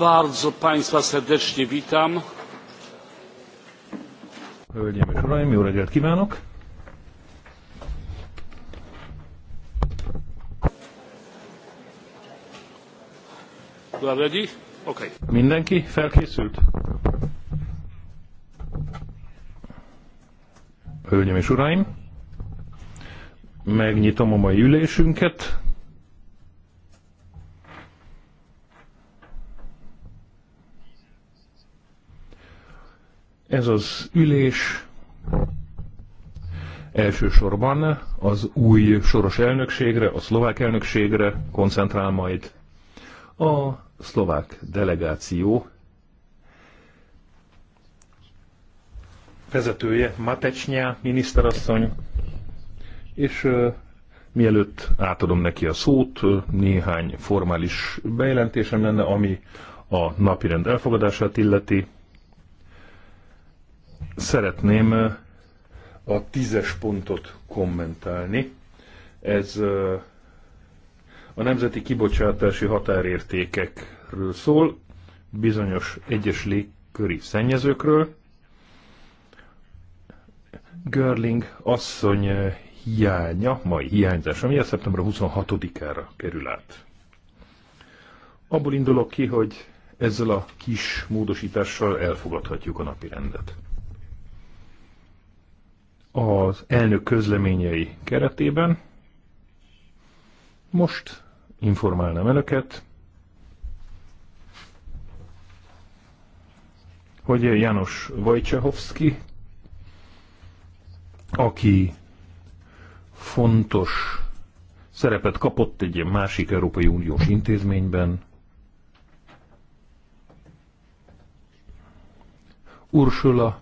bardzo Państwa serdecznie witam. Hölgyeim és Uraim, jó reggelt kívánok! Ready? Okay. Mindenki felkészült? Hölgyeim és Uraim, megnyitom a mai ülésünket. Ez az ülés elsősorban az új soros elnökségre, a szlovák elnökségre koncentrál majd. A szlovák delegáció vezetője Matecsnyá miniszterasszony, és uh, mielőtt átadom neki a szót, néhány formális bejelentésem lenne, ami a napirend elfogadását illeti. Szeretném a tízes pontot kommentálni. Ez a nemzeti kibocsátási határértékekről szól, bizonyos egyes légköri szennyezőkről. Görling asszony hiánya, mai hiányzás, ami a szeptember 26-ára kerül át. Abból indulok ki, hogy ezzel a kis módosítással elfogadhatjuk a napi rendet az elnök közleményei keretében. Most informálnám önöket, hogy János Vajcsehovszki, aki fontos szerepet kapott egy másik Európai Uniós intézményben, Ursula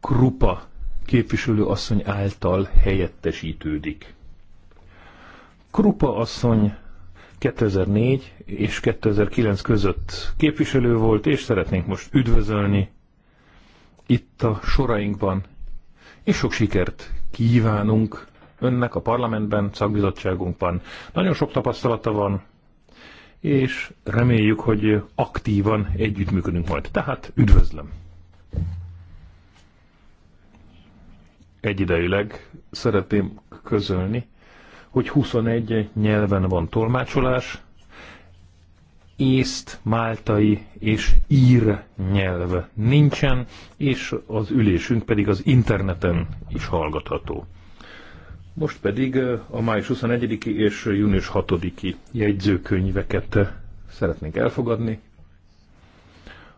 Krupa képviselő asszony által helyettesítődik. Krupa asszony 2004 és 2009 között képviselő volt, és szeretnénk most üdvözölni itt a sorainkban, és sok sikert kívánunk önnek a parlamentben, szakbizottságunkban. Nagyon sok tapasztalata van, és reméljük, hogy aktívan együttműködünk majd. Tehát üdvözlöm! egyidejileg szeretném közölni, hogy 21 nyelven van tolmácsolás, észt, máltai és ír nyelv nincsen, és az ülésünk pedig az interneten is hallgatható. Most pedig a május 21 és június 6-i jegyzőkönyveket szeretnénk elfogadni.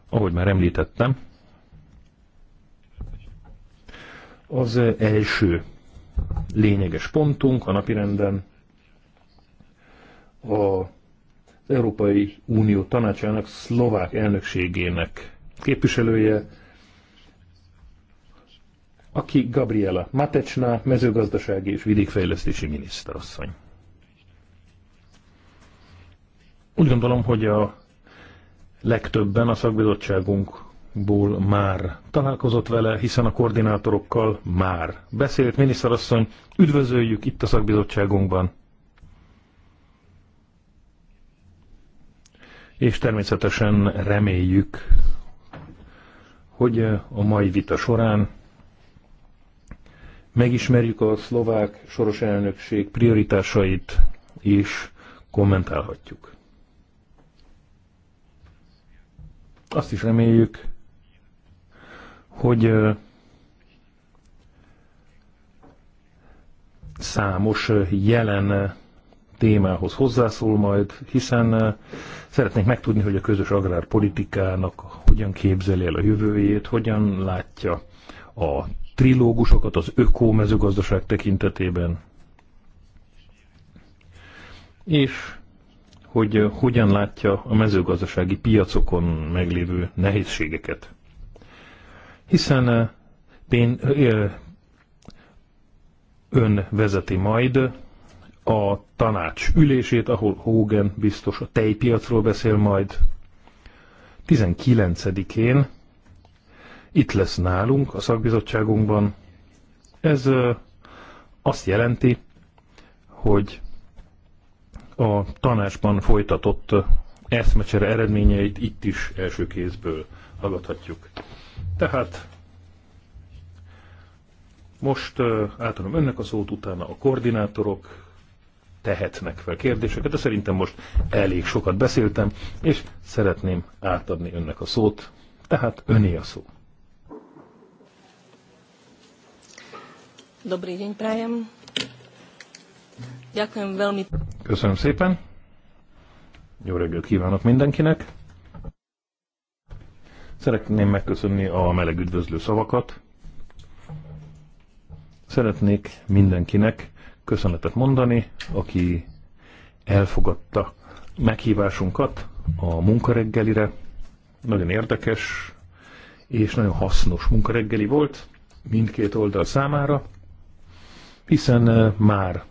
Ahogy már említettem, Az első lényeges pontunk a napirenden a az Európai Unió tanácsának szlovák elnökségének képviselője, aki Gabriela Matecsná, mezőgazdasági és vidékfejlesztési miniszterasszony. Úgy gondolom, hogy a legtöbben a szakbizottságunk ból már találkozott vele, hiszen a koordinátorokkal már beszélt. Miniszterasszony, üdvözöljük itt a szakbizottságunkban. És természetesen reméljük, hogy a mai vita során megismerjük a szlovák soros elnökség prioritásait, és kommentálhatjuk. Azt is reméljük, hogy számos jelen témához hozzászól majd, hiszen szeretnék megtudni, hogy a közös agrárpolitikának hogyan képzeli el a jövőjét, hogyan látja a trilógusokat az ökómezőgazdaság tekintetében, és hogy hogyan látja a mezőgazdasági piacokon meglévő nehézségeket hiszen én ön vezeti majd a tanács ülését, ahol Hogan biztos a tejpiacról beszél majd. 19-én itt lesz nálunk a szakbizottságunkban. Ez azt jelenti, hogy a tanácsban folytatott eszmecsere eredményeit itt is első kézből hallgathatjuk. Tehát most átadom önnek a szót, utána a koordinátorok tehetnek fel kérdéseket, de szerintem most elég sokat beszéltem, és szeretném átadni önnek a szót, tehát öné a szó. Dobrý deň, prajem. Ďakujem veľmi. Köszönöm szépen. Jó reggelt kívánok mindenkinek. Szeretném megköszönni a meleg üdvözlő szavakat. Szeretnék mindenkinek köszönetet mondani, aki elfogadta meghívásunkat a munkareggelire. Nagyon érdekes és nagyon hasznos munkareggeli volt mindkét oldal számára, hiszen már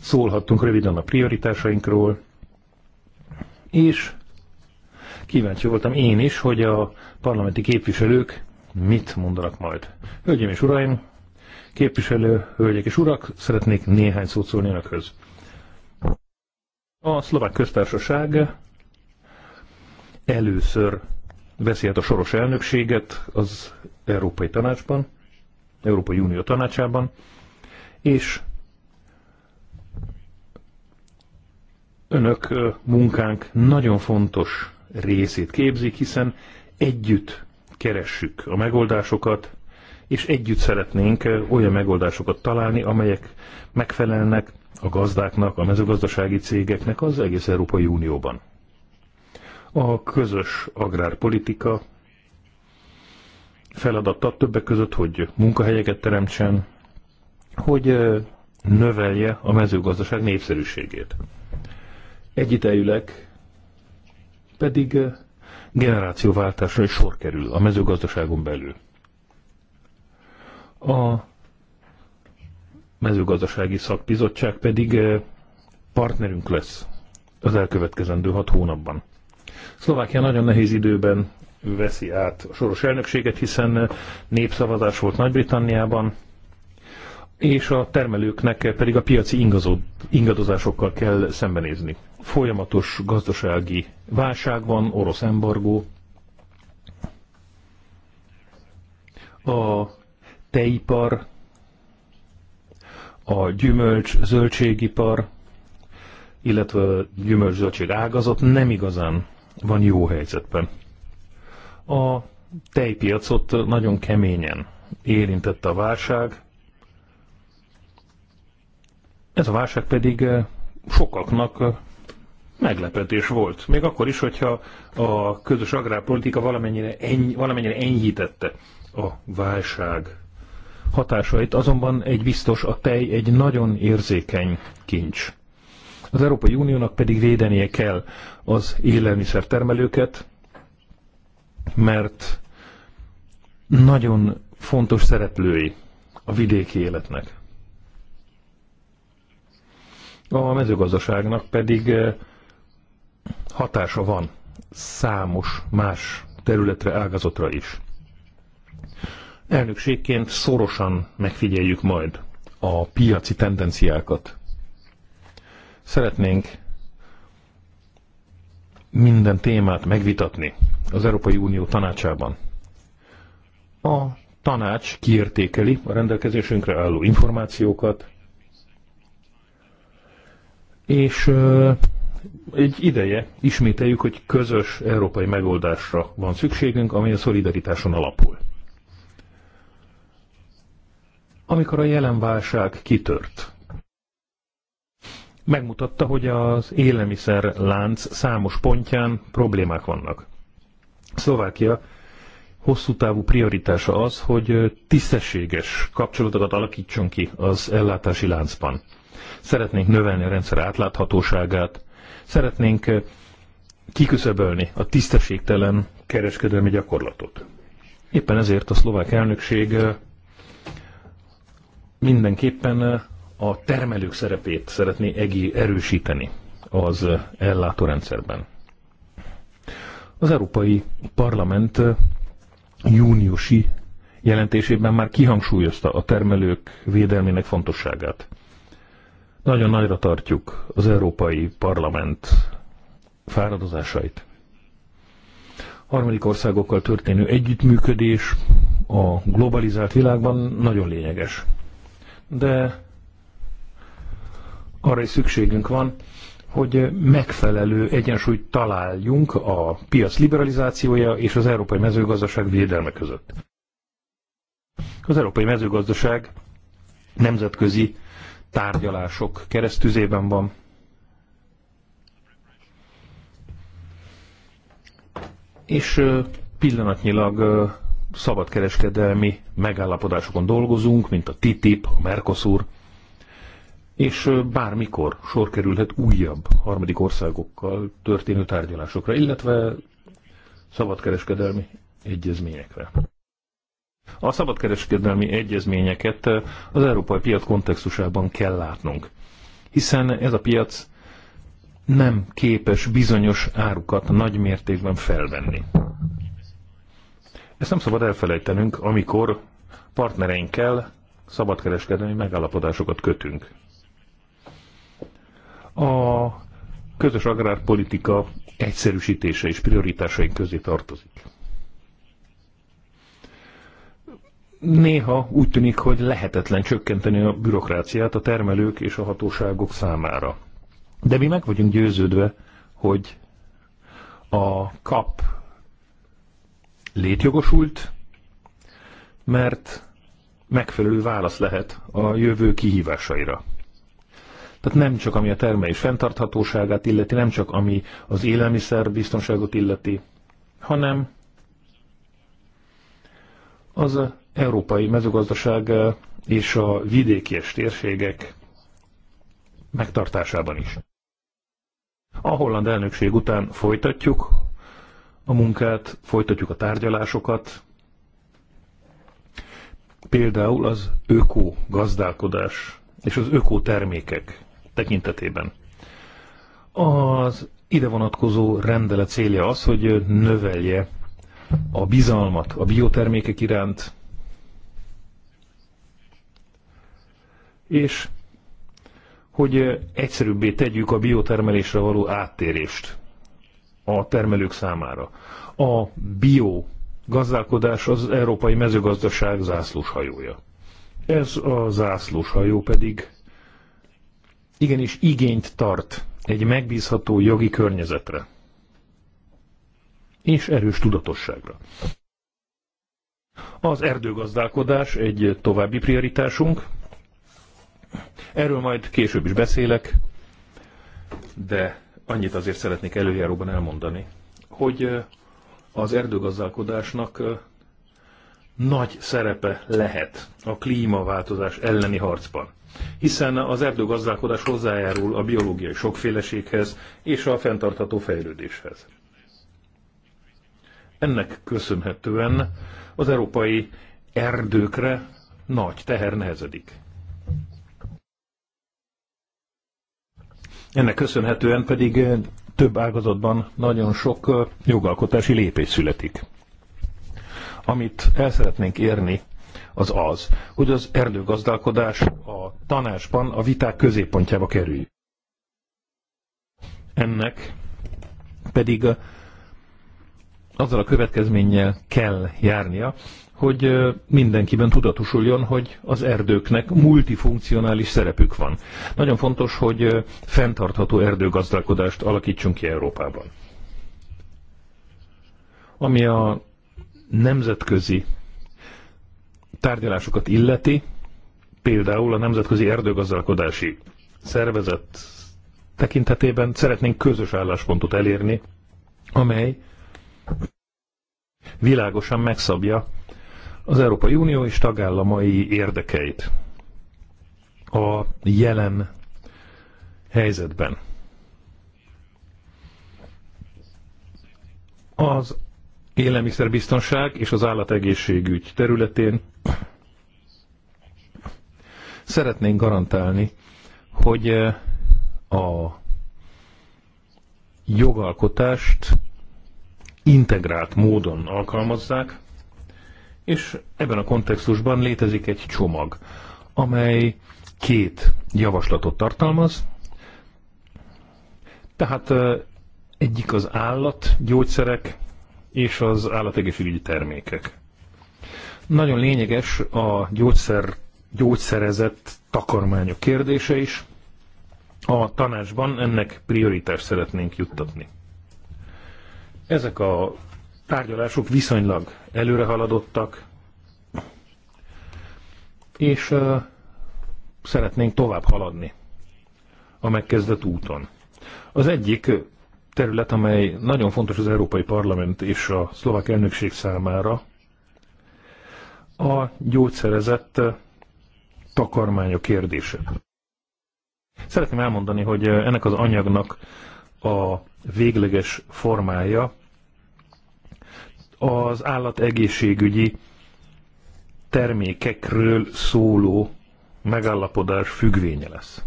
szólhattunk röviden a prioritásainkról, és Kíváncsi voltam én is, hogy a parlamenti képviselők mit mondanak majd. Hölgyeim és uraim, képviselő, hölgyek és urak, szeretnék néhány szót szólni önökhöz. A szlovák köztársaság először veszi át a soros elnökséget az Európai Tanácsban, Európai Unió Tanácsában, és önök munkánk nagyon fontos részét képzik, hiszen együtt keressük a megoldásokat, és együtt szeretnénk olyan megoldásokat találni, amelyek megfelelnek a gazdáknak, a mezőgazdasági cégeknek az egész Európai Unióban. A közös agrárpolitika feladata többek között, hogy munkahelyeket teremtsen, hogy növelje a mezőgazdaság népszerűségét. Egyidejűleg pedig eh, generációváltásra is sor kerül a mezőgazdaságon belül. A mezőgazdasági szakbizottság pedig eh, partnerünk lesz az elkövetkezendő hat hónapban. Szlovákia nagyon nehéz időben veszi át a soros elnökséget, hiszen eh, népszavazás volt Nagy-Britanniában, és a termelőknek pedig a piaci ingadozásokkal kell szembenézni. Folyamatos gazdasági válság van, orosz embargó. A tejipar, a gyümölcs, zöldségipar, illetve a gyümölcs zöldség ágazat nem igazán van jó helyzetben. A tejpiacot nagyon keményen érintette a válság, ez a válság pedig eh, sokaknak eh, meglepetés volt. Még akkor is, hogyha a közös agrárpolitika valamennyire, eny, valamennyire enyhítette a válság hatásait, azonban egy biztos, a tej egy nagyon érzékeny kincs. Az Európai Uniónak pedig védenie kell az élelmiszertermelőket, mert nagyon fontos szereplői a vidéki életnek. A mezőgazdaságnak pedig eh, hatása van számos más területre, ágazatra is. Elnökségként szorosan megfigyeljük majd a piaci tendenciákat. Szeretnénk minden témát megvitatni az Európai Unió tanácsában. A tanács kiértékeli a rendelkezésünkre álló információkat, és egy ideje ismételjük, hogy közös európai megoldásra van szükségünk, ami a szolidaritáson alapul. Amikor a jelen válság kitört, megmutatta, hogy az élelmiszer lánc számos pontján problémák vannak. Szlovákia hosszú távú prioritása az, hogy tisztességes kapcsolatokat alakítson ki az ellátási láncban. Szeretnénk növelni a rendszer átláthatóságát, szeretnénk kiküszöbölni a tisztességtelen kereskedelmi gyakorlatot. Éppen ezért a szlovák elnökség mindenképpen a termelők szerepét szeretné erősíteni az ellátórendszerben. Az Európai Parlament júniusi jelentésében már kihangsúlyozta a termelők védelmének fontosságát. Nagyon nagyra tartjuk az Európai Parlament fáradozásait. Harmadik országokkal történő együttműködés a globalizált világban nagyon lényeges. De arra is szükségünk van, hogy megfelelő egyensúlyt találjunk a piac liberalizációja és az európai mezőgazdaság védelme között. Az európai mezőgazdaság nemzetközi tárgyalások keresztüzében van. És pillanatnyilag szabadkereskedelmi megállapodásokon dolgozunk, mint a TTIP, a Mercosur, és bármikor sor kerülhet újabb harmadik országokkal történő tárgyalásokra, illetve szabadkereskedelmi egyezményekre. A szabadkereskedelmi egyezményeket az európai piac kontextusában kell látnunk, hiszen ez a piac nem képes bizonyos árukat nagy mértékben felvenni. Ezt nem szabad elfelejtenünk, amikor partnereinkkel szabadkereskedelmi megállapodásokat kötünk. A közös agrárpolitika egyszerűsítése és prioritásaink közé tartozik. Néha úgy tűnik, hogy lehetetlen csökkenteni a bürokráciát a termelők és a hatóságok számára. De mi meg vagyunk győződve, hogy a kap létjogosult, mert megfelelő válasz lehet a jövő kihívásaira. Tehát nem csak ami a termelés fenntarthatóságát illeti, nem csak ami az élelmiszer biztonságot illeti, hanem az európai mezőgazdaság és a vidéki térségek megtartásában is. A holland elnökség után folytatjuk a munkát, folytatjuk a tárgyalásokat, például az öko gazdálkodás és az öko termékek tekintetében. Az ide vonatkozó rendelet célja az, hogy növelje a bizalmat a biotermékek iránt, és hogy egyszerűbbé tegyük a biotermelésre való áttérést a termelők számára. A bio gazdálkodás az európai mezőgazdaság zászlóshajója. Ez a zászlóshajó pedig igenis igényt tart egy megbízható jogi környezetre és erős tudatosságra. Az erdőgazdálkodás egy további prioritásunk. Erről majd később is beszélek, de annyit azért szeretnék előjáróban elmondani, hogy az erdőgazdálkodásnak nagy szerepe lehet a klímaváltozás elleni harcban hiszen az erdőgazdálkodás hozzájárul a biológiai sokféleséghez és a fenntartható fejlődéshez. Ennek köszönhetően az európai erdőkre nagy teher nehezedik. Ennek köszönhetően pedig több ágazatban nagyon sok jogalkotási lépés születik. Amit el szeretnénk érni az az, hogy az erdőgazdálkodás a tanásban a viták középpontjába kerül. Ennek pedig azzal a következménnyel kell járnia, hogy mindenkiben tudatosuljon, hogy az erdőknek multifunkcionális szerepük van. Nagyon fontos, hogy fenntartható erdőgazdálkodást alakítsunk ki Európában. Ami a nemzetközi tárgyalásokat illeti, például a Nemzetközi Erdőgazdálkodási Szervezet tekintetében szeretnénk közös álláspontot elérni, amely világosan megszabja az Európai Unió és tagállamai érdekeit a jelen helyzetben. Az élelmiszerbiztonság és az állategészségügy területén szeretnénk garantálni, hogy eh, a jogalkotást integrált módon alkalmazzák, és ebben a kontextusban létezik egy csomag, amely két javaslatot tartalmaz. Tehát eh, egyik az állatgyógyszerek és az állategészségügyi termékek. Nagyon lényeges a gyógyszer, gyógyszerezett takarmányok kérdése is. A tanácsban ennek prioritást szeretnénk juttatni. Ezek a tárgyalások viszonylag előre haladottak, és uh, szeretnénk tovább haladni a megkezdett úton. Az egyik terület, amely nagyon fontos az Európai Parlament és a szlovák elnökség számára, a gyógyszerezett eh, takarmányok kérdése. Szeretném elmondani, hogy eh, ennek az anyagnak a végleges formája az állategészségügyi termékekről szóló megállapodás függvénye lesz.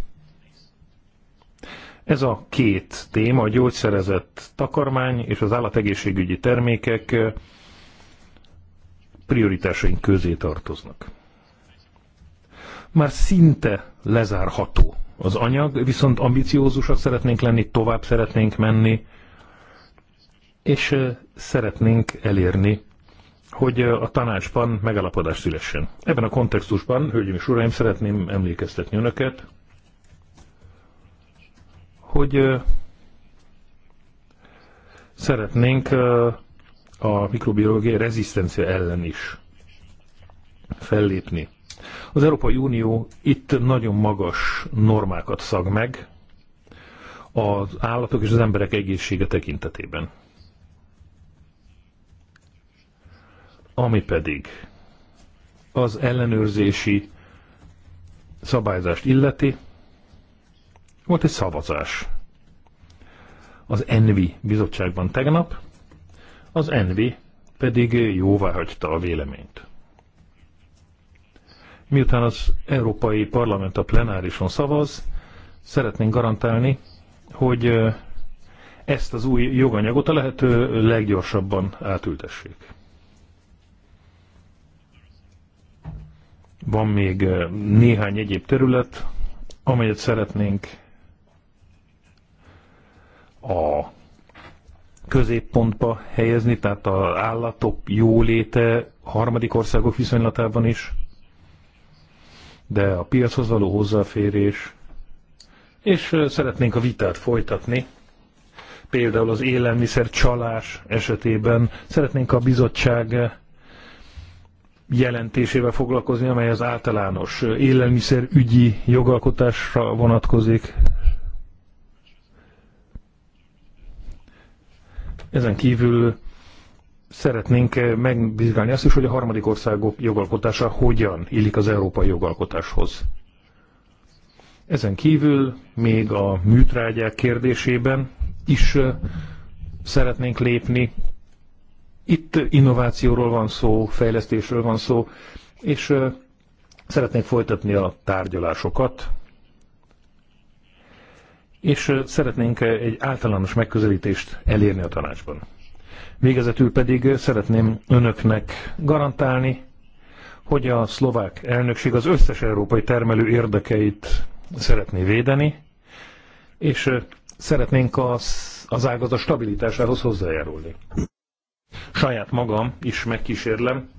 Ez a két téma, a gyógyszerezett takarmány és az állategészségügyi termékek prioritásaink közé tartoznak. Már szinte lezárható az anyag, viszont ambiciózusak szeretnénk lenni, tovább szeretnénk menni, és szeretnénk elérni, hogy a tanácsban megalapodás szülessen. Ebben a kontextusban, hölgyeim és uraim, szeretném emlékeztetni önöket, hogy szeretnénk a mikrobiológiai rezisztencia ellen is fellépni. Az Európai Unió itt nagyon magas normákat szag meg az állatok és az emberek egészsége tekintetében. Ami pedig az ellenőrzési szabályzást illeti, volt egy szavazás az Envi bizottságban tegnap, az Envi pedig jóvá hagyta a véleményt. Miután az Európai Parlament a plenárison szavaz, szeretnénk garantálni, hogy ezt az új joganyagot a lehető leggyorsabban átültessék. Van még néhány egyéb terület, amelyet szeretnénk a középpontba helyezni, tehát az állatok jóléte harmadik országok viszonylatában is, de a piachoz való hozzáférés, és szeretnénk a vitát folytatni, például az élelmiszer csalás esetében szeretnénk a bizottság jelentésével foglalkozni, amely az általános élelmiszerügyi jogalkotásra vonatkozik. Ezen kívül szeretnénk megvizsgálni azt is, hogy a harmadik országok jogalkotása hogyan illik az európai jogalkotáshoz. Ezen kívül még a műtrágyák kérdésében is szeretnénk lépni. Itt innovációról van szó, fejlesztésről van szó, és szeretnénk folytatni a tárgyalásokat és szeretnénk egy általános megközelítést elérni a tanácsban. Végezetül pedig szeretném önöknek garantálni, hogy a szlovák elnökség az összes európai termelő érdekeit szeretné védeni, és szeretnénk az, az ágazat stabilitásához hozzájárulni. Saját magam is megkísérlem,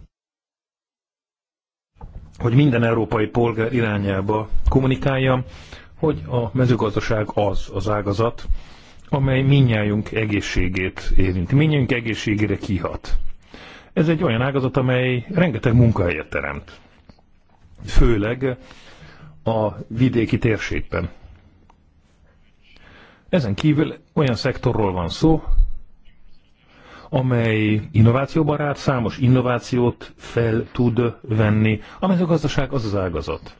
hogy minden európai polgár irányába kommunikáljam, hogy a mezőgazdaság az az ágazat, amely minnyájunk egészségét érinti, minnyájunk egészségére kihat. Ez egy olyan ágazat, amely rengeteg munkahelyet teremt. Főleg a vidéki térségben. Ezen kívül olyan szektorról van szó, amely innovációbarát, számos innovációt fel tud venni. A mezőgazdaság az az ágazat,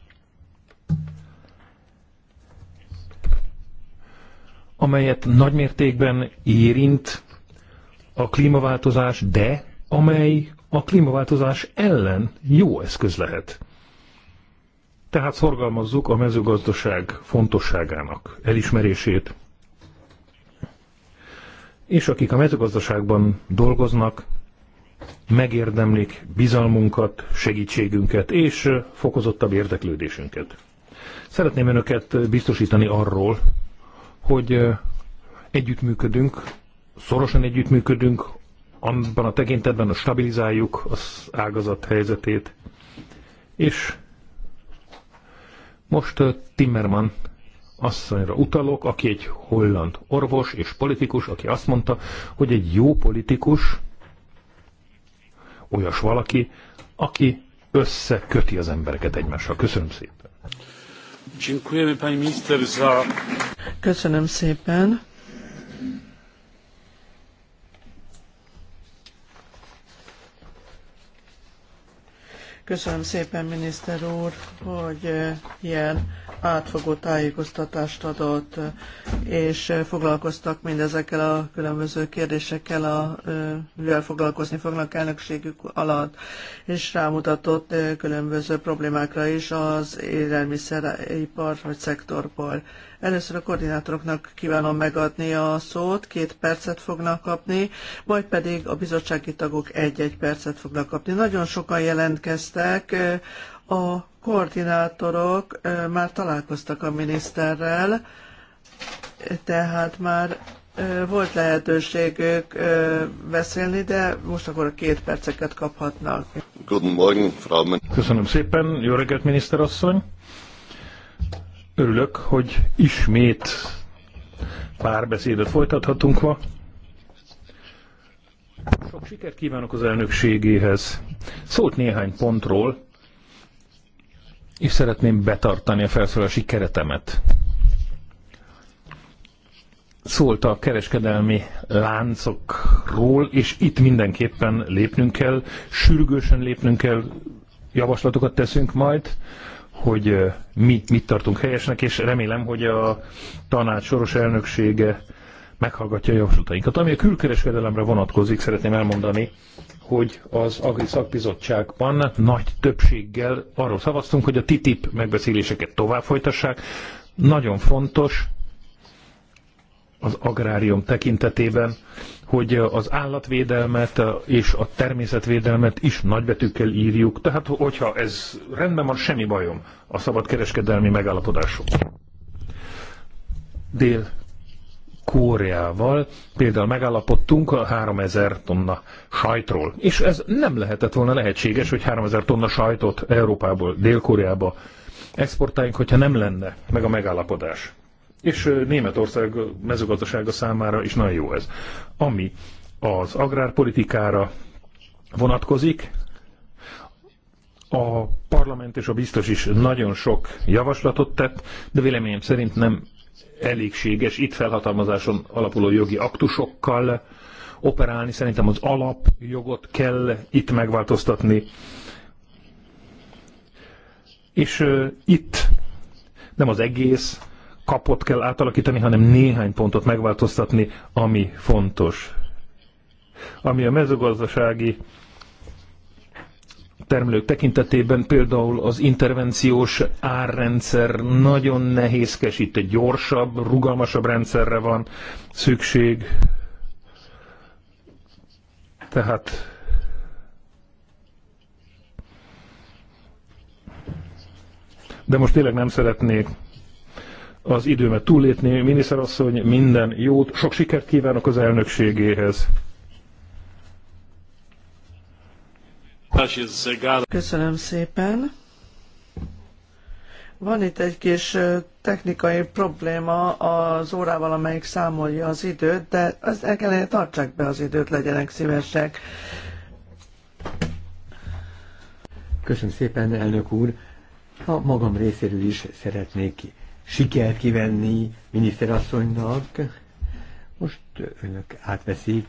amelyet nagymértékben érint a klímaváltozás, de amely a klímaváltozás ellen jó eszköz lehet. Tehát szorgalmazzuk a mezőgazdaság fontosságának elismerését, és akik a mezőgazdaságban dolgoznak, megérdemlik bizalmunkat, segítségünket és fokozottabb érdeklődésünket. Szeretném önöket biztosítani arról, hogy együttműködünk, szorosan együttműködünk, abban a tekintetben, hogy stabilizáljuk az ágazat helyzetét. És most Timmerman asszonyra utalok, aki egy holland orvos és politikus, aki azt mondta, hogy egy jó politikus olyas valaki, aki összeköti az embereket egymással. Köszönöm szépen. Köszönöm szépen. Köszönöm szépen, miniszter úr, hogy eh, ilyen átfogó tájékoztatást adott, és foglalkoztak mindezekkel a különböző kérdésekkel, a, mivel foglalkozni fognak elnökségük alatt, és rámutatott különböző problémákra is az élelmiszeripar vagy szektorból. Először a koordinátoroknak kívánom megadni a szót, két percet fognak kapni, majd pedig a bizottsági tagok egy-egy percet fognak kapni. Nagyon sokan jelentkeztek, a koordinátorok már találkoztak a miniszterrel, tehát már volt lehetőségük beszélni, de most akkor a két perceket kaphatnak. Frau Köszönöm szépen, jó reggelt, miniszterasszony! Örülök, hogy ismét párbeszédet folytathatunk ma. Sok sikert kívánok az elnökségéhez. Szólt néhány pontról, és szeretném betartani a felszólási keretemet. Szólt a kereskedelmi láncokról, és itt mindenképpen lépnünk kell, sürgősen lépnünk kell, javaslatokat teszünk majd, hogy mi mit tartunk helyesnek, és remélem, hogy a tanács soros elnöksége meghallgatja a javaslatainkat. Ami a külkereskedelemre vonatkozik, szeretném elmondani, hogy az Agri Szakbizottságban nagy többséggel arról szavaztunk, hogy a TTIP megbeszéléseket tovább folytassák. Nagyon fontos az agrárium tekintetében, hogy az állatvédelmet és a természetvédelmet is nagybetűkkel írjuk. Tehát, hogyha ez rendben van, semmi bajom a szabadkereskedelmi megállapodások. Dél Koreával például megállapodtunk a 3000 tonna sajtról, és ez nem lehetett volna lehetséges, hogy 3000 tonna sajtot Európából, Dél-Koreába exportáljunk, hogyha nem lenne meg a megállapodás. És Németország mezőgazdasága számára is nagyon jó ez. Ami az agrárpolitikára vonatkozik, a parlament és a biztos is nagyon sok javaslatot tett, de véleményem szerint nem elégséges itt felhatalmazáson alapuló jogi aktusokkal operálni. Szerintem az alapjogot kell itt megváltoztatni. És uh, itt nem az egész kapot kell átalakítani, hanem néhány pontot megváltoztatni, ami fontos. Ami a mezőgazdasági termelők tekintetében például az intervenciós árrendszer nagyon nehézkes, itt egy gyorsabb, rugalmasabb rendszerre van szükség. Tehát de most tényleg nem szeretnék az időmet túllépni. Miniszterasszony, minden jót, sok sikert kívánok az elnökségéhez. Köszönöm szépen. Van itt egy kis technikai probléma az órával, amelyik számolja az időt, de az el kellene tartsák be az időt, legyenek szívesek. Köszönöm szépen, elnök úr. A magam részéről is szeretnék sikert kivenni miniszterasszonynak, most önök átveszik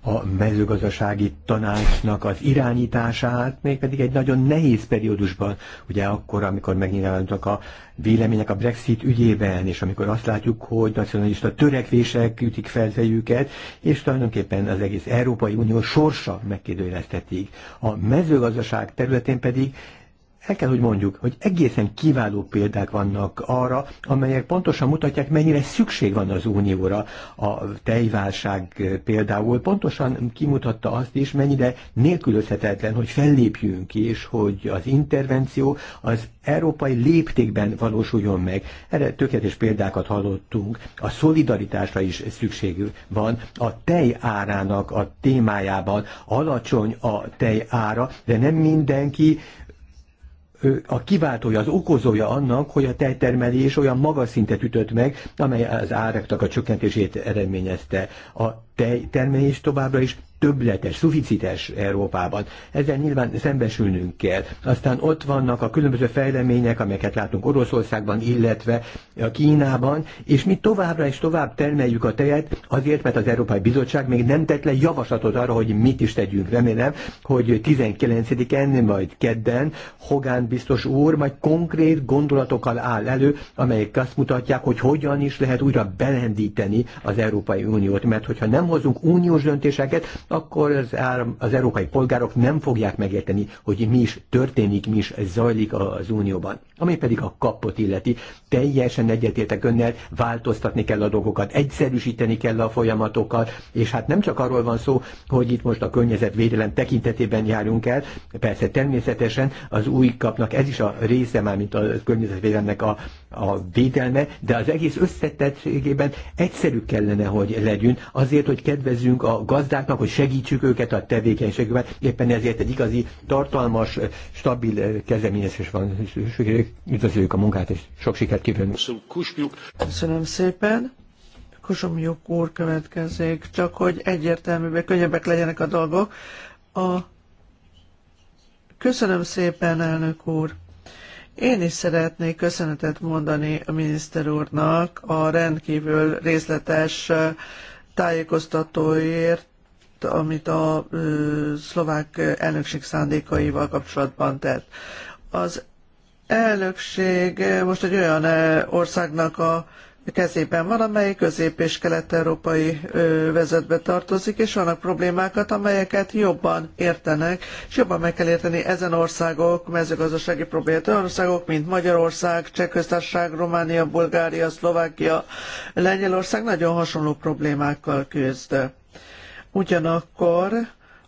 a mezőgazdasági tanácsnak az irányítását, mégpedig egy nagyon nehéz periódusban, ugye akkor, amikor megnyilvánultak a vélemények a Brexit ügyében, és amikor azt látjuk, hogy nacionalista törekvések ütik fel fejüket, és tulajdonképpen az egész Európai Unió sorsa megkérdőjeleztetik. A mezőgazdaság területén pedig el kell, hogy mondjuk, hogy egészen kiváló példák vannak arra, amelyek pontosan mutatják, mennyire szükség van az unióra. A tejválság például pontosan kimutatta azt is, mennyire nélkülözhetetlen, hogy fellépjünk és hogy az intervenció az európai léptékben valósuljon meg. Erre tökéletes példákat hallottunk. A szolidaritásra is szükség van. A tej árának a témájában alacsony a tej ára, de nem mindenki a kiváltója, az okozója annak, hogy a tejtermelés olyan magas szintet ütött meg, amely az áraknak a csökkentését eredményezte. A tejtermelés továbbra is többletes, szuficites Európában. Ezzel nyilván szembesülnünk kell. Aztán ott vannak a különböző fejlemények, amelyeket látunk Oroszországban, illetve a Kínában, és mi továbbra és tovább termeljük a tejet, azért, mert az Európai Bizottság még nem tett le javaslatot arra, hogy mit is tegyünk. Remélem, hogy 19-en, majd kedden Hogán biztos úr majd konkrét gondolatokkal áll elő, amelyek azt mutatják, hogy hogyan is lehet újra belendíteni az Európai Uniót. Mert hogyha nem hozunk uniós döntéseket, akkor az, áram, az európai polgárok nem fogják megérteni, hogy mi is történik, mi is zajlik az Unióban. Ami pedig a kapot illeti, teljesen egyetértek önnel, változtatni kell a dolgokat, egyszerűsíteni kell a folyamatokat, és hát nem csak arról van szó, hogy itt most a környezetvédelem tekintetében járunk el, persze természetesen az új kapnak ez is a része már, mint a környezetvédelemnek a, a védelme, de az egész összetettségében egyszerű kellene, hogy legyünk, azért, hogy kedvezzünk a gazdáknak, hogy segítsük őket a tevékenységükben. Éppen ezért egy igazi, tartalmas, stabil kezdeményezés van Üdvözlőjük a munkát, és sok sikert kívánunk. Köszönöm szépen. Kosomjuk úr következik, csak hogy egyértelműbbek, könnyebbek legyenek a dolgok. A... Köszönöm szépen, elnök úr. Én is szeretnék köszönetet mondani a miniszter úrnak a rendkívül részletes tájékoztatóért, amit, a ö, szlovák elnökség szándékaival kapcsolatban tett. Az elnökség most egy olyan országnak a kezében van, amely közép- és kelet-európai vezetbe tartozik, és vannak problémákat, amelyeket jobban értenek, és jobban meg kell érteni ezen országok mezőgazdasági problémát. Olyan országok, mint Magyarország, Csehköztársaság, Románia, Bulgária, Szlovákia, Lengyelország nagyon hasonló problémákkal küzd Ugyanakkor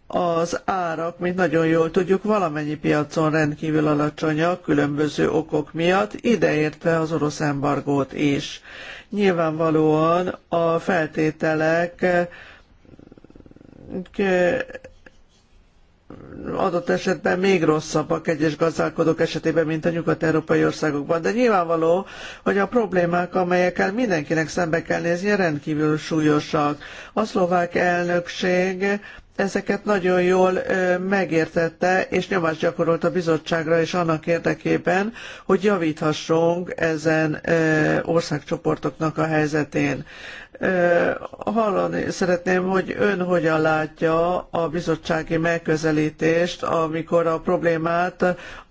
az árak, mint nagyon jól tudjuk, valamennyi piacon rendkívül alacsonyak különböző okok miatt, ideértve az orosz embargót is. Nyilvánvalóan a feltételek adott esetben még rosszabbak egyes gazdálkodók esetében, mint a nyugat-európai országokban. De nyilvánvaló, hogy a problémák, amelyekkel mindenkinek szembe kell néznie, rendkívül súlyosak. A szlovák elnökség ezeket nagyon jól megértette, és nyomást gyakorolt a bizottságra és annak érdekében, hogy javíthassunk ezen országcsoportoknak a helyzetén. Hallani szeretném, hogy ön hogyan látja a bizottsági megközelítést, amikor a problémát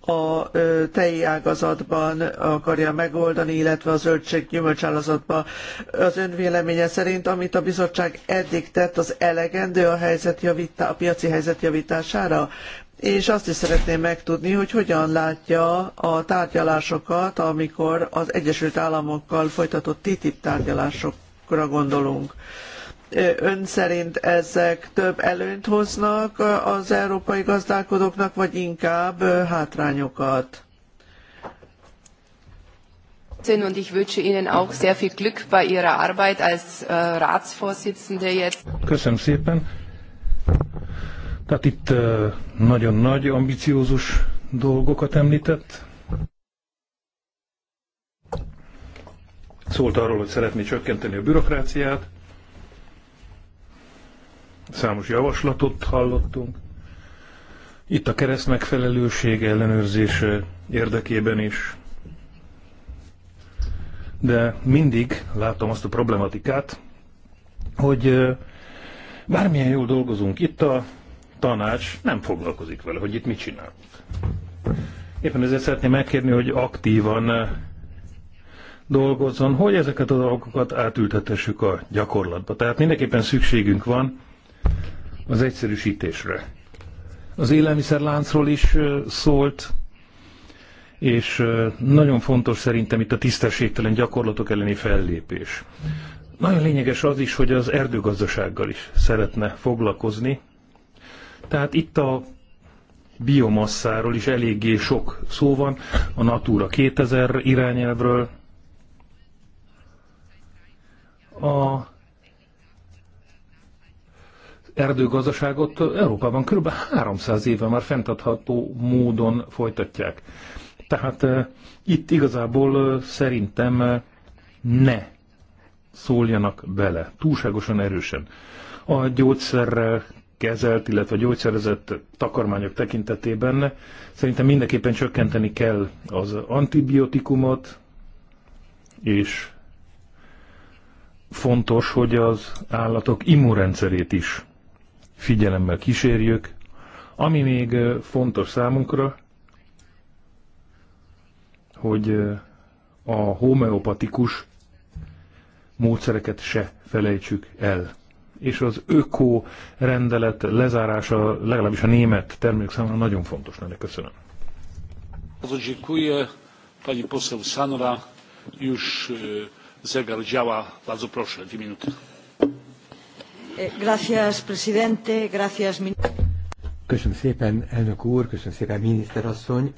a teji ágazatban akarja megoldani, illetve a zöldség gyümölcsálazatban. Az ön véleménye szerint, amit a bizottság eddig tett, az elegendő a, helyzet javítá, a piaci helyzet javítására? És azt is szeretném megtudni, hogy hogyan látja a tárgyalásokat, amikor az Egyesült Államokkal folytatott TTIP tárgyalások célokra gondolunk. Ön szerint ezek több előnyt hoznak az európai gazdálkodóknak, vagy inkább hátrányokat? und ich wünsche Ihnen auch sehr viel Glück bei Ihrer Arbeit als äh, Ratsvorsitzende jetzt. Köszönöm szépen. Tehát itt äh, nagyon nagy, ambiciózus dolgokat említett. szólt arról, hogy szeretné csökkenteni a bürokráciát. Számos javaslatot hallottunk. Itt a kereszt megfelelőség ellenőrzése érdekében is. De mindig látom azt a problematikát, hogy bármilyen jól dolgozunk, itt a tanács nem foglalkozik vele, hogy itt mit csinálunk. Éppen ezért szeretném megkérni, hogy aktívan dolgozzon, hogy ezeket a dolgokat átültetessük a gyakorlatba. Tehát mindenképpen szükségünk van az egyszerűsítésre. Az élelmiszerláncról is szólt, és nagyon fontos szerintem itt a tisztességtelen gyakorlatok elleni fellépés. Nagyon lényeges az is, hogy az erdőgazdasággal is szeretne foglalkozni. Tehát itt a biomasszáról is eléggé sok szó van, a Natura 2000 irányelvről, a erdőgazdaságot Európában kb. 300 éve már fenntartható módon folytatják. Tehát eh, itt igazából eh, szerintem eh, ne szóljanak bele túlságosan erősen. A gyógyszerrel kezelt, illetve gyógyszerezett takarmányok tekintetében szerintem mindenképpen csökkenteni kell az antibiotikumot, és fontos, hogy az állatok immunrendszerét is figyelemmel kísérjük. Ami még fontos számunkra, hogy a homeopatikus módszereket se felejtsük el. És az öko rendelet lezárása legalábbis a német termék számára nagyon fontos lenne. Köszönöm. Bardzo dziękuję. Pani poseł Sanra już zegar e, presidente. Köszönöm szépen, elnök úr, köszönöm szépen, miniszterasszony.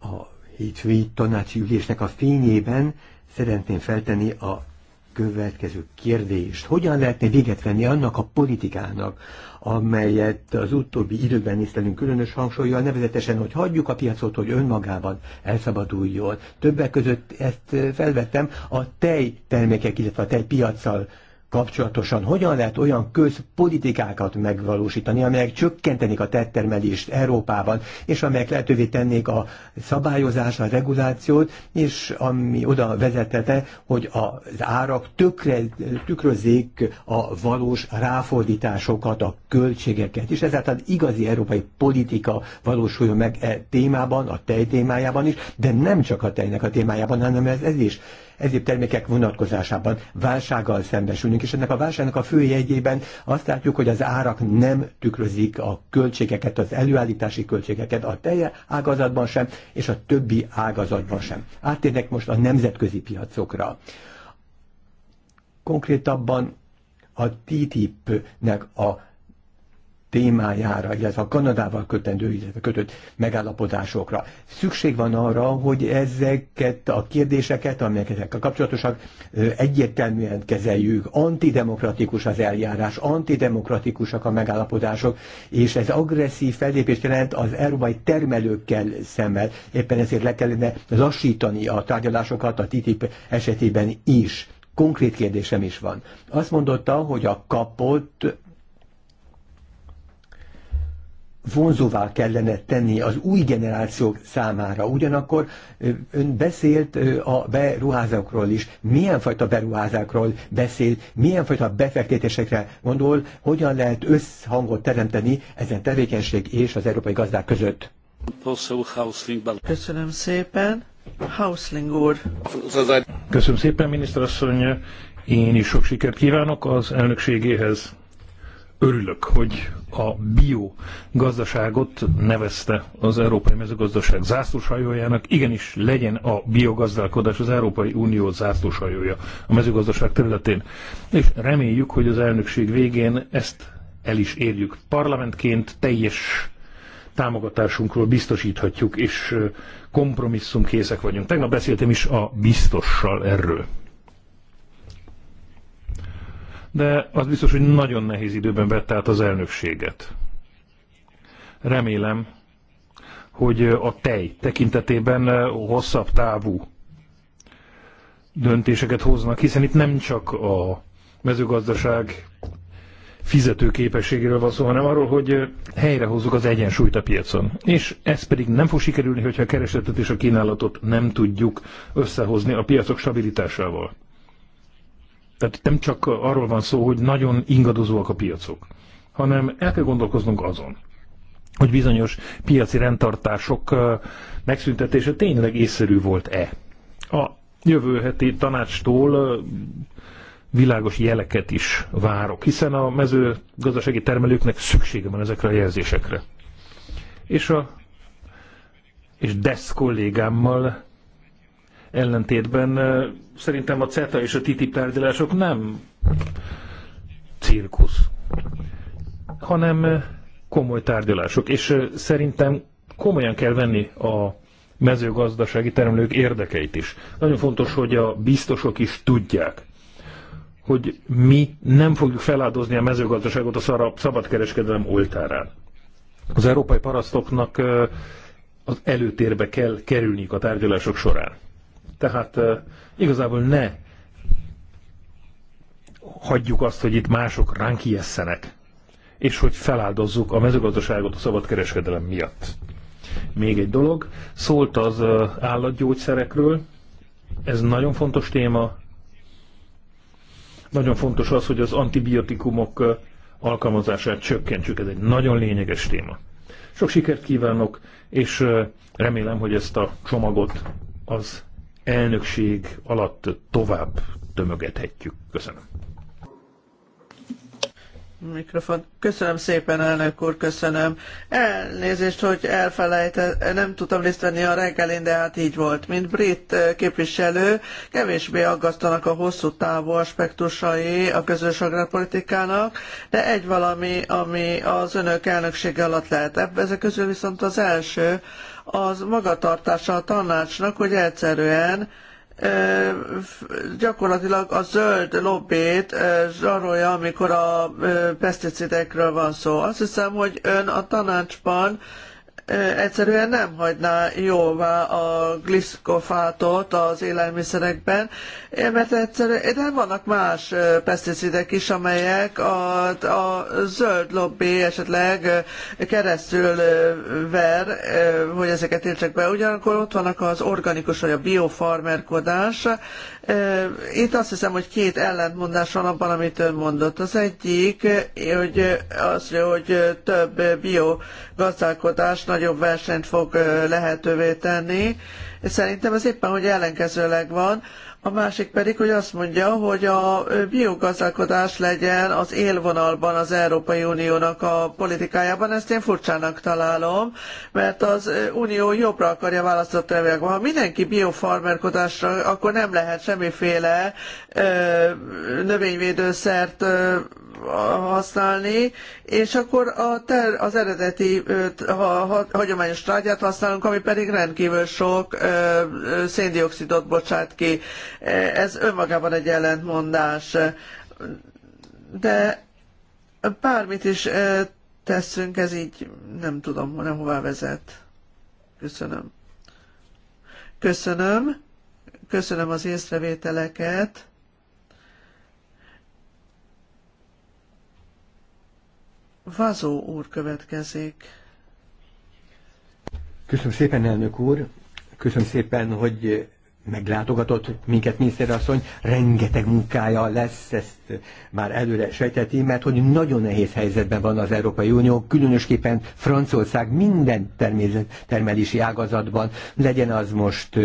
A hétfői tanácsi ülésnek a fényében szeretném feltenni a következő kérdést. Hogyan lehetne véget venni annak a politikának, amelyet az utóbbi időben észlelünk különös hangsúlyjal, nevezetesen, hogy hagyjuk a piacot, hogy önmagában elszabaduljon. Többek között ezt felvettem a tejtermékek, illetve a tejpiacsal kapcsolatosan hogyan lehet olyan közpolitikákat megvalósítani, amelyek csökkentenék a tettermelést Európában, és amelyek lehetővé tennék a szabályozás, a regulációt, és ami oda vezetete, hogy az árak tökre, tükrözzék a valós ráfordításokat, a költségeket, és ezáltal igazi európai politika valósuljon meg e témában, a tej témájában is, de nem csak a tejnek a témájában, hanem ez, ez is egyéb termékek vonatkozásában válsággal szembesülünk, és ennek a válságnak a főjegyében azt látjuk, hogy az árak nem tükrözik a költségeket, az előállítási költségeket a telje ágazatban sem, és a többi ágazatban sem. Átérnek most a nemzetközi piacokra. Konkrétabban a TTIP-nek a témájára, illetve a Kanadával kötendő, illetve kötött megállapodásokra. Szükség van arra, hogy ezeket a kérdéseket, amelyek ezekkel kapcsolatosak, egyértelműen kezeljük. Antidemokratikus az eljárás, antidemokratikusak a megállapodások, és ez agresszív fellépést jelent az európai termelőkkel szemmel. Éppen ezért le kellene lassítani a tárgyalásokat a TTIP esetében is. Konkrét kérdésem is van. Azt mondotta, hogy a kapott vonzóvá kellene tenni az új generációk számára. Ugyanakkor ön beszélt a beruházókról is. Milyen fajta beruházókról beszél, milyen fajta befektetésekre gondol, hogyan lehet összhangot teremteni ezen tevékenység és az európai gazdák között? Köszönöm szépen. Hausling úr. Köszönöm szépen, miniszterasszony. Én is sok sikert kívánok az elnökségéhez örülök, hogy a biogazdaságot nevezte az Európai Mezőgazdaság zászlóshajójának. Igenis legyen a biogazdálkodás az Európai Unió zászlóshajója a mezőgazdaság területén. És reméljük, hogy az elnökség végén ezt el is érjük. Parlamentként teljes támogatásunkról biztosíthatjuk, és kompromisszumkészek vagyunk. Tegnap beszéltem is a biztossal erről de az biztos, hogy nagyon nehéz időben vette át az elnökséget. Remélem, hogy a tej tekintetében hosszabb távú döntéseket hoznak, hiszen itt nem csak a mezőgazdaság fizetőképességéről van szó, hanem arról, hogy helyrehozzuk az egyensúlyt a piacon. És ez pedig nem fog sikerülni, hogyha a keresletet és a kínálatot nem tudjuk összehozni a piacok stabilitásával. Tehát nem csak arról van szó, hogy nagyon ingadozóak a piacok, hanem el kell gondolkoznunk azon, hogy bizonyos piaci rendtartások megszüntetése tényleg észszerű volt-e. A jövő heti tanácstól világos jeleket is várok, hiszen a mezőgazdasági termelőknek szüksége van ezekre a jelzésekre. És a és Desz kollégámmal ellentétben Szerintem a CETA és a TTIP tárgyalások nem cirkusz, hanem komoly tárgyalások, és szerintem komolyan kell venni a mezőgazdasági termelők érdekeit is. Nagyon fontos, hogy a biztosok is tudják, hogy mi nem fogjuk feláldozni a mezőgazdaságot a szabadkereskedelem oltárán. Az európai parasztoknak az előtérbe kell kerülniük a tárgyalások során. Tehát igazából ne hagyjuk azt, hogy itt mások ránk ijesszenek, és hogy feláldozzuk a mezőgazdaságot a szabadkereskedelem miatt. Még egy dolog, szólt az állatgyógyszerekről, ez nagyon fontos téma, nagyon fontos az, hogy az antibiotikumok alkalmazását csökkentsük, ez egy nagyon lényeges téma. Sok sikert kívánok, és remélem, hogy ezt a csomagot az elnökség alatt tovább tömögethetjük. Köszönöm. Mikrofon. Köszönöm szépen, elnök úr, köszönöm. Elnézést, hogy elfelejtettem, nem tudtam részt venni a reggelin, de hát így volt. Mint brit eh, képviselő, kevésbé aggasztanak a hosszú távú aspektusai a közös agrárpolitikának, de egy valami, ami az önök elnöksége alatt lehet. Ezek közül viszont az első, az magatartása a tanácsnak, hogy egyszerűen gyakorlatilag a zöld lobbét zsarolja, amikor a peszticidekről van szó. Azt hiszem, hogy ön a tanácsban egyszerűen nem hagyná jóvá a gliszkofátot az élelmiszerekben, mert egyszerűen, de vannak más peszticidek is, amelyek a, a zöld lobby esetleg keresztül ver, hogy ezeket tiltsák be. Ugyanakkor ott vannak az organikus vagy a biofarmerkodás, itt azt hiszem, hogy két ellentmondás van abban, amit ön mondott. Az egyik, hogy az, hogy több biogazdálkodás nagyobb versenyt fog lehetővé tenni. Szerintem ez éppen, hogy ellenkezőleg van. A másik pedig, hogy azt mondja, hogy a biogazdálkodás legyen az élvonalban az Európai Uniónak a politikájában. Ezt én furcsának találom, mert az Unió jobbra akarja választott elvileg. Ha mindenki biofarmerkodásra, akkor nem lehet sem semmiféle növényvédőszert használni, és akkor a ter, az eredeti ha, hagyományos trágyát használunk, ami pedig rendkívül sok ö, széndiokszidot bocsát ki. E, ez önmagában egy ellentmondás. De bármit is teszünk, ez így nem tudom, nem hová vezet. Köszönöm. Köszönöm. Köszönöm az észrevételeket. Vazó úr következik. Köszönöm szépen, elnök úr. Köszönöm szépen, hogy meglátogatott minket miniszterasszony, rengeteg munkája lesz, ezt már előre sejteti, mert hogy nagyon nehéz helyzetben van az Európai Unió, különösképpen Franciaország minden termelési ágazatban, legyen az most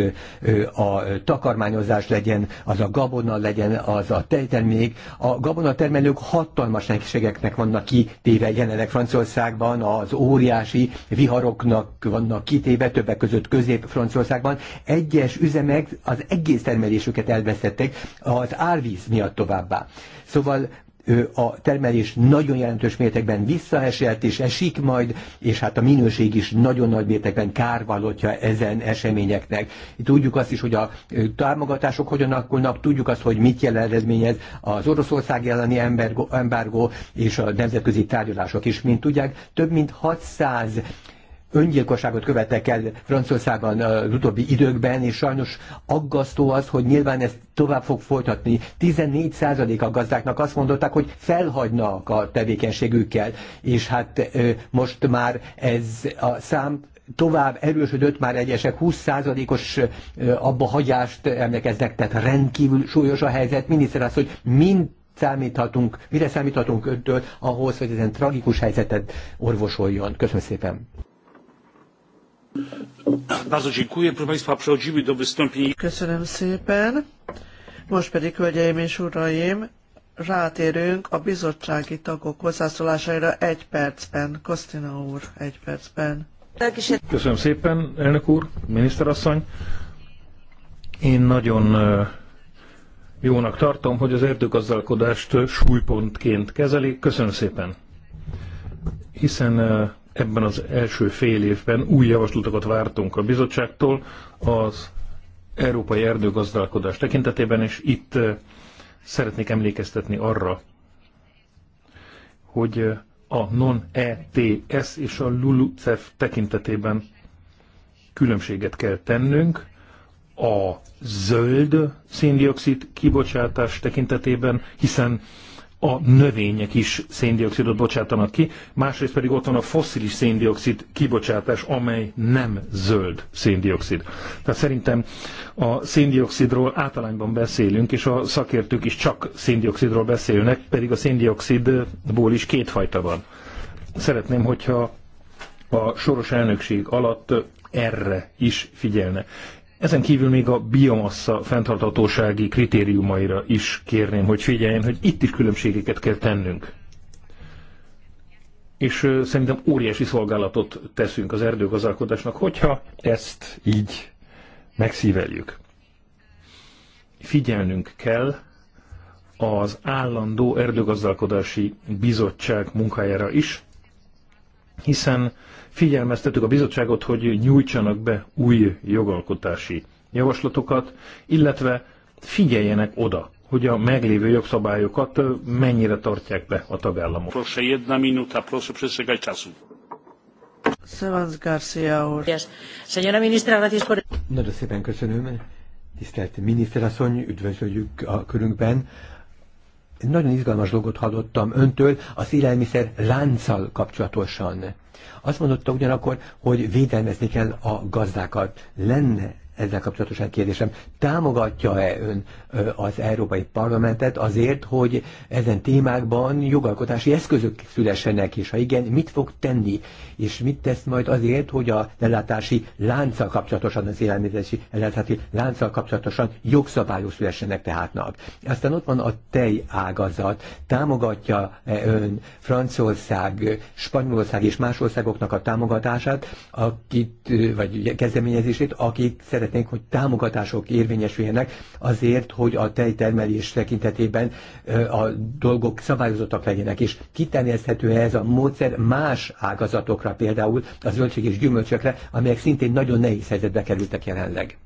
a takarmányozás, legyen az a gabona, legyen az a tejtermék. A gabonatermelők hatalmas nehézségeknek vannak kitéve jelenleg Franciaországban, az óriási viharoknak vannak kitéve, többek között Közép-Franciaországban. Egyes üzemek az egész termelésüket elveszették az árvíz miatt továbbá. Szóval a termelés nagyon jelentős mértékben visszaesett és esik majd, és hát a minőség is nagyon nagy mértékben kárvalotja ezen eseményeknek. Tudjuk azt is, hogy a támogatások hogyan alakulnak, tudjuk azt, hogy mit jelen eredményez az Oroszország elleni embargó, embargó és a nemzetközi tárgyalások is. Mint tudják, több mint 600 öngyilkosságot követek el Franciaországban az utóbbi időkben, és sajnos aggasztó az, hogy nyilván ezt tovább fog folytatni. 14% a gazdáknak azt mondották, hogy felhagynak a tevékenységükkel, és hát most már ez a szám tovább erősödött már egyesek 20%-os abba hagyást emlékeznek, tehát rendkívül súlyos a helyzet. Miniszter az, hogy mind számíthatunk, mire számíthatunk öntől ahhoz, hogy ezen tragikus helyzetet orvosoljon. Köszönöm szépen! Bardzo dziękuję. Proszę Państwa, przechodzimy do wystąpień. Köszönöm szépen. Most pedig, hölgyeim és uraim, rátérünk a bizottsági tagok hozzászólásaira egy percben. Kostina úr, egy percben. Köszönöm szépen, elnök úr, miniszterasszony. Én nagyon jónak tartom, hogy az erdőgazdálkodást súlypontként kezelik. Köszönöm szépen. Hiszen ebben az első fél évben új javaslatokat vártunk a bizottságtól az európai erdőgazdálkodás tekintetében, és itt eh, szeretnék emlékeztetni arra, hogy eh, a non-ETS és a LULUCEF tekintetében különbséget kell tennünk, a zöld széndiokszid kibocsátás tekintetében, hiszen a növények is széndiokszidot bocsátanak ki, másrészt pedig ott van a fosszilis széndiokszid kibocsátás, amely nem zöld széndiokszid. Tehát szerintem a széndiokszidról általányban beszélünk, és a szakértők is csak széndiokszidról beszélnek, pedig a széndiokszidból is kétfajta van. Szeretném, hogyha a soros elnökség alatt erre is figyelne. Ezen kívül még a biomassa fenntartatósági kritériumaira is kérném, hogy figyeljen, hogy itt is különbségeket kell tennünk. És szerintem óriási szolgálatot teszünk az erdőgazdálkodásnak, hogyha ezt így megszíveljük. Figyelnünk kell az állandó erdőgazdálkodási bizottság munkájára is, hiszen Figyelmeztetük a bizottságot, hogy nyújtsanak be új jogalkotási javaslatokat, illetve figyeljenek oda, hogy a meglévő jogszabályokat mennyire tartják be a tagállamok. Proszę jedna minuta, proszę przestrzegać czasu. Szevansz Garcia úr. Señora ministra, gracias por... Nagyon szépen köszönöm. Tisztelt miniszterasszony, üdvözöljük a körünkben nagyon izgalmas dolgot hallottam öntől az élelmiszer lánccal kapcsolatosan. Azt mondotta ugyanakkor, hogy védelmezni kell a gazdákat. Lenne ezzel kapcsolatosan kérdésem, támogatja-e ön az Európai Parlamentet azért, hogy ezen témákban jogalkotási eszközök szülessenek, és ha igen, mit fog tenni, és mit tesz majd azért, hogy a ellátási lánccal kapcsolatosan, az élelmezési ellátási lánccal kapcsolatosan jogszabályok szülessenek tehát nap. Aztán ott van a tej ágazat. Támogatja -e ön Franciaország, Spanyolország és más országoknak a támogatását, akit, vagy kezdeményezését, akik szeretnének szeretnénk, hogy támogatások érvényesüljenek azért, hogy a tejtermelés tekintetében a dolgok szabályozottak legyenek, és kiterjeszthető ez a módszer más ágazatokra, például a zöldség és gyümölcsökre, amelyek szintén nagyon nehéz helyzetbe kerültek jelenleg.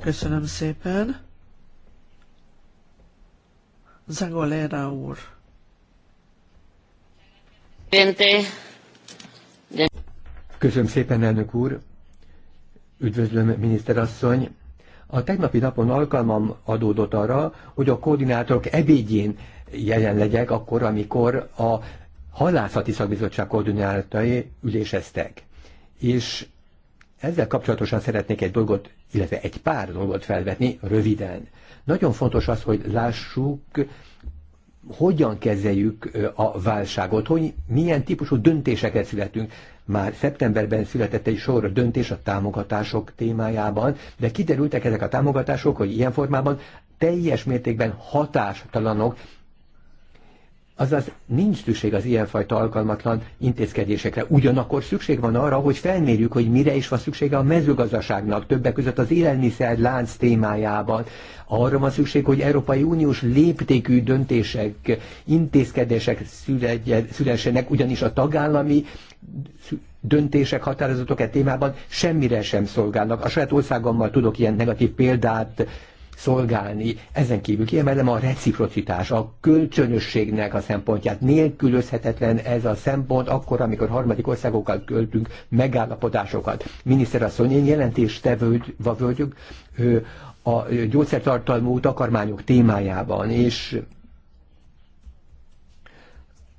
Köszönöm szépen. Zagolera úr. Köszönöm szépen, elnök úr. Üdvözlöm, miniszterasszony! A tegnapi napon alkalmam adódott arra, hogy a koordinátorok ebédjén jelen legyek akkor, amikor a halászati szakbizottság koordinátai üléseztek. És ezzel kapcsolatosan szeretnék egy dolgot, illetve egy pár dolgot felvetni röviden. Nagyon fontos az, hogy lássuk hogyan kezeljük a válságot, hogy milyen típusú döntéseket születünk. Már szeptemberben született egy sor döntés a támogatások témájában, de kiderültek ezek a támogatások, hogy ilyen formában teljes mértékben hatástalanok Azaz nincs szükség az ilyenfajta alkalmatlan intézkedésekre. Ugyanakkor szükség van arra, hogy felmérjük, hogy mire is van szüksége a mezőgazdaságnak, többek között az élelmiszer lánc témájában. Arra van szükség, hogy Európai Uniós léptékű döntések, intézkedések szülessenek, ugyanis a tagállami döntések, határozatok e témában semmire sem szolgálnak. A saját országommal tudok ilyen negatív példát szolgálni. Ezen kívül kiemelem a reciprocitás, a kölcsönösségnek a szempontját. Nélkülözhetetlen ez a szempont akkor, amikor harmadik országokkal költünk megállapodásokat. Miniszterasszony, én jelentést tevődva völgyük, a gyógyszertartalmú takarmányok témájában, és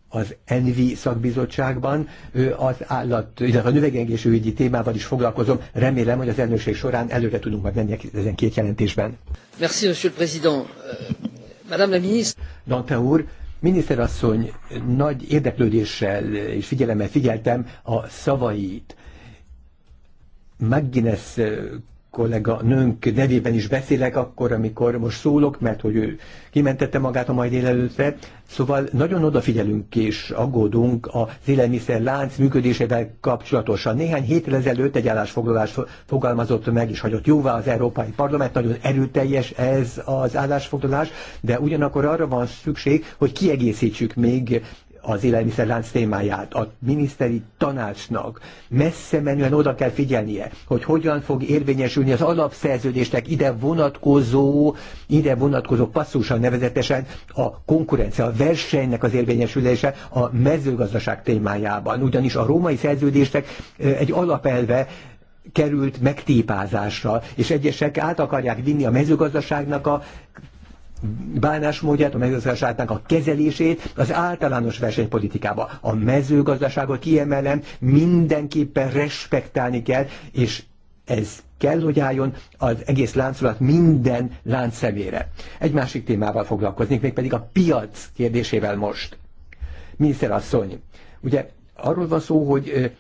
az Envi szakbizottságban az állat, illetve a növegengésű ügyi témával is foglalkozom. Remélem, hogy az elnökség során előre tudunk majd menni ezen két jelentésben. Merci, monsieur le président. Euh, Madame la ministre. Dante úr, miniszterasszony, nagy érdeklődéssel és figyelemmel figyeltem a szavait. McGuinness kollega nőnk nevében is beszélek akkor, amikor most szólok, mert hogy ő kimentette magát a mai délelőtre. Szóval nagyon odafigyelünk és aggódunk az élelmiszer lánc működésével kapcsolatosan. Néhány héttel ezelőtt egy állásfoglalást fogalmazott meg és hagyott jóvá az Európai Parlament. Nagyon erőteljes ez az állásfoglalás, de ugyanakkor arra van szükség, hogy kiegészítsük még az élelmiszerlánc témáját a miniszteri tanácsnak messze menően oda kell figyelnie, hogy hogyan fog érvényesülni az alapszerződésnek ide vonatkozó, ide vonatkozó passzusa nevezetesen a konkurencia, a versenynek az érvényesülése a mezőgazdaság témájában. Ugyanis a római szerződésnek egy alapelve került megtépázásra, és egyesek át akarják vinni a mezőgazdaságnak a bánásmódját, a mezőgazdaságnak a kezelését az általános versenypolitikába. A mezőgazdaságot kiemelem, mindenképpen respektálni kell, és ez kell, hogy álljon az egész láncolat minden láncszemére. Egy másik témával foglalkoznék, mégpedig a piac kérdésével most. Miniszter asszony, ugye arról van szó, hogy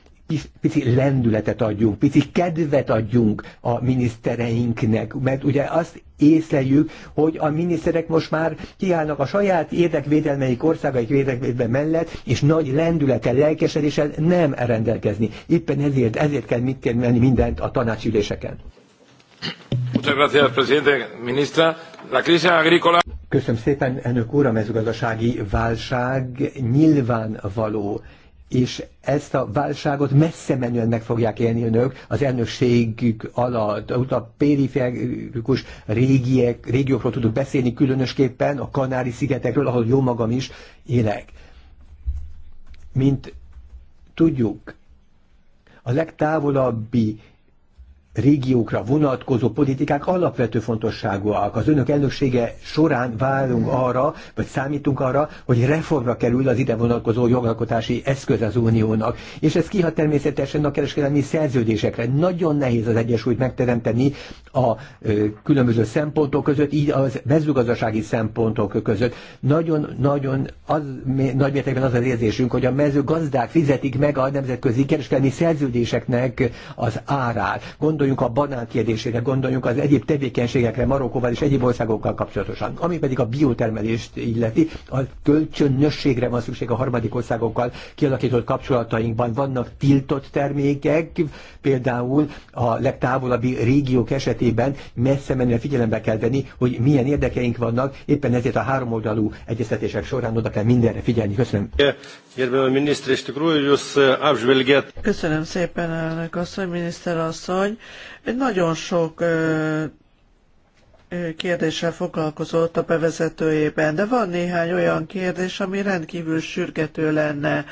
pici lendületet adjunk, pici kedvet adjunk a minisztereinknek, mert ugye azt észleljük, hogy a miniszterek most már kiállnak a saját érdekvédelmeik, országaik érdekvédelme mellett, és nagy lendülettel, lelkesedéssel nem rendelkezni. Éppen ezért, ezért kell mit tenni mindent a tanácsüléseken. Köszönöm szépen, elnök úr, a mezőgazdasági válság nyilvánvaló és ezt a válságot messze menően meg fogják élni önök az elnökségük alatt. A periférikus régiek, régiókról tudunk beszélni, különösképpen a Kanári-szigetekről, ahol jó magam is élek. Mint tudjuk, a legtávolabbi régiókra vonatkozó politikák alapvető fontosságúak. Az önök elnöksége során várunk arra, vagy számítunk arra, hogy reformra kerül az ide vonatkozó jogalkotási eszköz az uniónak. És ez kihat természetesen a kereskedelmi szerződésekre. Nagyon nehéz az egyensúlyt megteremteni a ö, különböző szempontok között, így az mezőgazdasági szempontok között. Nagyon-nagyon az, nagy mértékben az az érzésünk, hogy a mezőgazdák fizetik meg a nemzetközi kereskedelmi szerződéseknek az árát. Gond gondoljunk a banán kérdésére, gondoljunk az egyéb tevékenységekre Marokkóval és egyéb országokkal kapcsolatosan. Ami pedig a biotermelést illeti, a kölcsönösségre van szükség a harmadik országokkal kialakított kapcsolatainkban. Vannak tiltott termékek, például a legtávolabbi régiók esetében messze menően figyelembe kell venni, hogy milyen érdekeink vannak, éppen ezért a háromoldalú egyeztetések során oda kell mindenre figyelni. Köszönöm. Köszönöm szépen, elnök asszony, miniszter asszony. Nagyon sok kérdéssel foglalkozott a bevezetőjében, de van néhány olyan kérdés, ami rendkívül sürgető lenne.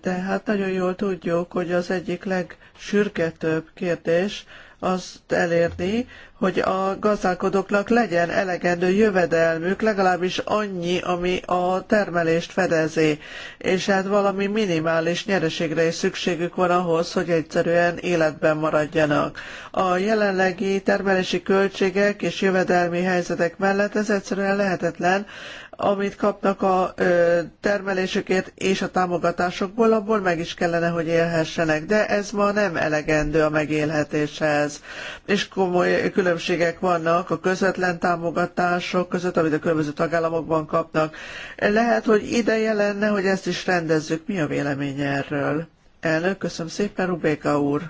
Tehát nagyon jól tudjuk, hogy az egyik legsürgetőbb kérdés azt elérni, hogy a gazdálkodóknak legyen elegendő jövedelmük, legalábbis annyi, ami a termelést fedezi, és hát valami minimális nyereségre is szükségük van ahhoz, hogy egyszerűen életben maradjanak. A jelenlegi termelési költségek és jövedelmi helyzetek mellett ez egyszerűen lehetetlen, amit kapnak a termelésükért és a támogatásokból, abból meg is kellene, hogy élhessenek. De ez ma nem elegendő a megélhetéshez. És komoly különbségek vannak a közvetlen támogatások között, amit a különböző tagállamokban kapnak. Lehet, hogy ideje lenne, hogy ezt is rendezzük. Mi a vélemény erről? Elnök, köszönöm szépen, Rubéka úr.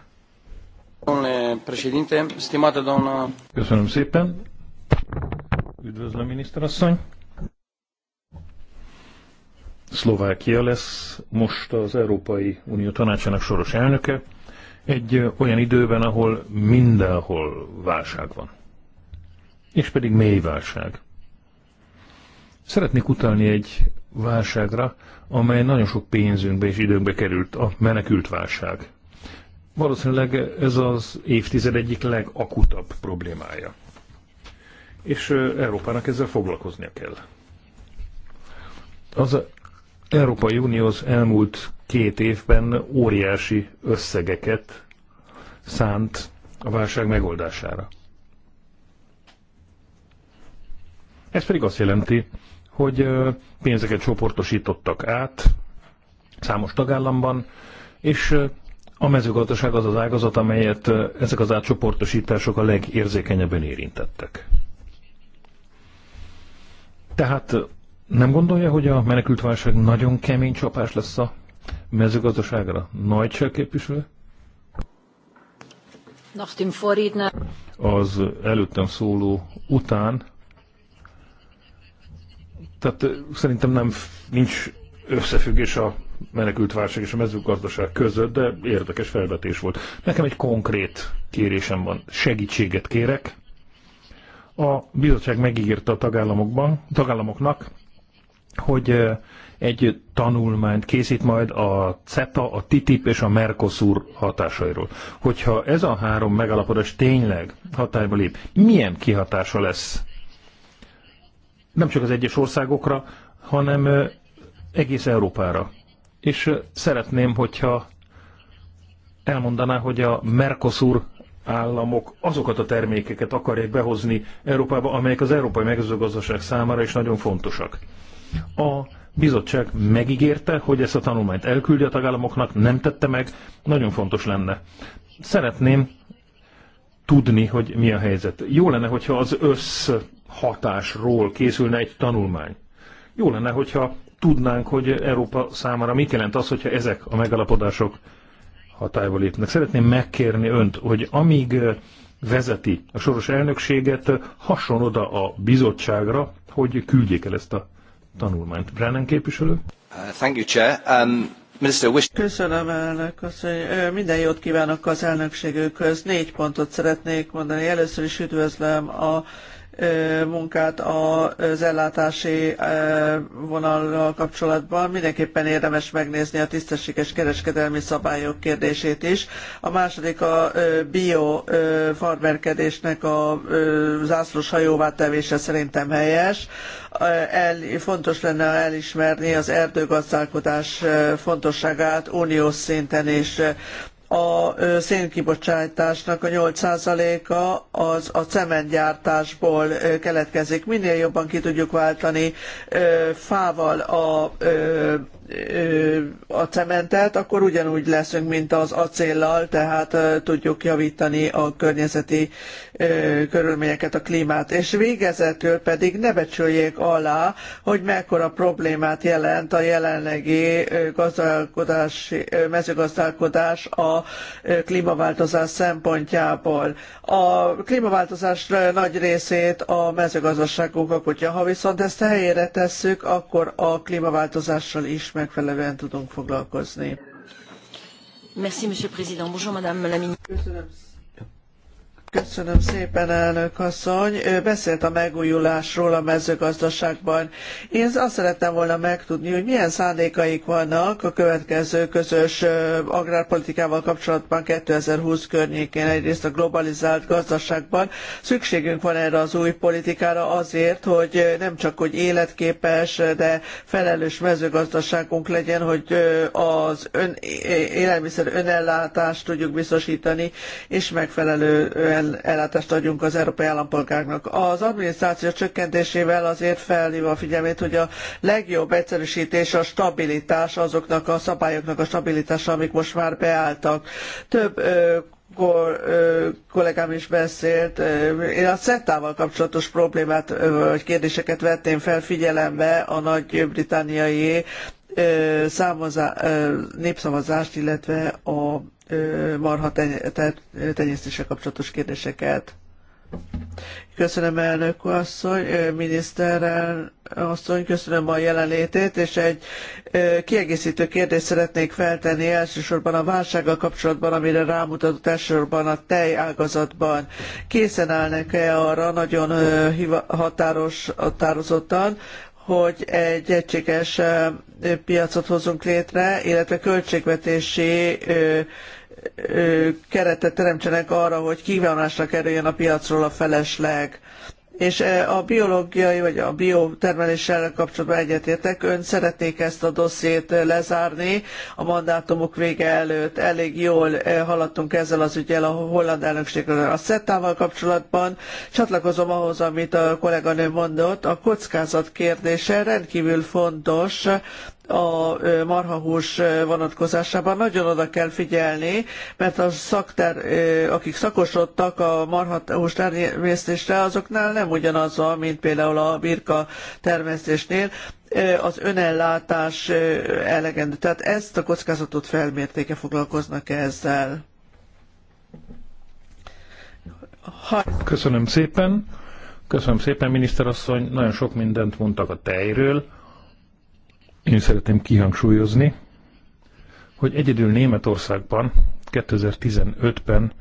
Köszönöm szépen. Üdvözlöm, asszony. Szlovákia lesz most az Európai Unió tanácsának soros elnöke, egy olyan időben, ahol mindenhol válság van. És pedig mély válság. Szeretnék utalni egy válságra, amely nagyon sok pénzünkbe és időnkbe került, a menekült válság. Valószínűleg ez az évtized egyik legakutabb problémája. És Európának ezzel foglalkoznia kell. Az Európai Unió az elmúlt két évben óriási összegeket szánt a válság megoldására. Ez pedig azt jelenti, hogy pénzeket csoportosítottak át számos tagállamban, és a mezőgazdaság az az ágazat, amelyet ezek az átcsoportosítások a legérzékenyebben érintettek. Tehát nem gondolja, hogy a menekültválság nagyon kemény csapás lesz a mezőgazdaságra? Nagy képviselő? Az előttem szóló után, tehát szerintem nem nincs összefüggés a menekültválság és a mezőgazdaság között, de érdekes felvetés volt. Nekem egy konkrét kérésem van, segítséget kérek. A bizottság megígérte a tagállamokban, tagállamoknak, hogy egy tanulmányt készít majd a CETA, a TTIP és a Mercosur hatásairól. Hogyha ez a három megalapodás tényleg hatályba lép, milyen kihatása lesz nem csak az egyes országokra, hanem egész Európára. És szeretném, hogyha elmondaná, hogy a Mercosur államok azokat a termékeket akarják behozni Európába, amelyek az európai mezőgazdaság számára is nagyon fontosak. A bizottság megígérte, hogy ezt a tanulmányt elküldi a tagállamoknak, nem tette meg, nagyon fontos lenne. Szeretném tudni, hogy mi a helyzet. Jó lenne, hogyha az összhatásról készülne egy tanulmány. Jó lenne, hogyha tudnánk, hogy Európa számára mit jelent az, hogyha ezek a megalapodások hatályba lépnek. Szeretném megkérni önt, hogy amíg vezeti a soros elnökséget, hasson oda a bizottságra, hogy küldjék el ezt a tanulmányt. Brennan képviselő? Uh, thank you, Chair. Um, Minister, wish... Köszönöm, elnök asszony. Minden jót kívánok az elnökségükhöz. Négy pontot szeretnék mondani. Először is üdvözlöm a munkát az ellátási vonallal kapcsolatban. Mindenképpen érdemes megnézni a tisztességes kereskedelmi szabályok kérdését is. A második a bio farmerkedésnek a zászlós hajóvá tevése szerintem helyes. El, fontos lenne elismerni az erdőgazdálkodás fontosságát uniós szinten, és a szénkibocsátásnak a 8%-a az a cementgyártásból keletkezik. Minél jobban ki tudjuk váltani fával a a cementet, akkor ugyanúgy leszünk, mint az acéllal, tehát tudjuk javítani a környezeti körülményeket, a klímát. És végezetül pedig ne becsüljék alá, hogy mekkora problémát jelent a jelenlegi gazdálkodási, mezőgazdálkodás a klímaváltozás szempontjából. A klímaváltozás nagy részét a mezőgazdaságunk alkotja. Ha viszont ezt helyére tesszük, akkor a klímaváltozással is megfelelően tudunk foglalkozni. Köszönöm. Monsieur Köszönöm szépen, elnök asszony. Beszélt a megújulásról a mezőgazdaságban. Én azt szerettem volna megtudni, hogy milyen szándékaik vannak a következő közös agrárpolitikával kapcsolatban 2020 környékén, egyrészt a globalizált gazdaságban. Szükségünk van erre az új politikára azért, hogy nem csak hogy életképes, de felelős mezőgazdaságunk legyen, hogy az ön, élelmiszer önellátást tudjuk biztosítani, és megfelelően ellátást adjunk az európai állampolgárnak. Az adminisztráció csökkentésével azért felhívom a figyelmét, hogy a legjobb egyszerűsítés a stabilitás, azoknak a szabályoknak a stabilitása, amik most már beálltak. Több ö, kollégám is beszélt, én a CETA-val kapcsolatos problémát vagy kérdéseket vetném fel figyelembe a nagy-britanniai népszavazást, illetve a marha tenyésztése kapcsolatos kérdéseket. Köszönöm elnök asszony, miniszter asszony, köszönöm a jelenlétét, és egy kiegészítő kérdést szeretnék feltenni elsősorban a válsággal kapcsolatban, amire rámutatott elsősorban a tejágazatban. Készen állnak-e arra nagyon határos, határozottan, hogy egy egységes piacot hozunk létre, illetve költségvetési keretet teremtsenek arra, hogy kívánásra kerüljön a piacról a felesleg. És a biológiai vagy a biotermeléssel kapcsolatban egyetértek, ön szeretnék ezt a dossziét lezárni a mandátumok vége előtt. Elég jól haladtunk ezzel az ügyel a holland elnökségről a szettával kapcsolatban. Csatlakozom ahhoz, amit a kolléganő mondott, a kockázat kérdése rendkívül fontos a marhahús vonatkozásában nagyon oda kell figyelni, mert a szakter, akik szakosodtak a marhahús termesztésre, azoknál nem ugyanaz van, mint például a birka termesztésnél, az önellátás elegendő. Tehát ezt a kockázatot felmértéke foglalkoznak -e ezzel? Ha... Köszönöm szépen. Köszönöm szépen, miniszterasszony. Nagyon sok mindent mondtak a tejről én szeretném kihangsúlyozni, hogy egyedül Németországban 2015-ben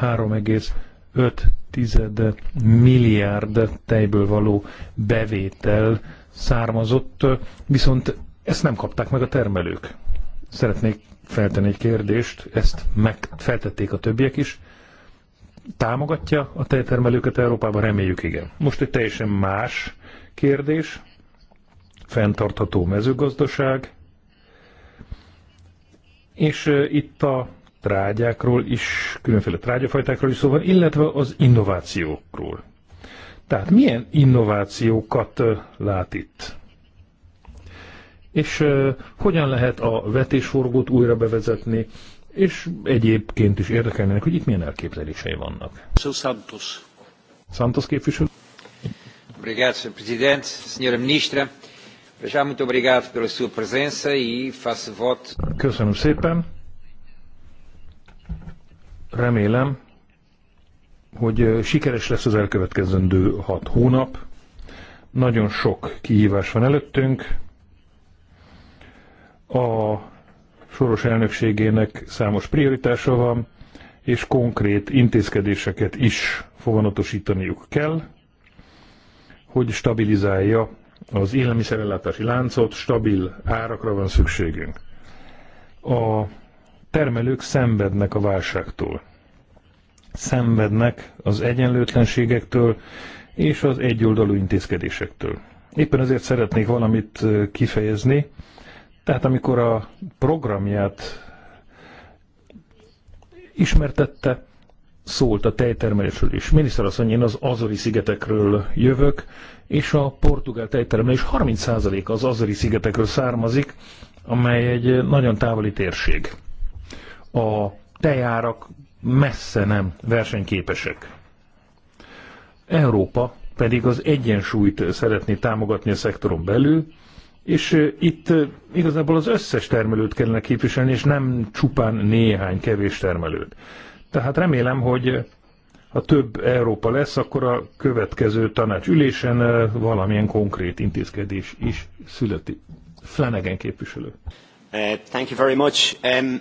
3,5 milliárd tejből való bevétel származott, viszont ezt nem kapták meg a termelők. Szeretnék feltenni egy kérdést, ezt megfeltették a többiek is. Támogatja a tejtermelőket Európában? Reméljük igen. Most egy teljesen más kérdés, fenntartható mezőgazdaság, és itt a trágyákról is, különféle trágyafajtákról is szó van, illetve az innovációkról. Tehát milyen innovációkat lát itt? És hogyan lehet a vetésforgót újra bevezetni, és egyébként is érdekelnének, hogy itt milyen elképzelései vannak. Santos. Santos képviselő. Obrigado, Sr. Presidente, Sra. Ministra. E Köszönöm szépen. Remélem, hogy sikeres lesz az elkövetkezendő hat hónap. Nagyon sok kihívás van előttünk. A soros elnökségének számos prioritása van, és konkrét intézkedéseket is foganatosítaniuk kell, hogy stabilizálja az élelmiszerellátási láncot, stabil árakra van szükségünk. A termelők szenvednek a válságtól. Szenvednek az egyenlőtlenségektől és az egyoldalú intézkedésektől. Éppen ezért szeretnék valamit kifejezni. Tehát amikor a programját ismertette, szólt a tejtermelésről is. Miniszter mondja, én az Azori szigetekről jövök, és a portugál tejtermelés 30% az Azori szigetekről származik, amely egy nagyon távoli térség. A tejárak messze nem versenyképesek. Európa pedig az egyensúlyt szeretné támogatni a szektoron belül, és itt igazából az összes termelőt kellene képviselni, és nem csupán néhány kevés termelőt. Tehát remélem, hogy ha több Európa lesz, akkor a következő tanácsülésen valamilyen konkrét intézkedés is születi. Flanagan képviselő. Uh, thank you very much. Um...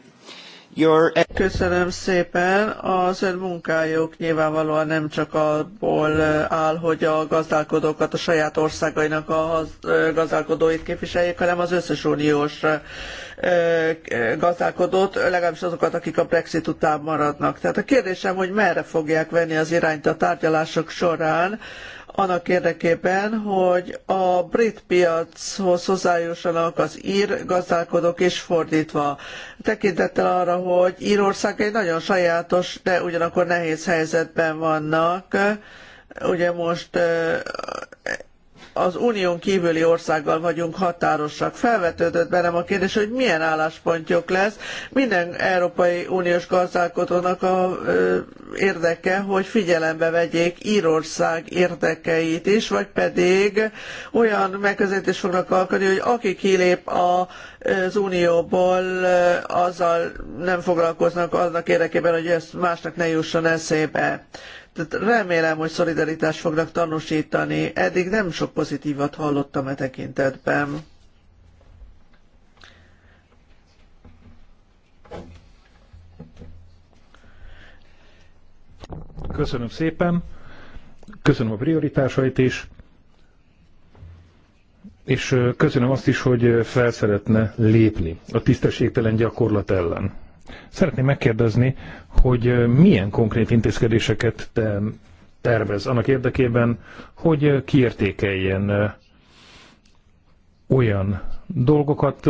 Your... Köszönöm szépen. Az ön munkájuk nyilvánvalóan nem csak abból eh, áll, hogy a gazdálkodókat, a saját országainak a eh, gazdálkodóit képviseljék, hanem az összes uniós eh, gazdálkodót, legalábbis azokat, akik a Brexit után maradnak. Tehát a kérdésem, hogy merre fogják venni az irányt a tárgyalások során, annak érdekében, hogy a brit piachoz hozzájussanak az ír gazdálkodók és fordítva. Tekintettel arra, hogy Írország egy nagyon sajátos, de ugyanakkor nehéz helyzetben vannak. Ugye most az unión kívüli országgal vagyunk határosak. Felvetődött bennem a kérdés, hogy milyen álláspontjuk lesz. Minden Európai Uniós gazdálkodónak a ö, érdeke, hogy figyelembe vegyék Írország érdekeit is, vagy pedig olyan megközelítést fognak alkalni, hogy aki kilép a az unióból azzal nem foglalkoznak annak érdekében, hogy ezt másnak ne jusson eszébe. Tehát remélem, hogy szolidaritást fognak tanúsítani. Eddig nem sok pozitívat hallottam e tekintetben. Köszönöm szépen, köszönöm a prioritásait is, és köszönöm azt is, hogy fel szeretne lépni a tisztességtelen gyakorlat ellen. Szeretném megkérdezni, hogy milyen konkrét intézkedéseket te tervez annak érdekében, hogy kiértékeljen olyan dolgokat,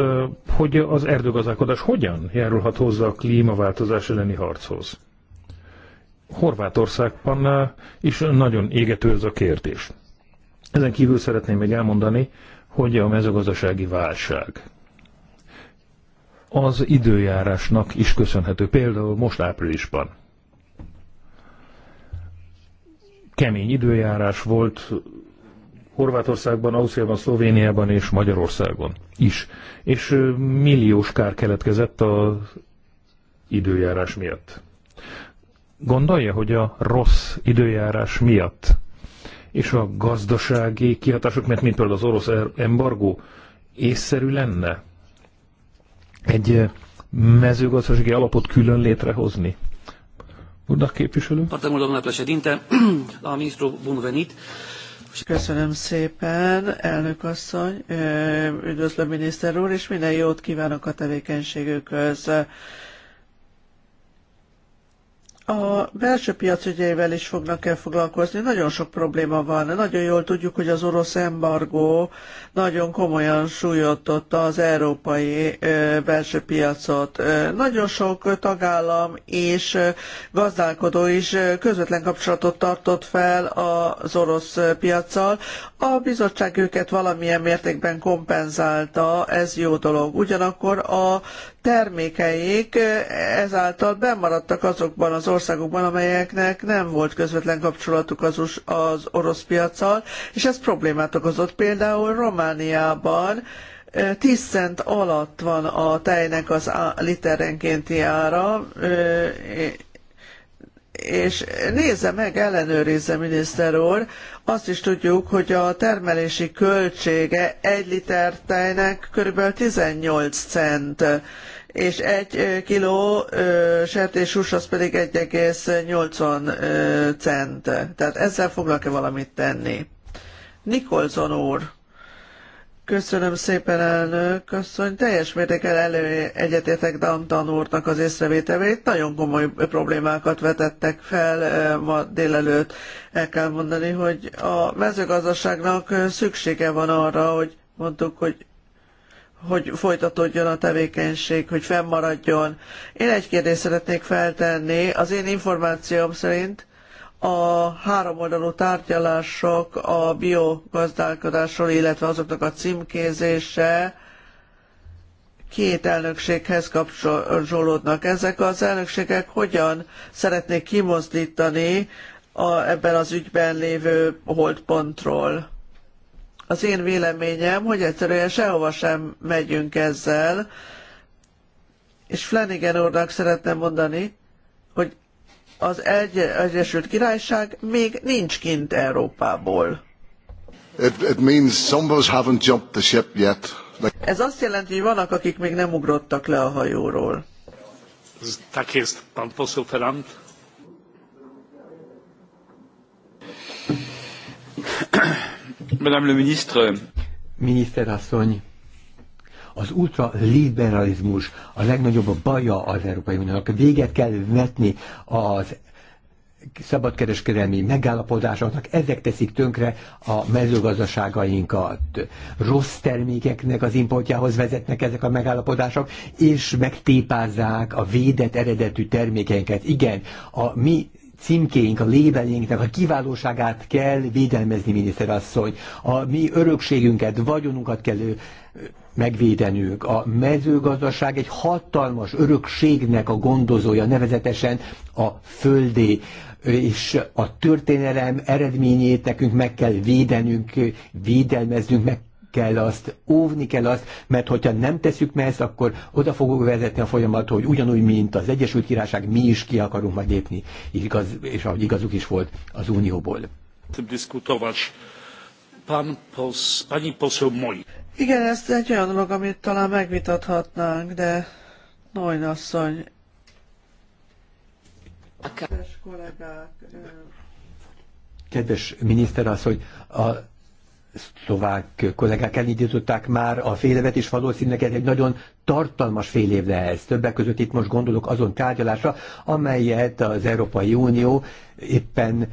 hogy az erdőgazdálkodás hogyan járulhat hozzá a klímaváltozás elleni harchoz. Horvátországban is nagyon égető ez a kérdés. Ezen kívül szeretném még elmondani, hogy a mezőgazdasági válság az időjárásnak is köszönhető. Például most áprilisban kemény időjárás volt Horvátországban, Ausztriában, Szlovéniában és Magyarországon is. És milliós kár keletkezett az időjárás miatt. Gondolja, hogy a rossz időjárás miatt és a gazdasági kihatások, mert mint például az orosz embargó, észszerű lenne egy mezőgazdasági alapot külön létrehozni? Urnak képviselő? Partemul, domnule a ministru, bun Köszönöm szépen, elnök asszony, üdvözlöm miniszter úr, és minden jót kívánok a tevékenységükhöz a belső piac ügyeivel is fognak el foglalkozni. Nagyon sok probléma van. Nagyon jól tudjuk, hogy az orosz embargó nagyon komolyan súlyoltotta az európai belső piacot. Nagyon sok tagállam és gazdálkodó is közvetlen kapcsolatot tartott fel az orosz piacsal. A bizottság őket valamilyen mértékben kompenzálta, ez jó dolog. Ugyanakkor a termékeik ezáltal bemaradtak azokban az országokban, amelyeknek nem volt közvetlen kapcsolatuk az, az orosz piacsal, és ez problémát okozott például Romániában, 10 cent alatt van a tejnek az literenkénti ára, és nézze meg, ellenőrizze, miniszter úr, azt is tudjuk, hogy a termelési költsége egy liter tejnek körülbelül 18 cent és egy kiló sertéshús az pedig 1,80 cent. Tehát ezzel fognak-e valamit tenni? Nikolson úr. Köszönöm szépen, elnök asszony. Teljes mértékben elő egyetértek Dantan úrnak az észrevételét. Nagyon komoly problémákat vetettek fel ma délelőtt. El kell mondani, hogy a mezőgazdaságnak szüksége van arra, hogy mondtuk, hogy hogy folytatódjon a tevékenység, hogy fennmaradjon. Én egy kérdést szeretnék feltenni. Az én információm szerint a háromoldalú tárgyalások a biogazdálkodásról, illetve azoknak a címkézése két elnökséghez kapcsolódnak. Ezek az elnökségek hogyan szeretnék kimozdítani a, ebben az ügyben lévő holdpontról? az én véleményem, hogy egyszerűen sehova sem megyünk ezzel, és Flanagan úrnak szeretném mondani, hogy az egy, Egyesült Királyság még nincs kint Európából. It, it means some of us haven't jumped the ship yet. Like... Ez azt jelenti, hogy vannak, akik még nem ugrottak le a hajóról. Tak jest, pan poseł Ferrand. Madame le ministre. asszony, az ultraliberalizmus a legnagyobb baja az Európai Uniónak. Véget kell vetni az szabadkereskedelmi megállapodásoknak, ezek teszik tönkre a mezőgazdaságainkat. Rossz termékeknek az importjához vezetnek ezek a megállapodások, és megtépázzák a védett eredetű termékeinket. Igen, a mi címkéink, a lébelénknek a kiválóságát kell védelmezni, miniszterasszony. A mi örökségünket, vagyonunkat kell megvédenünk. A mezőgazdaság egy hatalmas örökségnek a gondozója, nevezetesen a földé és a történelem eredményét nekünk meg kell védenünk, védelmeznünk, meg kell azt, óvni kell azt, mert hogyha nem tesszük meg ezt, akkor oda fogok vezetni a folyamat, hogy ugyanúgy, mint az Egyesült Királyság, mi is ki akarunk majd lépni, igaz, és ahogy igazuk is volt az Unióból. Igen, ez egy olyan dolog, amit talán megvitathatnánk, de nagyon asszony, kedves kollégák, kedves miniszter az, hogy a szlovák kollégák elindították már a fél évet, és valószínűleg ez egy nagyon tartalmas fél év lehez. Többek között itt most gondolok azon tárgyalásra, amelyet az Európai Unió éppen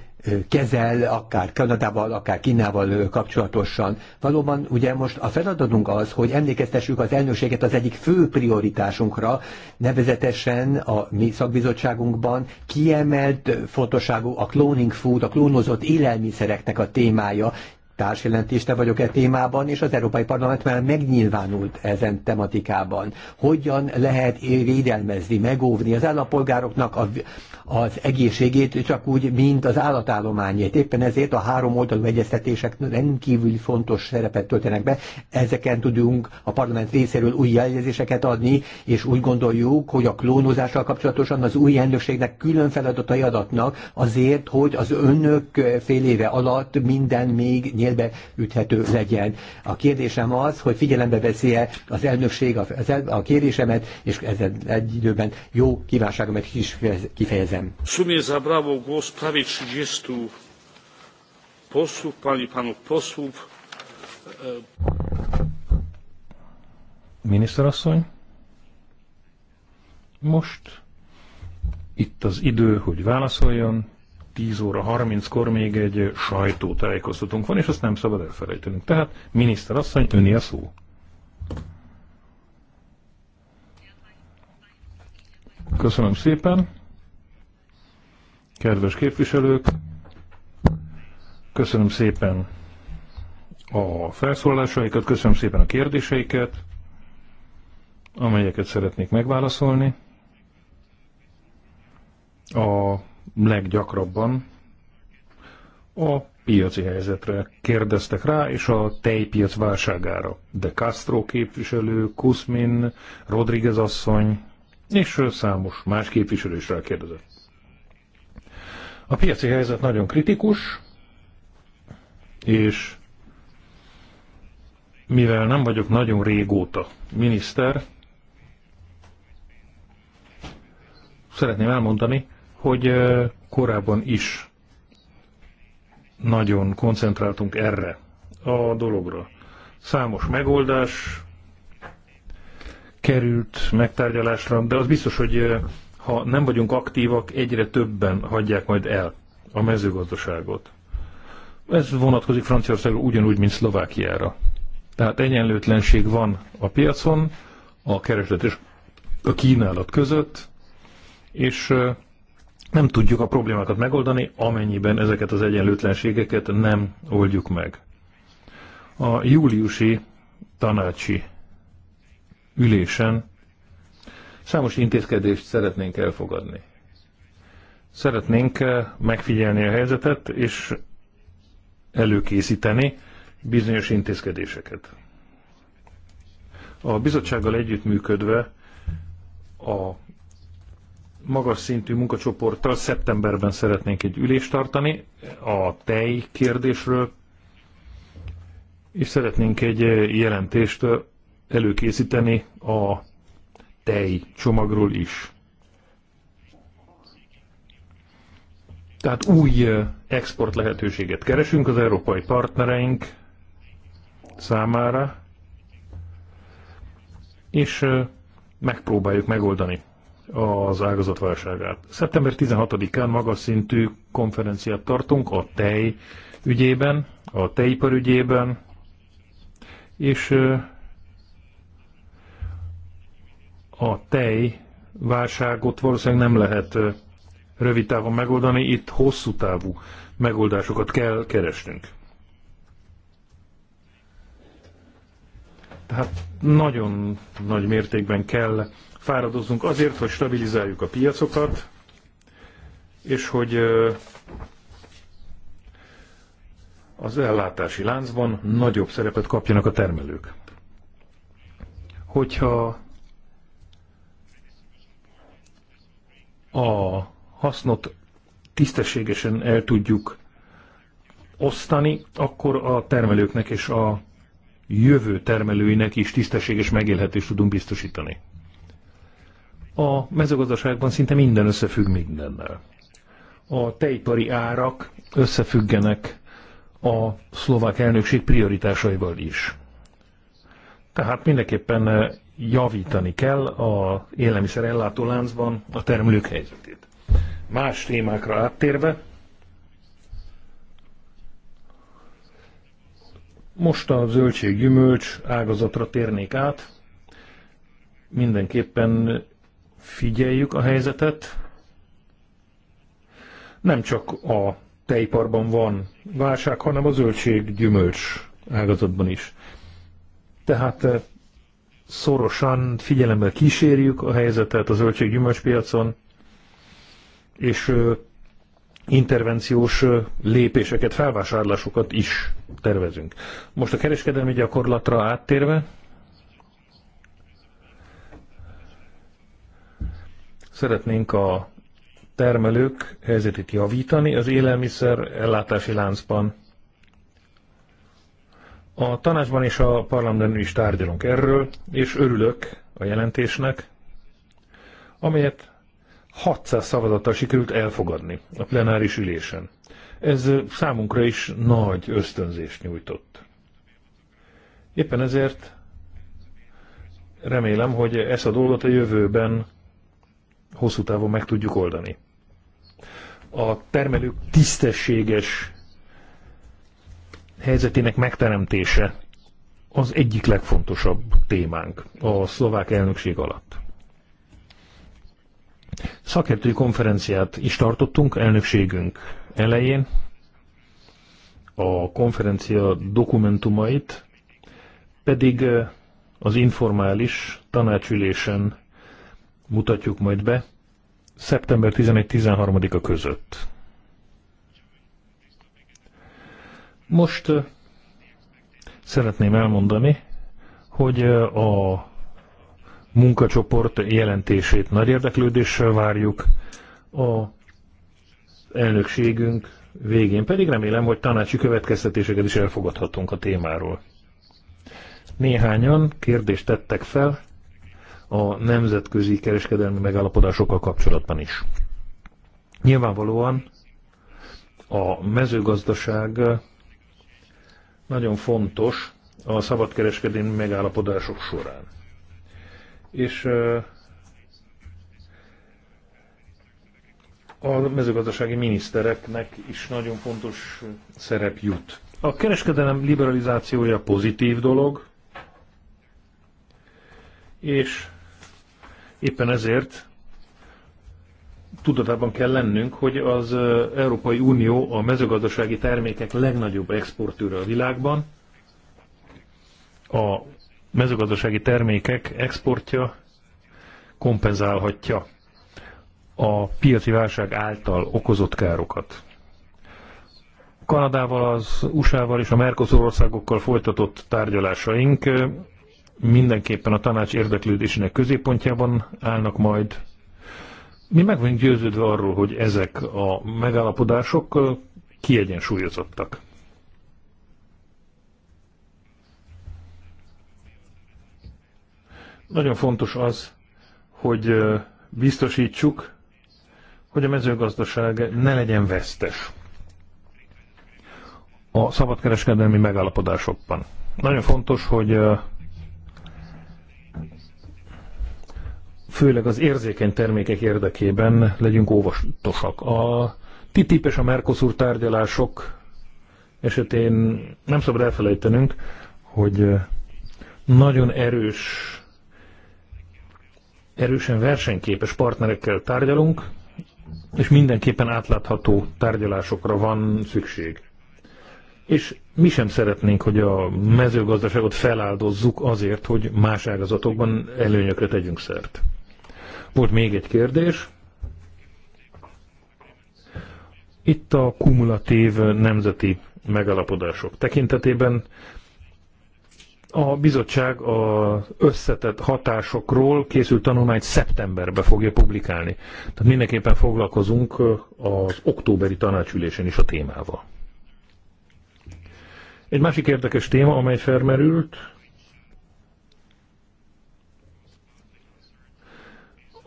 kezel, akár Kanadával, akár Kínával kapcsolatosan. Valóban ugye most a feladatunk az, hogy emlékeztessük az elnökséget az egyik fő prioritásunkra, nevezetesen a mi szakbizottságunkban kiemelt fontosságú a cloning food, a klónozott élelmiszereknek a témája, társjelentéste vagyok e témában, és az Európai Parlament már megnyilvánult ezen tematikában. Hogyan lehet védelmezni, megóvni az állampolgároknak a, az egészségét, csak úgy, mint az állatállományét. Éppen ezért a három oldalú egyeztetések rendkívül fontos szerepet töltenek be. Ezeken tudunk a parlament részéről új jelzéseket adni, és úgy gondoljuk, hogy a klónozással kapcsolatosan az új elnökségnek külön feladatai adatnak azért, hogy az önök fél éve alatt minden még nyilván mérbe üthető legyen. A kérdésem az, hogy figyelembe veszi-e az elnökség az el, a kérésemet, és ezzel egy időben jó kívánságomat is kifejezem. sumie zabrało głos prawie 30 posłów, pani panów posłów. E, miniszterasszony, most itt az idő, hogy válaszoljon, 10 óra 30-kor még egy sajtótájékoztatónk van, és azt nem szabad elfelejtenünk. Tehát, miniszter asszony, öné a szó. Köszönöm szépen. Kedves képviselők, köszönöm szépen a felszólalásaikat, köszönöm szépen a kérdéseiket, amelyeket szeretnék megválaszolni. A leggyakrabban a piaci helyzetre kérdeztek rá, és a tejpiac válságára. De Castro képviselő, Kuszmin, Rodriguez asszony, és számos más képviselő is rákérdezett. A piaci helyzet nagyon kritikus, és mivel nem vagyok nagyon régóta miniszter, szeretném elmondani, hogy korábban is nagyon koncentráltunk erre a dologra. Számos megoldás került megtárgyalásra, de az biztos, hogy ha nem vagyunk aktívak, egyre többen hagyják majd el a mezőgazdaságot. Ez vonatkozik Franciaországra ugyanúgy, mint Szlovákiára. Tehát egyenlőtlenség van a piacon, a kereslet és a kínálat között, és nem tudjuk a problémákat megoldani, amennyiben ezeket az egyenlőtlenségeket nem oldjuk meg. A júliusi tanácsi ülésen számos intézkedést szeretnénk elfogadni. Szeretnénk eh, megfigyelni a helyzetet, és előkészíteni bizonyos intézkedéseket. A bizottsággal együttműködve a magas szintű munkacsoporttal szeptemberben szeretnénk egy ülést tartani a tej kérdésről, és szeretnénk egy jelentést előkészíteni a tej csomagról is. Tehát új export lehetőséget keresünk az európai partnereink számára, és megpróbáljuk megoldani az ágazat válságát. Szeptember 16-án magas szintű konferenciát tartunk a tej ügyében, a tejipar ügyében, és a tej válságot valószínűleg nem lehet rövid távon megoldani, itt hosszú távú megoldásokat kell keresnünk. Tehát nagyon nagy mértékben kell fáradozunk azért, hogy stabilizáljuk a piacokat, és hogy az ellátási láncban nagyobb szerepet kapjanak a termelők. Hogyha a hasznot tisztességesen el tudjuk osztani, akkor a termelőknek és a jövő termelőinek is tisztességes megélhetést tudunk biztosítani. A mezőgazdaságban szinte minden összefügg mindennel. A tejipari árak összefüggenek a szlovák elnökség prioritásaival is. Tehát mindenképpen eh, javítani kell az élelmiszer ellátó láncban a termelők helyzetét. Más témákra áttérve, most a zöldség-gyümölcs ágazatra térnék át, mindenképpen figyeljük a helyzetet. Nem csak a tejiparban van válság, hanem a zöldség gyümölcs ágazatban is. Tehát eh, szorosan figyelemmel kísérjük a helyzetet a zöldség piacon, és eh, intervenciós eh, lépéseket, felvásárlásokat is tervezünk. Most a kereskedelmi gyakorlatra áttérve, Szeretnénk a termelők helyzetét javítani az élelmiszer ellátási láncban. A tanácsban és a parlamentben is tárgyalunk erről, és örülök a jelentésnek, amelyet 600 szavazattal sikerült elfogadni a plenáris ülésen. Ez számunkra is nagy ösztönzést nyújtott. Éppen ezért remélem, hogy ezt a dolgot a jövőben hosszú távon meg tudjuk oldani. A termelők tisztességes helyzetének megteremtése az egyik legfontosabb témánk a szlovák elnökség alatt. Szakértői konferenciát is tartottunk elnökségünk elején. A konferencia dokumentumait pedig eh, az informális tanácsülésen mutatjuk majd be szeptember 11-13-a között. Most szeretném elmondani, hogy a munkacsoport jelentését nagy érdeklődéssel várjuk. A elnökségünk végén pedig remélem, hogy tanácsi következtetéseket is elfogadhatunk a témáról. Néhányan kérdést tettek fel a nemzetközi kereskedelmi megállapodásokkal kapcsolatban is. Nyilvánvalóan a mezőgazdaság nagyon fontos a szabadkereskedelmi megállapodások során. És a mezőgazdasági minisztereknek is nagyon fontos szerep jut. A kereskedelem liberalizációja pozitív dolog, és Éppen ezért tudatában kell lennünk, hogy az Európai Unió a mezőgazdasági termékek legnagyobb exportőre a világban. A mezőgazdasági termékek exportja kompenzálhatja a piaci válság által okozott károkat. Kanadával, az USA-val és a Mercosur országokkal folytatott tárgyalásaink mindenképpen a tanács érdeklődésének középpontjában állnak majd. Mi meg vagyunk győződve arról, hogy ezek a megállapodások kiegyensúlyozottak. Nagyon fontos az, hogy biztosítsuk, hogy a mezőgazdaság ne legyen vesztes a szabadkereskedelmi megállapodásokban. Nagyon fontos, hogy főleg az érzékeny termékek érdekében legyünk óvatosak. A TTIP és a Mercosur tárgyalások esetén nem szabad elfelejtenünk, hogy nagyon erős, erősen versenyképes partnerekkel tárgyalunk, és mindenképpen átlátható tárgyalásokra van szükség. És mi sem szeretnénk, hogy a mezőgazdaságot feláldozzuk azért, hogy más ágazatokban előnyökre tegyünk szert. Volt még egy kérdés. Itt a kumulatív nemzeti megalapodások tekintetében a bizottság az összetett hatásokról készült tanulmányt szeptemberbe fogja publikálni. Tehát mindenképpen foglalkozunk az októberi tanácsülésen is a témával. Egy másik érdekes téma, amely felmerült,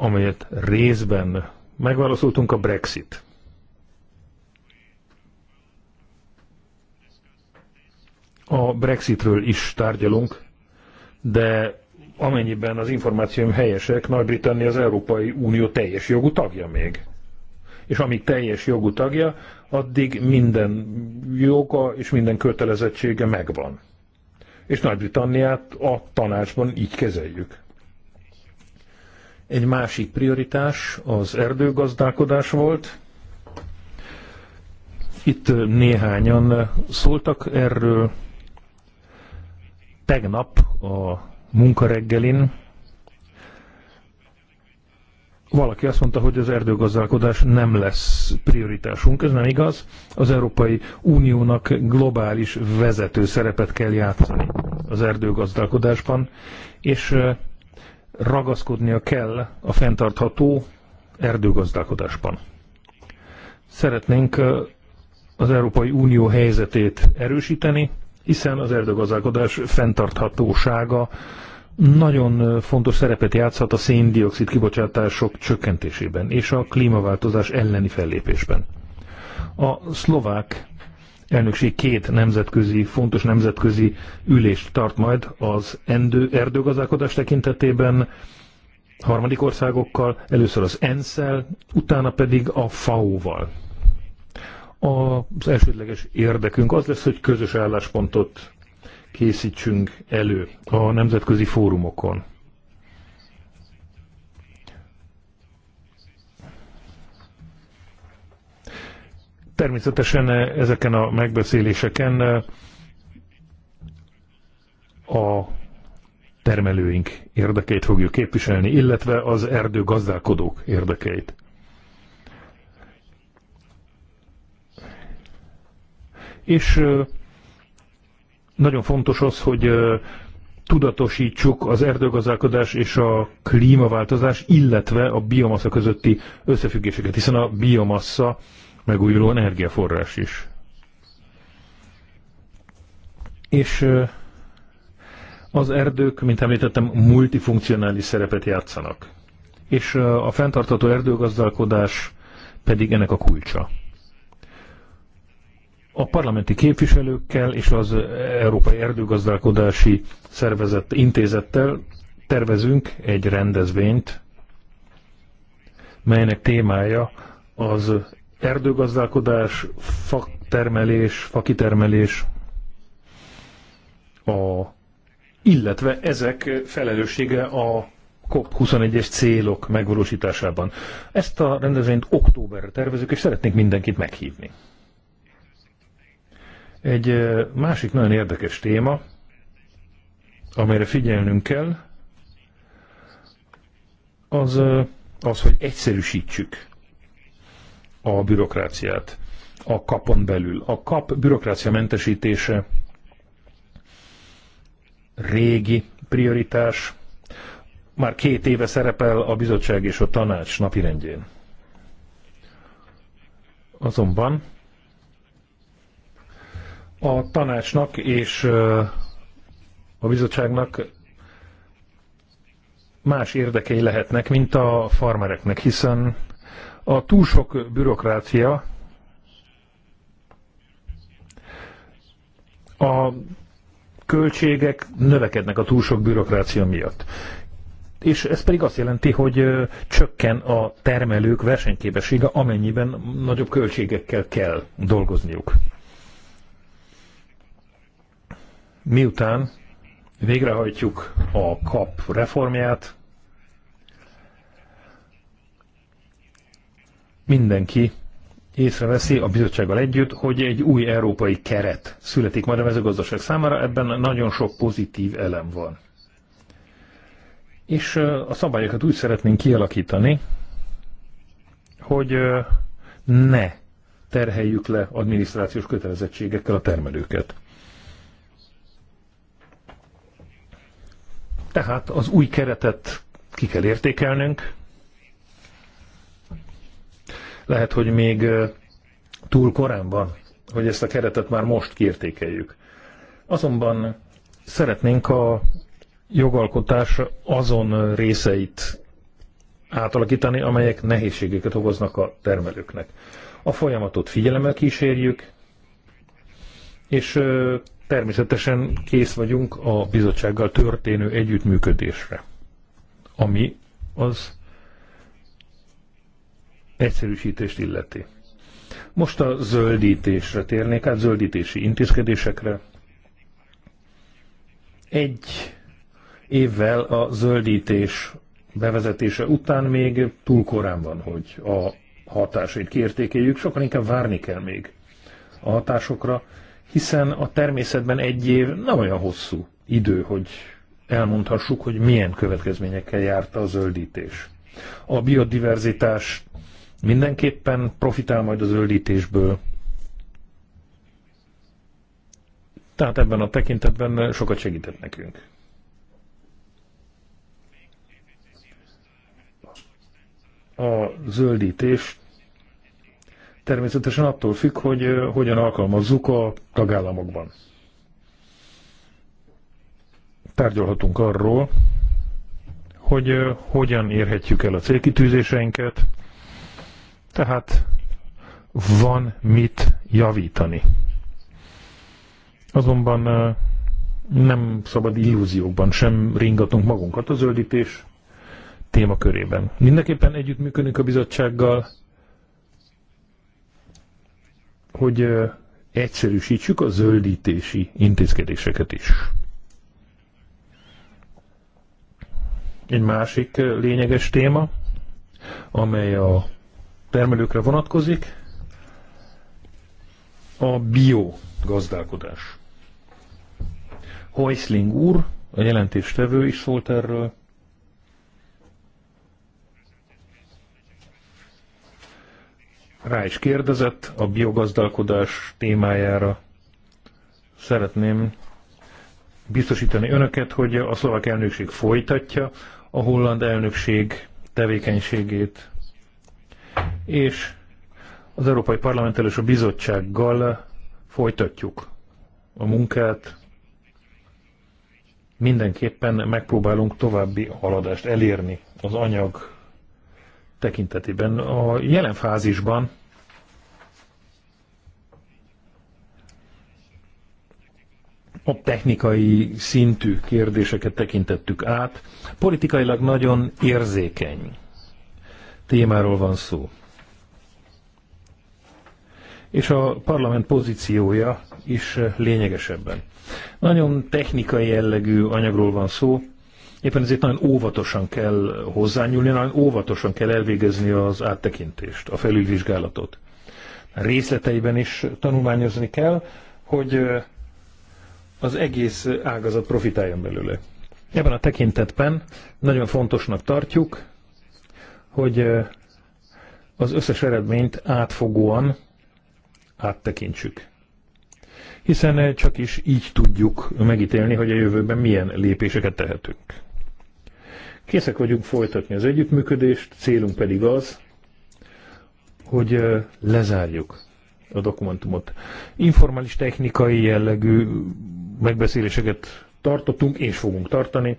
amelyet részben megválaszoltunk a Brexit. A Brexitről is tárgyalunk, de amennyiben az információim helyesek, Nagy-Britannia az Európai Unió teljes jogú tagja még. És amíg teljes jogú tagja, addig minden joga és minden kötelezettsége megvan. És Nagy-Britanniát a tanácsban így kezeljük. Egy másik prioritás az erdőgazdálkodás volt. Itt néhányan szóltak erről. Tegnap a munkareggelin valaki azt mondta, hogy az erdőgazdálkodás nem lesz prioritásunk. Ez nem igaz. Az Európai Uniónak globális vezető szerepet kell játszani az erdőgazdálkodásban, és ragaszkodnia kell a fenntartható erdőgazdálkodásban. Szeretnénk az Európai Unió helyzetét erősíteni, hiszen az erdőgazdálkodás fenntarthatósága nagyon fontos szerepet játszhat a széndiokszid kibocsátások csökkentésében és a klímaváltozás elleni fellépésben. A szlovák elnökség két nemzetközi, fontos nemzetközi ülést tart majd az endő, erdőgazdálkodás tekintetében, harmadik országokkal, először az ensz utána pedig a FAO-val. Az elsődleges érdekünk az lesz, hogy közös álláspontot készítsünk elő a nemzetközi fórumokon. Természetesen ezeken a megbeszéléseken a termelőink érdekeit fogjuk képviselni, illetve az erdő gazdálkodók érdekeit. És nagyon fontos az, hogy tudatosítsuk az erdőgazdálkodás és a klímaváltozás, illetve a biomassa közötti összefüggéseket, hiszen a biomassa megújuló energiaforrás is. És az erdők, mint említettem, multifunkcionális szerepet játszanak. És a fenntartható erdőgazdálkodás pedig ennek a kulcsa. A parlamenti képviselőkkel és az Európai Erdőgazdálkodási Szervezet intézettel tervezünk egy rendezvényt, melynek témája az erdőgazdálkodás, faktermelés, fakitermelés, a, illetve ezek felelőssége a COP21-es célok megvalósításában. Ezt a rendezvényt októberre tervezünk, és szeretnék mindenkit meghívni. Egy másik nagyon érdekes téma, amelyre figyelnünk kell, az, az hogy egyszerűsítsük a bürokráciát a kapon belül. A kap bürokrácia mentesítése régi prioritás, már két éve szerepel a bizottság és a tanács napirendjén. Azonban a tanácsnak és a bizottságnak más érdekei lehetnek, mint a farmereknek, hiszen a túl sok bürokrácia a költségek növekednek a túl sok bürokrácia miatt. És ez pedig azt jelenti, hogy csökken a termelők versenyképessége, amennyiben nagyobb költségekkel kell dolgozniuk. Miután végrehajtjuk a KAP reformját, mindenki észreveszi a bizottsággal együtt, hogy egy új európai keret születik majd a mezőgazdaság számára, ebben nagyon sok pozitív elem van. És a szabályokat úgy szeretnénk kialakítani, hogy ne terheljük le adminisztrációs kötelezettségekkel a termelőket. Tehát az új keretet ki kell értékelnünk, lehet, hogy még túl korán van, hogy ezt a keretet már most kiértékeljük. Azonban szeretnénk a jogalkotás azon részeit átalakítani, amelyek nehézségeket okoznak a termelőknek. A folyamatot figyelemmel kísérjük, és természetesen kész vagyunk a bizottsággal történő együttműködésre, ami az egyszerűsítést illeti. Most a zöldítésre térnék át, zöldítési intézkedésekre. Egy évvel a zöldítés bevezetése után még túl korán van, hogy a hatásait kiértékeljük, sokan inkább várni kell még a hatásokra, hiszen a természetben egy év nem olyan hosszú idő, hogy elmondhassuk, hogy milyen következményekkel járta a zöldítés. A biodiverzitás mindenképpen profitál majd az öldítésből. Tehát ebben a tekintetben sokat segített nekünk. A zöldítés természetesen attól függ, hogy eh, hogyan alkalmazzuk a tagállamokban. Tárgyalhatunk arról, hogy eh, hogyan érhetjük el a célkitűzéseinket, tehát van mit javítani. Azonban nem szabad illúziókban sem ringatunk magunkat a zöldítés témakörében. Mindenképpen együttműködünk a bizottsággal, hogy egyszerűsítsük a zöldítési intézkedéseket is. Egy másik lényeges téma, amely a termelőkre vonatkozik, a bio gazdálkodás. Heusling úr, a jelentéstevő is szólt erről. Rá is kérdezett a biogazdálkodás témájára. Szeretném biztosítani önöket, hogy a szlovák elnökség folytatja a holland elnökség tevékenységét és az Európai Parlamenttel és a bizottsággal folytatjuk a munkát. Mindenképpen megpróbálunk további haladást elérni az anyag tekintetében. A jelen fázisban a technikai szintű kérdéseket tekintettük át. Politikailag nagyon érzékeny témáról van szó és a parlament pozíciója is lényegesebben. Nagyon technikai jellegű anyagról van szó, éppen ezért nagyon óvatosan kell hozzányúlni, nagyon óvatosan kell elvégezni az áttekintést, a felülvizsgálatot. Részleteiben is tanulmányozni kell, hogy az egész ágazat profitáljon belőle. Ebben a tekintetben nagyon fontosnak tartjuk, hogy az összes eredményt átfogóan áttekintsük. Hiszen csak is így tudjuk megítélni, hogy a jövőben milyen lépéseket tehetünk. Készek vagyunk folytatni az együttműködést, célunk pedig az, hogy lezárjuk a dokumentumot. Informális technikai jellegű megbeszéléseket tartottunk és fogunk tartani.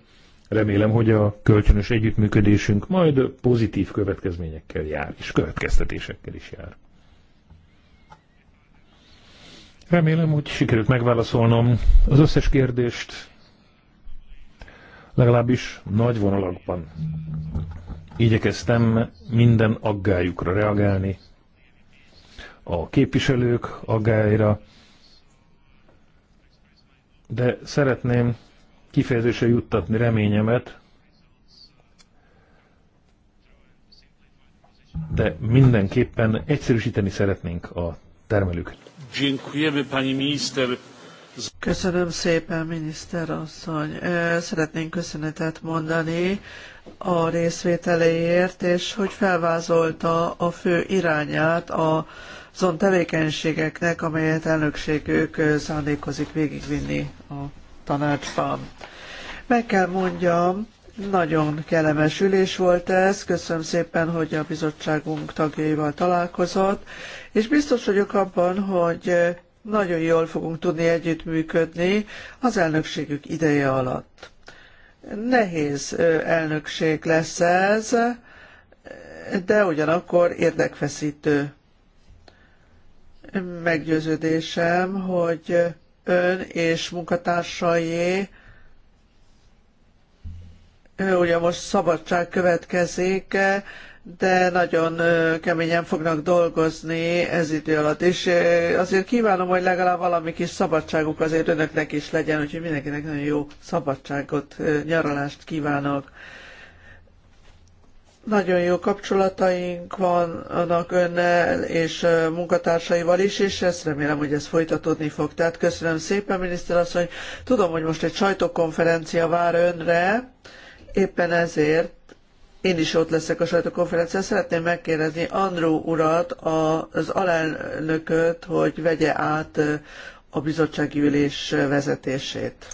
Remélem, hogy a kölcsönös együttműködésünk majd pozitív következményekkel jár, és következtetésekkel is jár. Remélem, hogy sikerült megválaszolnom az összes kérdést, legalábbis nagy vonalakban. Igyekeztem minden aggájukra reagálni, a képviselők aggájára, de szeretném kifejezésre juttatni reményemet, de mindenképpen egyszerűsíteni szeretnénk a termelőket. Köszönöm szépen, miniszter asszony. Szeretnénk köszönetet mondani a részvételéért, és hogy felvázolta a fő irányát a azon tevékenységeknek, amelyet elnökségük szándékozik végigvinni a tanácsban. Meg kell mondjam, nagyon kellemes ülés volt ez, köszönöm szépen, hogy a bizottságunk tagjaival találkozott, és biztos vagyok abban, hogy eh, nagyon jól fogunk tudni együttműködni az elnökségük ideje alatt. Nehéz eh, elnökség lesz ez, de ugyanakkor érdekfeszítő. Meggyőződésem, hogy eh, ön és munkatársai ugye most szabadság következik, de nagyon keményen fognak dolgozni ez idő alatt, és azért kívánom, hogy legalább valami kis szabadságuk azért önöknek is legyen, úgyhogy mindenkinek nagyon jó szabadságot, nyaralást kívánok. Nagyon jó kapcsolataink vannak önnel és munkatársaival is, és ezt remélem, hogy ez folytatódni fog. Tehát köszönöm szépen, miniszter asszony. Tudom, hogy most egy sajtókonferencia vár önre, Éppen ezért én is ott leszek a sajtókonferencián. Szeretném megkérdezni Andró urat, az alelnököt, hogy vegye át a bizottsági ülés vezetését.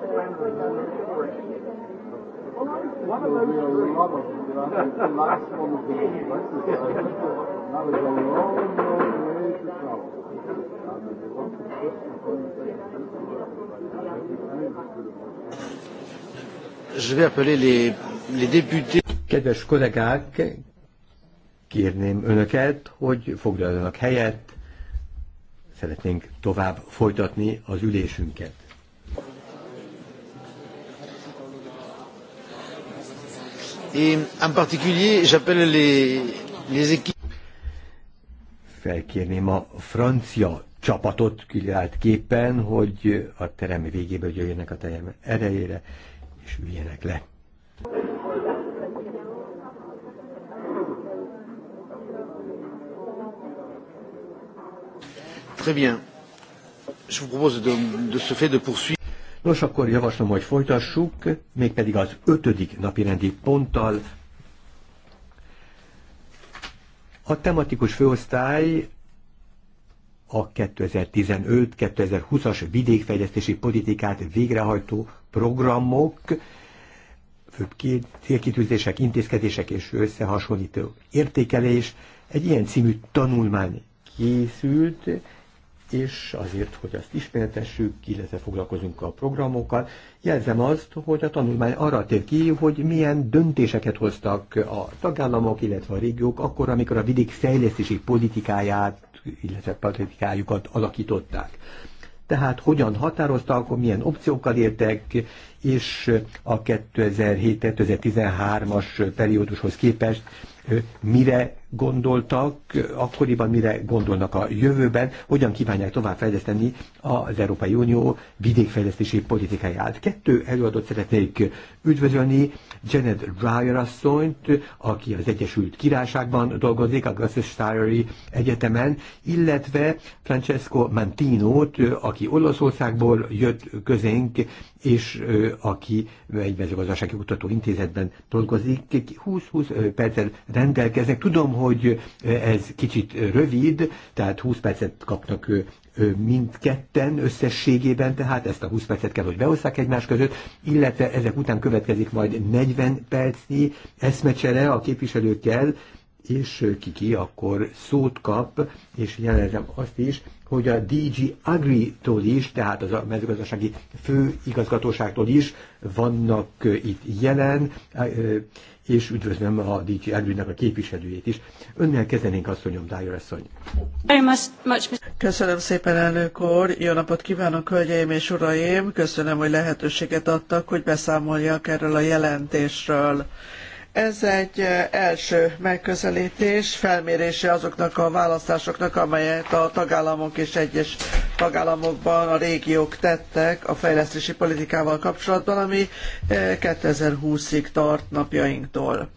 One of those three. the last one of the That is a long, long way to travel. Je vais appeler les, les députés. Kedves kollégák, kérném önöket, hogy foglaljanak helyet. Szeretnénk tovább folytatni az ülésünket. Felkérném a francia csapatot kilált képen, hogy a terem végéből jöjjenek a terem erejére, és üljenek le. Très bien. Je vous propose de, de ce fait de poursuivre. Nos, akkor javaslom, hogy folytassuk, mégpedig az ötödik napirendi ponttal. A tematikus főosztály a 2015-2020-as vidékfejlesztési politikát végrehajtó programok, főbb célkitűzések, intézkedések és összehasonlító értékelés egy ilyen című tanulmány készült, és azért, hogy azt ismertessük, illetve foglalkozunk a programokkal. Jelzem azt, hogy a tanulmány arra tér ki, hogy milyen döntéseket hoztak a tagállamok, illetve a régiók akkor, amikor a vidék fejlesztési politikáját, illetve politikájukat alakították. Tehát hogyan határoztak, milyen opciókkal értek, és a 2007-2013-as periódushoz képest mire gondoltak, akkoriban mire gondolnak a jövőben, hogyan kívánják továbbfejleszteni az Európai Unió vidékfejlesztési politikáját. Kettő előadót szeretnék üdvözölni, Janet Ryer asszonyt, aki az Egyesült Királyságban dolgozik, a Gloucestershire Egyetemen, illetve Francesco Mantinót, aki Olaszországból jött közénk, és aki egy mezőgazdasági kutatóintézetben dolgozik, 20-20 percet rendelkeznek. Tudom, hogy ez kicsit rövid, tehát 20 percet kapnak mindketten összességében, tehát ezt a 20 percet kell, hogy behozzák egymás között, illetve ezek után következik majd 40 percnyi eszmecsere a képviselőkkel, és ki akkor szót kap, és jelentem azt is, hogy a DG Agri-tól is, tehát az a mezőgazdasági főigazgatóságtól is vannak itt jelen, és üdvözlöm a DG Agri-nak a képviselőjét is. Önnel kezdenénk, asszonyom, Dájor asszony. Köszönöm szépen, elnök úr. Jó napot kívánok, hölgyeim és uraim. Köszönöm, hogy lehetőséget adtak, hogy beszámoljak erről a jelentésről. Ez egy első megközelítés, felmérése azoknak a választásoknak, amelyet a tagállamok és egyes tagállamokban a régiók tettek a fejlesztési politikával kapcsolatban, ami 2020-ig tart napjainktól.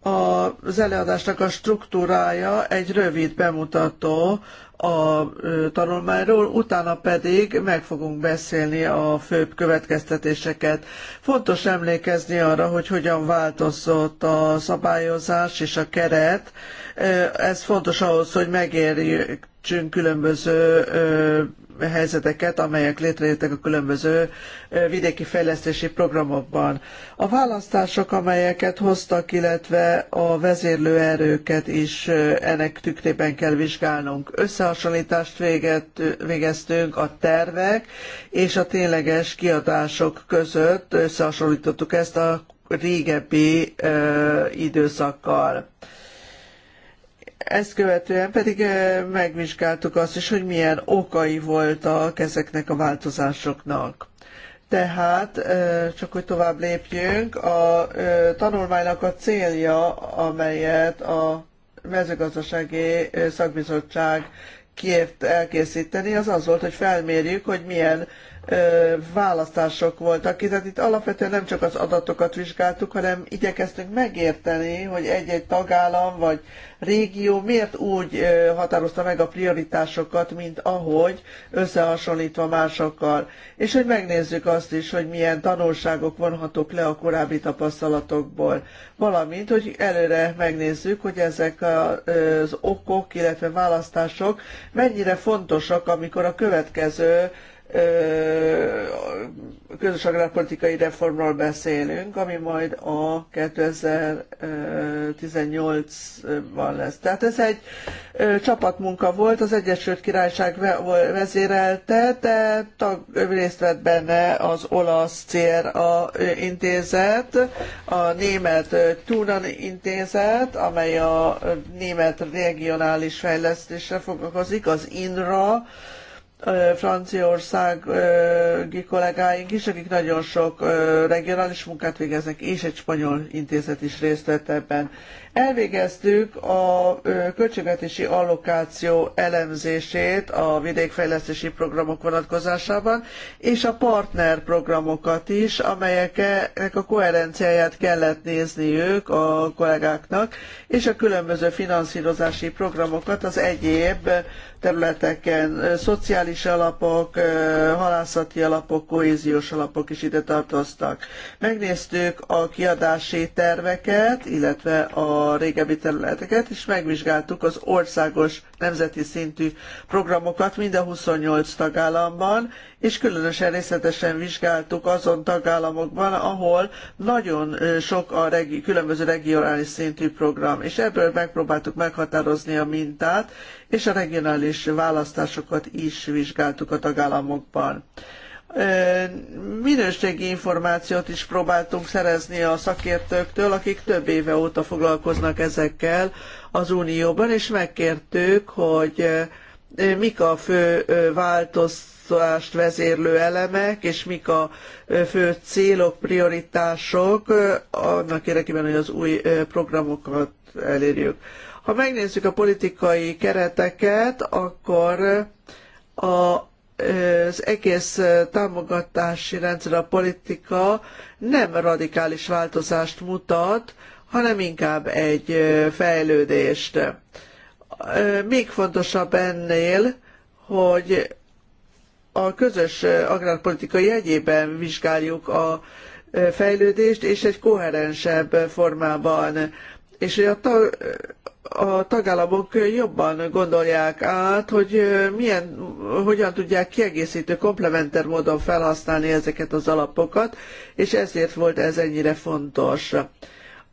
Az előadásnak a struktúrája egy rövid bemutató a tanulmányról, utána pedig meg fogunk beszélni a főbb következtetéseket. Fontos emlékezni arra, hogy hogyan változott a szabályozás és a keret. Ez fontos ahhoz, hogy megérjük különböző helyzeteket, amelyek létrejöttek a különböző vidéki fejlesztési programokban. A választások, amelyeket hoztak, illetve a vezérlőerőket is ennek tükrében kell vizsgálnunk. Összehasonlítást véget, végeztünk a tervek és a tényleges kiadások között, összehasonlítottuk ezt a régebbi ö, időszakkal. Ezt követően pedig eh, megvizsgáltuk azt is, hogy milyen okai voltak ezeknek a változásoknak. Tehát, eh, csak hogy tovább lépjünk, a eh, tanulmánynak a célja, amelyet a mezőgazdasági szakbizottság kért elkészíteni, az az volt, hogy felmérjük, hogy milyen választások voltak Tehát itt alapvetően nem csak az adatokat vizsgáltuk, hanem igyekeztünk megérteni, hogy egy-egy tagállam vagy régió miért úgy határozta meg a prioritásokat, mint ahogy összehasonlítva másokkal. És hogy megnézzük azt is, hogy milyen tanulságok vonhatók le a korábbi tapasztalatokból. Valamint, hogy előre megnézzük, hogy ezek az okok, illetve választások mennyire fontosak, amikor a következő közös agrárpolitikai reformról beszélünk, ami majd a 2018-ban lesz. Tehát ez egy csapatmunka volt, az Egyesült Királyság vezérelte, de tag, részt vett benne az olasz CRA intézet, a német Tunan intézet, amely a német regionális fejlesztésre foglalkozik, az INRA, franciaországi kollégáink is, akik nagyon sok regionális munkát végeznek, és egy spanyol intézet is részt vett ebben. Elvégeztük a költségvetési allokáció elemzését a vidékfejlesztési programok vonatkozásában, és a partnerprogramokat is, amelyeknek a koherenciáját kellett nézniük a kollégáknak, és a különböző finanszírozási programokat az egyéb területeken, szociális alapok, halászati alapok, kohéziós alapok is ide tartoztak. Megnéztük a kiadási terveket, illetve a a régebbi területeket, és megvizsgáltuk az országos nemzeti szintű programokat mind a 28 tagállamban, és különösen részletesen vizsgáltuk azon tagállamokban, ahol nagyon sok a regi- különböző regionális szintű program, és ebből megpróbáltuk meghatározni a mintát, és a regionális választásokat is vizsgáltuk a tagállamokban minőségi információt is próbáltunk szerezni a szakértőktől, akik több éve óta foglalkoznak ezekkel az Unióban, és megkértük, hogy mik a fő változást vezérlő elemek, és mik a fő célok, prioritások annak érdekében, hogy az új programokat elérjük. Ha megnézzük a politikai kereteket, akkor a az egész támogatási rendszer, a politika nem radikális változást mutat, hanem inkább egy fejlődést. Még fontosabb ennél, hogy a közös agrárpolitika jegyében vizsgáljuk a fejlődést, és egy koherensebb formában. És a, a tagállamok jobban gondolják át, hogy milyen, hogyan tudják kiegészítő, komplementer módon felhasználni ezeket az alapokat, és ezért volt ez ennyire fontos.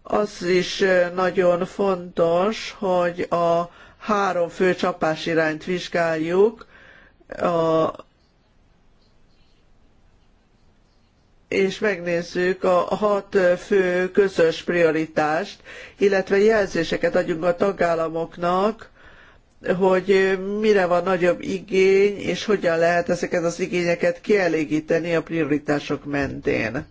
Az is nagyon fontos, hogy a három fő csapásirányt vizsgáljuk, a és megnézzük a hat fő közös prioritást, illetve jelzéseket adjunk a tagállamoknak, hogy mire van nagyobb igény, és hogyan lehet ezeket az igényeket kielégíteni a prioritások mentén.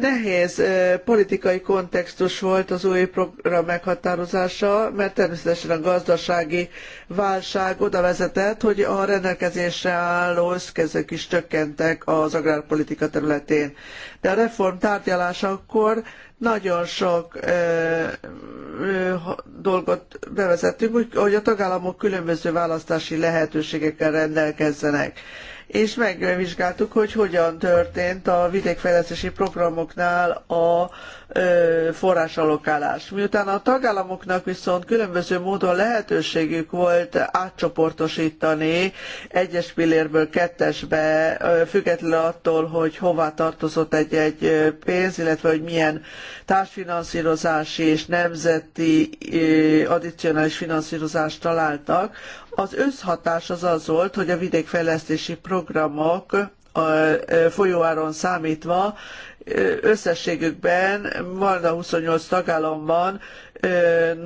Nehéz politikai kontextus volt az új program meghatározása, mert természetesen a gazdasági válság oda vezetett, hogy a rendelkezésre álló összkezők is csökkentek az agrárpolitika területén. De a reform tárgyalásakor nagyon sok ö, ö, dolgot bevezettünk, hogy a tagállamok különböző választási lehetőségekkel rendelkezzenek és megvizsgáltuk, hogy hogyan történt a vidékfejlesztési programoknál a forrásallokálás. Miután a tagállamoknak viszont különböző módon lehetőségük volt átcsoportosítani egyes pillérből kettesbe, függetlenül attól, hogy hová tartozott egy-egy pénz, illetve hogy milyen társfinanszírozási és nemzeti addicionális finanszírozást találtak, az összhatás az az volt, hogy a vidékfejlesztési programok E, folyóáron számítva, e, összességükben majd a 28 tagállamban e,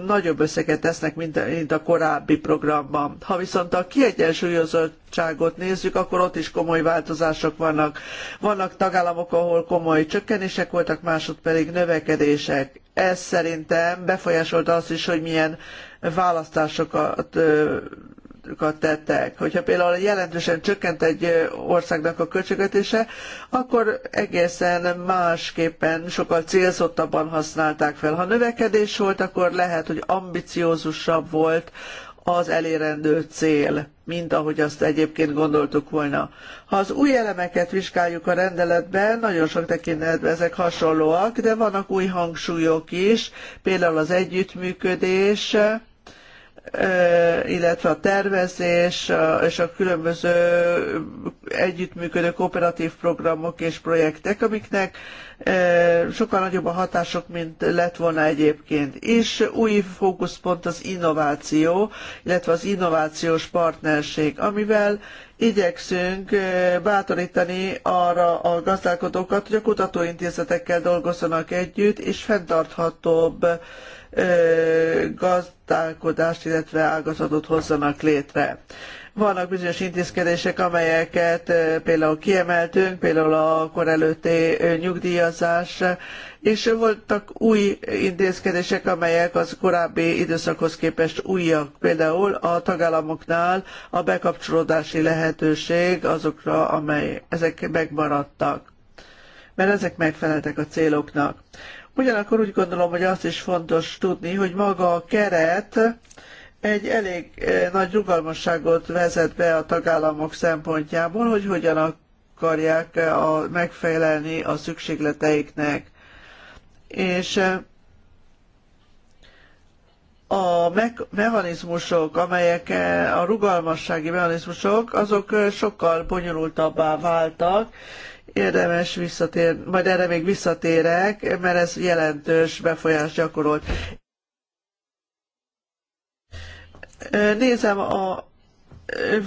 nagyobb összeget tesznek, mint, a korábbi programban. Ha viszont a kiegyensúlyozottságot nézzük, akkor ott is komoly változások vannak. Vannak tagállamok, ahol komoly csökkenések voltak, másod pedig növekedések. Ez szerintem befolyásolta azt is, hogy milyen választásokat javaslatokat tettek. Hogyha például jelentősen csökkent egy országnak a költségvetése, akkor egészen másképpen, sokkal célzottabban használták fel. Ha növekedés volt, akkor lehet, hogy ambiciózusabb volt az elérendő cél, mint ahogy azt egyébként gondoltuk volna. Ha az új elemeket vizsgáljuk a rendeletben, nagyon sok tekintetben ezek hasonlóak, de vannak új hangsúlyok is, például az együttműködés, illetve a tervezés és a különböző együttműködő kooperatív programok és projektek, amiknek sokkal nagyobb a hatások, mint lett volna egyébként. És új fókuszpont az innováció, illetve az innovációs partnerség, amivel igyekszünk bátorítani arra a gazdálkodókat, hogy a kutatóintézetekkel dolgozzanak együtt, és fenntarthatóbb gazdálkodást, illetve ágazatot hozzanak létre. Vannak bizonyos intézkedések, amelyeket például kiemeltünk, például a kor előtti nyugdíjazás, és voltak új intézkedések, amelyek az korábbi időszakhoz képest újak. Például a tagállamoknál a bekapcsolódási lehetőség azokra, amely ezek megmaradtak, mert ezek megfeleltek a céloknak. Ugyanakkor úgy gondolom, hogy azt is fontos tudni, hogy maga a keret egy elég eh, nagy rugalmasságot vezet be a tagállamok szempontjából, hogy hogyan akarják eh, a, megfelelni a szükségleteiknek. És eh, a mechanizmusok, amelyek a rugalmassági mechanizmusok, azok sokkal bonyolultabbá váltak. Érdemes visszatér, majd erre még visszatérek, mert ez jelentős befolyást gyakorolt nézem a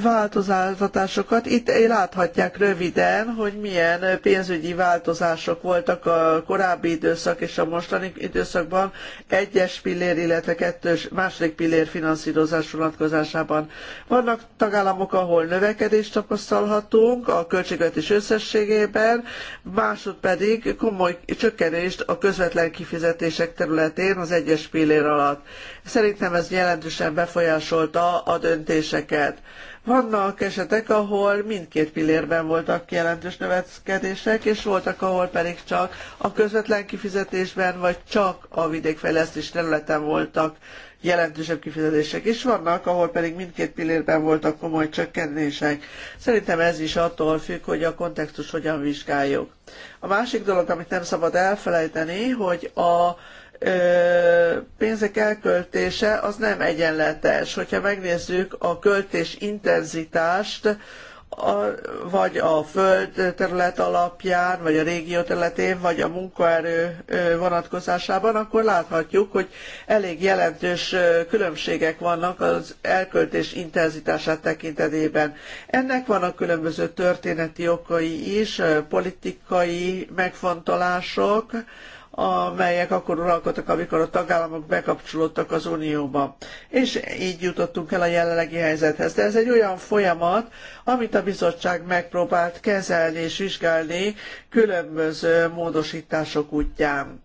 változásokat. Itt láthatják röviden, hogy milyen pénzügyi változások voltak a korábbi időszak és a mostani időszakban egyes pillér, illetve kettős, második pillér finanszírozás vonatkozásában. Vannak tagállamok, ahol növekedést tapasztalhatunk a költségvetés összességében, másod pedig komoly csökkenést a közvetlen kifizetések területén az egyes pillér alatt. Szerintem ez jelentősen befolyásolta a döntéseket. Vannak esetek, ahol mindkét pillérben voltak jelentős növekedések, és voltak, ahol pedig csak a közvetlen kifizetésben, vagy csak a vidékfejlesztés területen voltak jelentősebb kifizetések, és vannak, ahol pedig mindkét pillérben voltak komoly csökkenések. Szerintem ez is attól függ, hogy a kontextus hogyan vizsgáljuk. A másik dolog, amit nem szabad elfelejteni, hogy a pénzek elköltése az nem egyenletes. Hogyha megnézzük a költés intenzitást, a, vagy a föld terület alapján, vagy a régió területén, vagy a munkaerő vonatkozásában, akkor láthatjuk, hogy elég jelentős különbségek vannak az elköltés intenzitását tekintetében. Ennek vannak különböző történeti okai is, politikai megfontolások, amelyek akkor uralkodtak, amikor a tagállamok bekapcsolódtak az Unióba. És így jutottunk el a jelenlegi helyzethez. De ez egy olyan folyamat, amit a bizottság megpróbált kezelni és vizsgálni különböző módosítások útján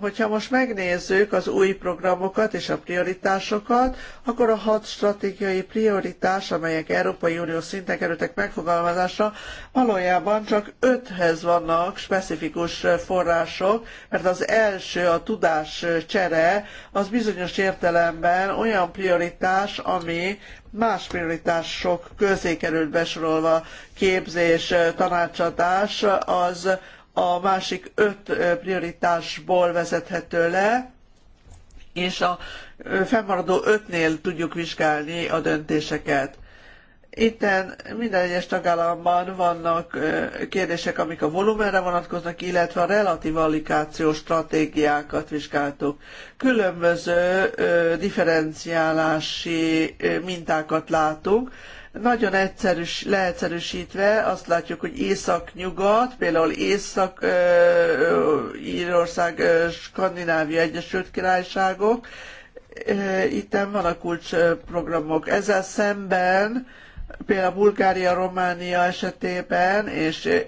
hogyha most megnézzük az új programokat és a prioritásokat, akkor a hat stratégiai prioritás, amelyek Európai Unió szinten kerültek megfogalmazásra, valójában csak öthez vannak specifikus források, mert az első, a tudás csere, az bizonyos értelemben olyan prioritás, ami más prioritások közé került besorolva, képzés, tanácsadás, az a másik öt prioritásból vezethető le, és a fennmaradó ötnél tudjuk vizsgálni a döntéseket. Itten minden egyes tagállamban vannak kérdések, amik a volumenre vonatkoznak, illetve a relatív allikációs stratégiákat vizsgáltuk. Különböző differenciálási mintákat látunk, nagyon egyszerűs, leegyszerűsítve azt látjuk, hogy észak-nyugat, például Észak-Írország, Skandinávia, Egyesült Királyságok, itt a kulcsprogramok. Ezzel szemben például Bulgária, Románia esetében és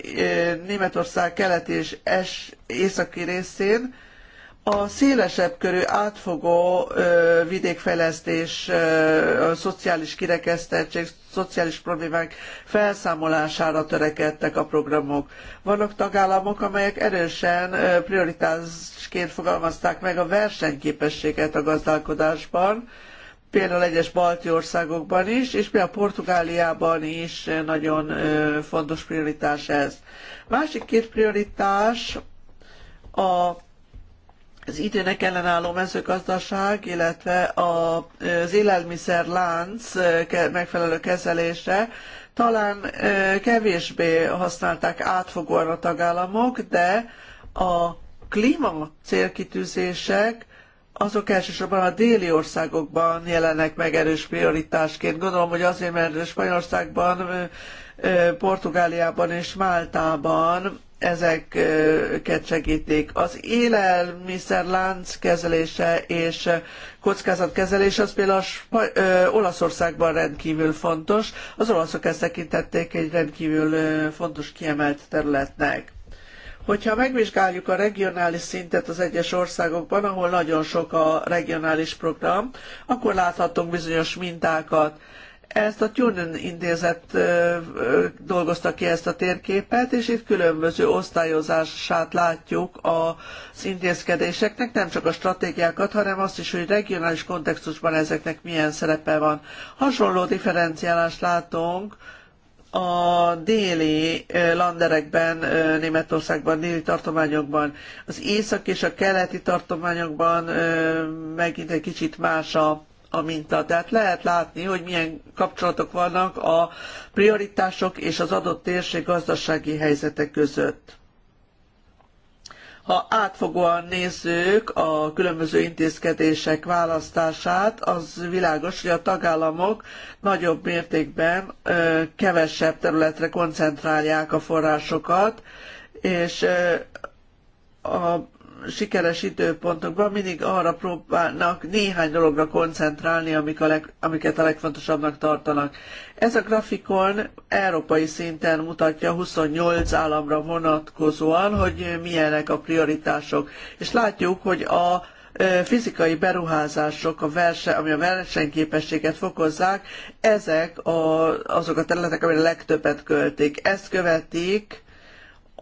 Németország keleti és északi részén a szélesebb körű átfogó vidékfejlesztés, a szociális kirekesztettség, szociális problémák felszámolására törekedtek a programok. Vannak tagállamok, amelyek erősen prioritásként fogalmazták meg a versenyképességet a gazdálkodásban, például egyes balti országokban is, és például Portugáliában is nagyon fontos prioritás ez. Másik két prioritás a az időnek ellenálló mezőgazdaság, illetve az élelmiszerlánc megfelelő kezelése talán kevésbé használták átfogóan a tagállamok, de a klíma célkitűzések azok elsősorban a déli országokban jelennek meg erős prioritásként. Gondolom, hogy azért, mert Spanyolországban, Portugáliában és Máltában ezeket segítik. Az élelmiszerlánc kezelése és kockázatkezelés az például Olaszországban rendkívül fontos. Az olaszok ezt tekintették egy rendkívül fontos kiemelt területnek. Hogyha megvizsgáljuk a regionális szintet az egyes országokban, ahol nagyon sok a regionális program, akkor láthatunk bizonyos mintákat. Ezt a Tunen intézet dolgozta ki ezt a térképet, és itt különböző osztályozását látjuk az intézkedéseknek, nem csak a stratégiákat, hanem azt is, hogy regionális kontextusban ezeknek milyen szerepe van. Hasonló differenciálást látunk a déli landerekben, Németországban, déli tartományokban, az észak és a keleti tartományokban megint egy kicsit más a a minta. Tehát lehet látni, hogy milyen kapcsolatok vannak a prioritások és az adott térség gazdasági helyzete között. Ha átfogóan nézzük a különböző intézkedések választását, az világos, hogy a tagállamok nagyobb mértékben kevesebb területre koncentrálják a forrásokat, és a sikeres időpontokban mindig arra próbálnak néhány dologra koncentrálni, amik a leg, amiket a legfontosabbnak tartanak. Ez a grafikon európai szinten mutatja 28 államra vonatkozóan, hogy milyenek a prioritások. És látjuk, hogy a fizikai beruházások, a verse, ami a versenyképességet fokozzák, ezek a, azok a területek, amire legtöbbet költik. Ezt követik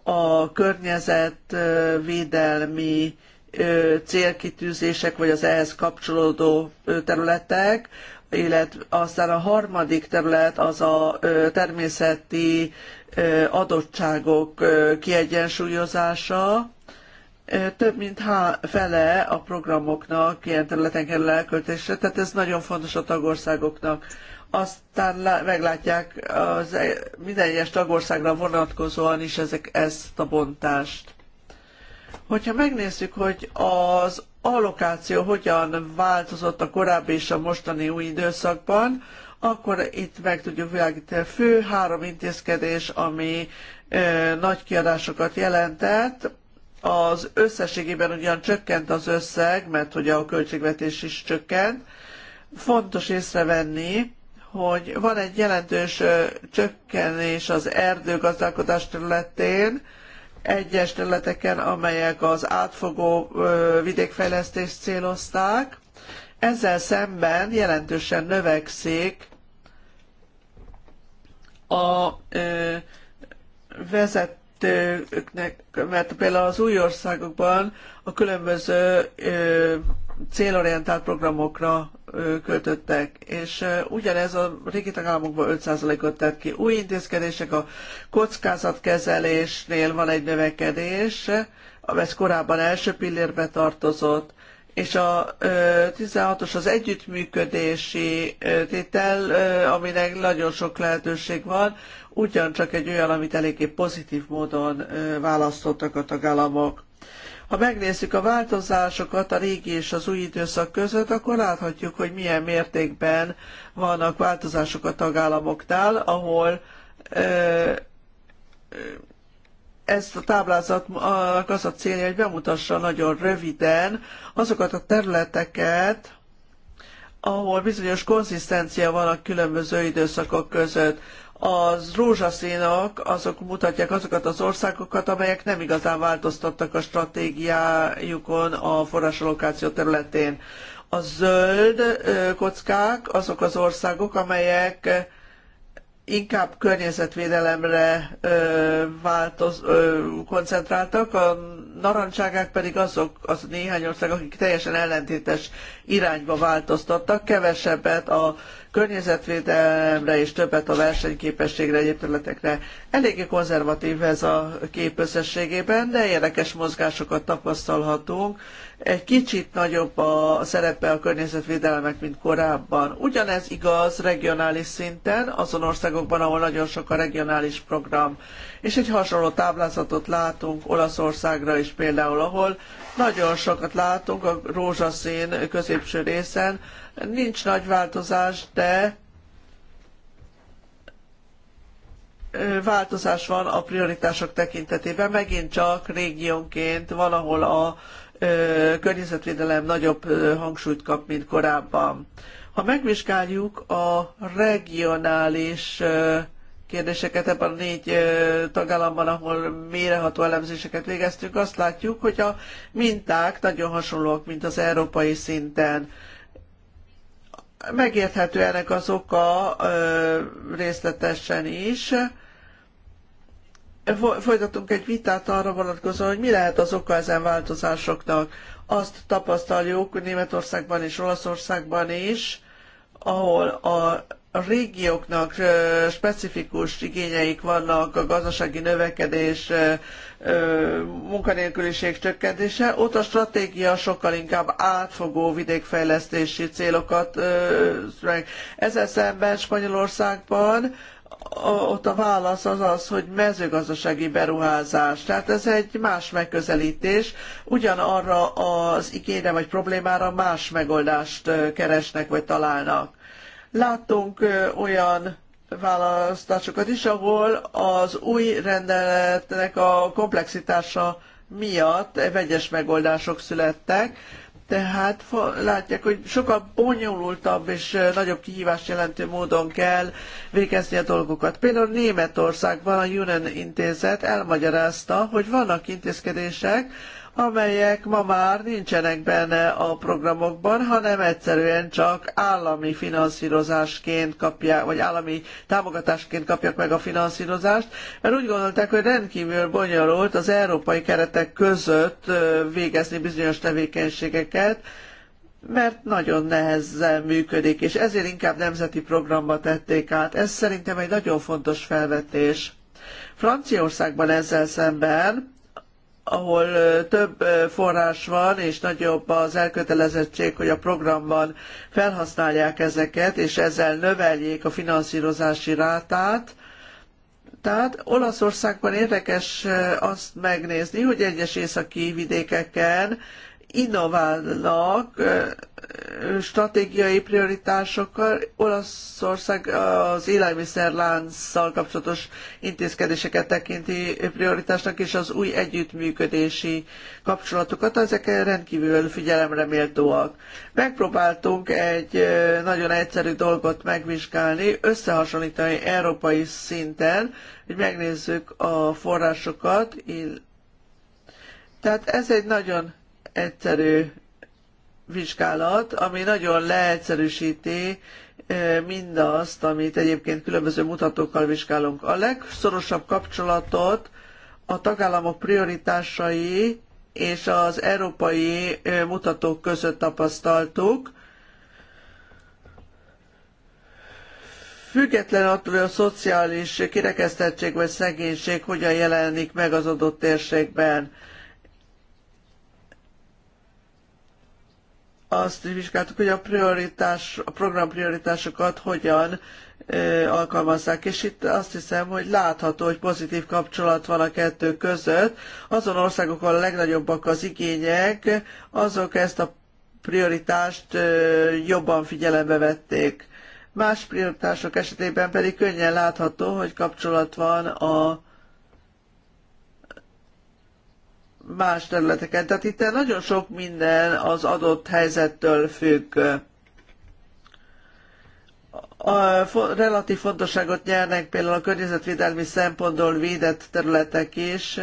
a környezetvédelmi célkitűzések, vagy az ehhez kapcsolódó területek, illetve aztán a harmadik terület az a természeti adottságok kiegyensúlyozása. Több mint há, fele a programoknak ilyen területen kerül elköltésre, tehát ez nagyon fontos a tagországoknak aztán meglátják az e, minden egyes tagországra vonatkozóan is ezek, ezt a bontást. Hogyha megnézzük, hogy az allokáció hogyan változott a korábbi és a mostani új időszakban, akkor itt meg tudjuk világítani a fő három intézkedés, ami ö, e, nagy kiadásokat jelentett. Az összességében ugyan csökkent az összeg, mert hogy a költségvetés is csökkent. Fontos észrevenni, hogy van egy jelentős csökkenés az erdőgazdálkodás területén, egyes területeken, amelyek az átfogó vidékfejlesztést célozták. Ezzel szemben jelentősen növekszik a vezetőknek, mert például az új országokban a különböző célorientált programokra költöttek, és ugyanez a régi tagállamokban 5%-ot tett ki. Új intézkedések a kockázatkezelésnél van egy növekedés, ez korábban első pillérbe tartozott, és a 16-os az együttműködési tétel, aminek nagyon sok lehetőség van, ugyancsak egy olyan, amit eléggé pozitív módon választottak a tagállamok. Ha megnézzük a változásokat a régi és az új időszak között, akkor láthatjuk, hogy milyen mértékben vannak változások a tagállamoknál, ahol ö, ezt a táblázatnak az a célja, hogy bemutassa nagyon röviden azokat a területeket, ahol bizonyos konzisztencia van a különböző időszakok között az rózsaszínak azok mutatják azokat az országokat, amelyek nem igazán változtattak a stratégiájukon a forrásallokáció területén. A zöld kockák azok az országok, amelyek inkább környezetvédelemre változ, koncentráltak, a narancságák pedig azok az néhány ország, akik teljesen ellentétes irányba változtattak, kevesebbet a környezetvédelemre és többet a versenyképességre, egyéb területekre. Eléggé konzervatív ez a kép összességében, de érdekes mozgásokat tapasztalhatunk. Egy kicsit nagyobb a szerepe a környezetvédelemnek, mint korábban. Ugyanez igaz regionális szinten, azon országokban, ahol nagyon sok a regionális program. És egy hasonló táblázatot látunk Olaszországra is például, ahol nagyon sokat látunk a rózsaszín középső részen, Nincs nagy változás, de változás van a prioritások tekintetében. Megint csak régiónként valahol a környezetvédelem nagyobb hangsúlyt kap, mint korábban. Ha megvizsgáljuk a regionális kérdéseket ebben a négy tagállamban, ahol méreható elemzéseket végeztünk, azt látjuk, hogy a minták nagyon hasonlóak, mint az európai szinten. Megérthető ennek az oka részletesen is. Folytatunk egy vitát arra vonatkozóan, hogy mi lehet az oka ezen változásoknak. Azt tapasztaljuk Németországban és Olaszországban is, ahol a a régióknak specifikus igényeik vannak a gazdasági növekedés, munkanélküliség csökkentése, ott a stratégia sokkal inkább átfogó vidékfejlesztési célokat meg. Ezzel szemben Spanyolországban ott a válasz az az, hogy mezőgazdasági beruházás. Tehát ez egy más megközelítés. Ugyanarra az igényre vagy problémára más megoldást keresnek vagy találnak Láttunk olyan választásokat is, ahol az új rendeletnek a komplexitása miatt vegyes megoldások születtek, tehát látják, hogy sokkal bonyolultabb és nagyobb kihívást jelentő módon kell végezni a dolgokat. Például Németországban a UNEN intézet elmagyarázta, hogy vannak intézkedések, amelyek ma már nincsenek benne a programokban, hanem egyszerűen csak állami finanszírozásként kapják, vagy állami támogatásként kapják meg a finanszírozást, mert úgy gondolták, hogy rendkívül bonyolult az európai keretek között végezni bizonyos tevékenységeket, mert nagyon nehezen működik, és ezért inkább nemzeti programba tették át. Ez szerintem egy nagyon fontos felvetés. Franciaországban ezzel szemben ahol több forrás van, és nagyobb az elkötelezettség, hogy a programban felhasználják ezeket, és ezzel növeljék a finanszírozási rátát, tehát Olaszországban érdekes azt megnézni, hogy egyes északi vidékeken innoválnak stratégiai prioritásokkal. Olaszország az élelmiszerlánccal kapcsolatos intézkedéseket tekinti prioritásnak, és az új együttműködési kapcsolatokat, ezek rendkívül figyelemre méltóak. Megpróbáltunk egy nagyon egyszerű dolgot megvizsgálni, összehasonlítani európai szinten, hogy megnézzük a forrásokat, tehát ez egy nagyon egyszerű vizsgálat, ami nagyon leegyszerűsíti eh, mindazt, amit egyébként különböző mutatókkal vizsgálunk. A legszorosabb kapcsolatot a tagállamok prioritásai és az európai eh, mutatók között tapasztaltuk. Független attól, hogy a szociális kirekesztettség vagy szegénység hogyan jelenik meg az adott térségben. azt is vizsgáltuk, hogy a, prioritás, a program prioritásokat hogyan alkalmazzák, és itt azt hiszem, hogy látható, hogy pozitív kapcsolat van a kettő között. Azon országokon a legnagyobbak az igények, azok ezt a prioritást jobban figyelembe vették. Más prioritások esetében pedig könnyen látható, hogy kapcsolat van a más területeken. Tehát itt nagyon sok minden az adott helyzettől függ. A relatív fontosságot nyernek például a környezetvédelmi szempontból védett területek is,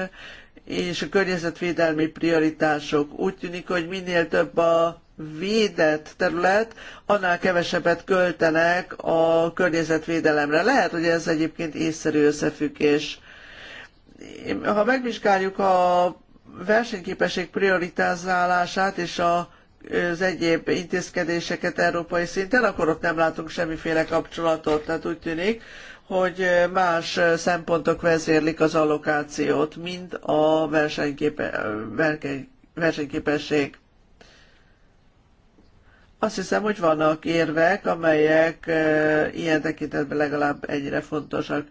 és a környezetvédelmi prioritások. Úgy tűnik, hogy minél több a védett terület, annál kevesebbet költenek a környezetvédelemre. Lehet, hogy ez egyébként észszerű összefüggés. Ha megvizsgáljuk a versenyképesség prioritizálását és a az egyéb intézkedéseket európai szinten, akkor ott nem látunk semmiféle kapcsolatot. Tehát úgy tűnik, hogy más szempontok vezérlik az allokációt, mint a versenyképe, versenyképesség. Azt hiszem, hogy vannak érvek, amelyek eh, ilyen tekintetben legalább egyre fontosak.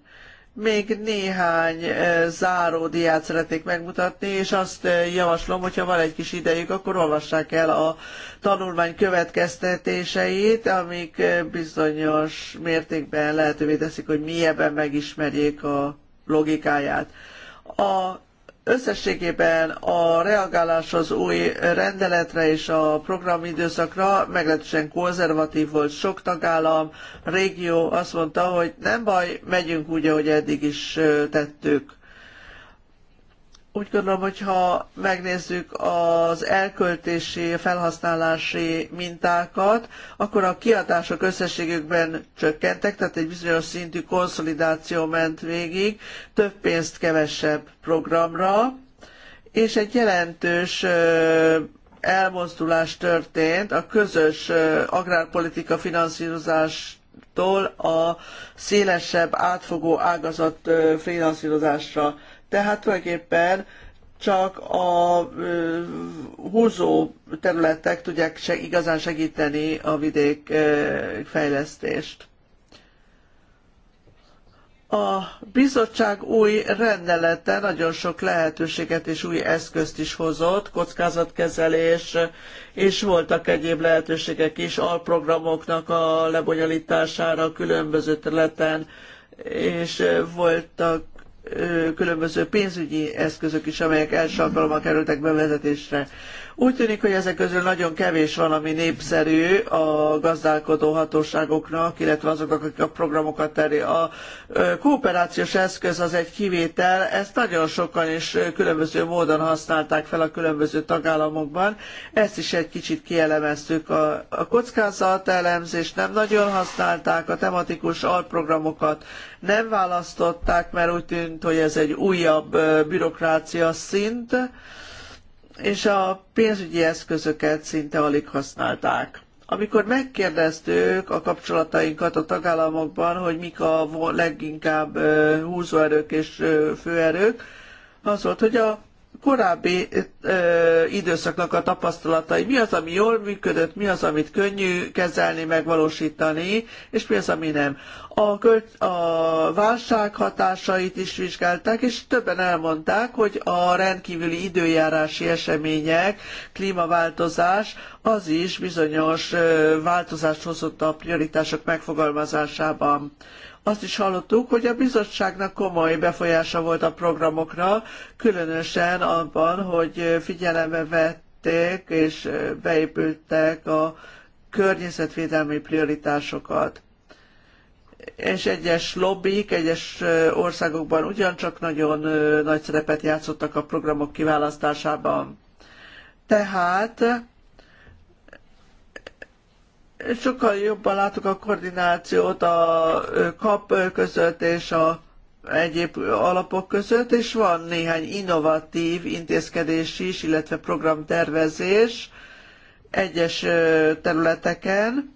Még néhány eh, záró diát szeretnék megmutatni, és azt eh, javaslom, hogyha van egy kis idejük, akkor olvassák el a tanulmány következtetéseit, amik eh, bizonyos mértékben lehetővé teszik, hogy mélyebben megismerjék a logikáját. A Összességében a reagálás az új rendeletre és a programidőszakra meglehetősen konzervatív volt sok tagállam, régió azt mondta, hogy nem baj, megyünk úgy, ahogy eddig is tettük úgy gondolom, hogy ha megnézzük az elköltési, felhasználási mintákat, akkor a kiadások összességükben csökkentek, tehát egy bizonyos szintű konszolidáció ment végig, több pénzt kevesebb programra, és egy jelentős elmozdulás történt a közös agrárpolitika finanszírozás a szélesebb, átfogó ágazat finanszírozásra. Tehát tulajdonképpen csak a húzó területek tudják se, igazán segíteni a vidék fejlesztést. A bizottság új rendelete nagyon sok lehetőséget és új eszközt is hozott, kockázatkezelés, és voltak egyéb lehetőségek is alprogramoknak a lebonyolítására különböző területen, és voltak különböző pénzügyi eszközök is, amelyek első alkalommal kerültek bevezetésre. Úgy tűnik, hogy ezek közül nagyon kevés van, ami népszerű a gazdálkodó hatóságoknak, illetve azoknak, akik a programokat terje. A kooperációs eszköz az egy kivétel, ezt nagyon sokan és különböző módon használták fel a különböző tagállamokban. Ezt is egy kicsit kielemeztük. A, a kockázat nem nagyon használták, a tematikus alprogramokat nem választották, mert úgy tűnt, hogy ez egy újabb bürokrácia szint, és a pénzügyi eszközöket szinte alig használták. Amikor megkérdeztük a kapcsolatainkat a tagállamokban, hogy mik a leginkább húzóerők és főerők, az volt, hogy a korábbi ö, időszaknak a tapasztalatai, mi az, ami jól működött, mi az, amit könnyű kezelni, megvalósítani, és mi az, ami nem. A, költ, a válság hatásait is vizsgálták, és többen elmondták, hogy a rendkívüli időjárási események, klímaváltozás, az is bizonyos változást hozott a prioritások megfogalmazásában. Azt is hallottuk, hogy a bizottságnak komoly befolyása volt a programokra, különösen abban, hogy figyelembe vették és beépültek a környezetvédelmi prioritásokat és egyes lobbik egyes országokban ugyancsak nagyon nagy szerepet játszottak a programok kiválasztásában. Tehát sokkal jobban látok a koordinációt a kap között és a egyéb alapok között, és van néhány innovatív intézkedés is, illetve programtervezés egyes területeken,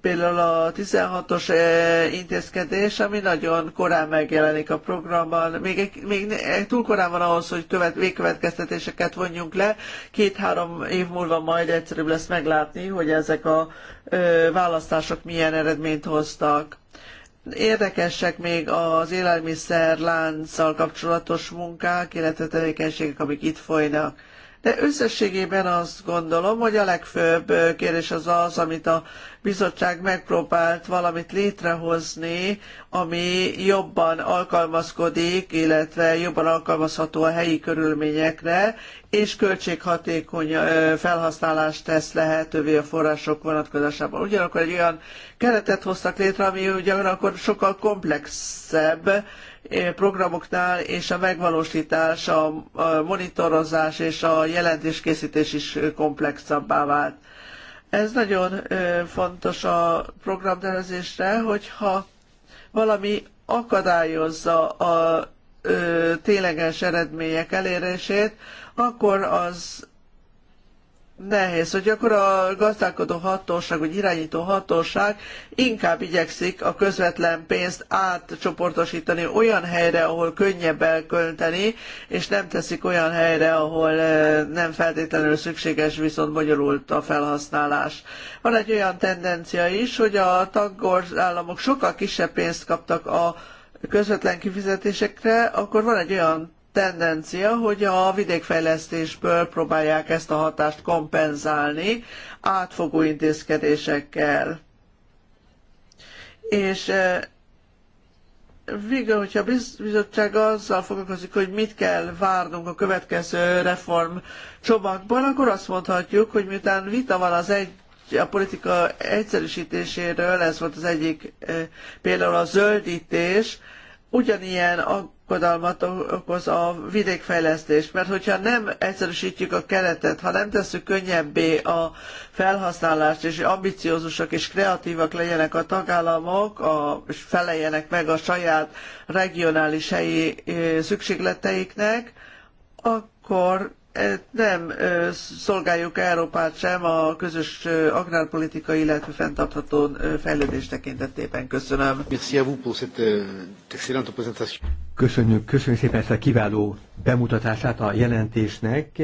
például a 16-os eh, intézkedés, ami nagyon korán megjelenik a programban. Még, még eh, túl korán van ahhoz, hogy követ, végkövetkeztetéseket vonjunk le. Két-három év múlva majd egyszerűbb lesz meglátni, hogy ezek a ö, választások milyen eredményt hoztak. Érdekesek még az élelmiszer lánccal kapcsolatos munkák, illetve tevékenységek, amik itt folynak de összességében azt gondolom, hogy a legfőbb kérdés az az, amit a bizottság megpróbált valamit létrehozni, ami jobban alkalmazkodik, illetve jobban alkalmazható a helyi körülményekre, és költséghatékony felhasználást tesz lehetővé a források vonatkozásában. Ugyanakkor egy olyan keretet hoztak létre, ami ugyanakkor sokkal komplexebb, programoknál és a megvalósítás, a monitorozás és a jelentéskészítés is komplexabbá vált. Ez nagyon fontos a programtervezésre, hogyha valami akadályozza a tényleges eredmények elérését, akkor az nehéz, hogy akkor a gazdálkodó hatóság, vagy irányító hatóság inkább igyekszik a közvetlen pénzt átcsoportosítani olyan helyre, ahol könnyebb elkölteni, és nem teszik olyan helyre, ahol nem feltétlenül szükséges, viszont bonyolult a felhasználás. Van egy olyan tendencia is, hogy a tagországok sokkal kisebb pénzt kaptak a közvetlen kifizetésekre, akkor van egy olyan tendencia, hogy a vidékfejlesztésből próbálják ezt a hatást kompenzálni átfogó intézkedésekkel. És e, végül, hogyha a bizottság azzal foglalkozik, hogy mit kell várnunk a következő reform csomagban, akkor azt mondhatjuk, hogy miután vita van az egy a politika egyszerűsítéséről, ez volt az egyik e, például a zöldítés, ugyanilyen aggodalmat okoz a vidékfejlesztés, mert hogyha nem egyszerűsítjük a keretet, ha nem tesszük könnyebbé a felhasználást, és ambiciózusak és kreatívak legyenek a tagállamok, a, és feleljenek meg a saját regionális helyi eh, szükségleteiknek, akkor nem szolgáljuk Európát sem a közös agrárpolitika, illetve fenntartható fejlődés tekintetében. Köszönöm. Euh, köszönjük, köszönjük szépen ezt a kiváló bemutatását a jelentésnek,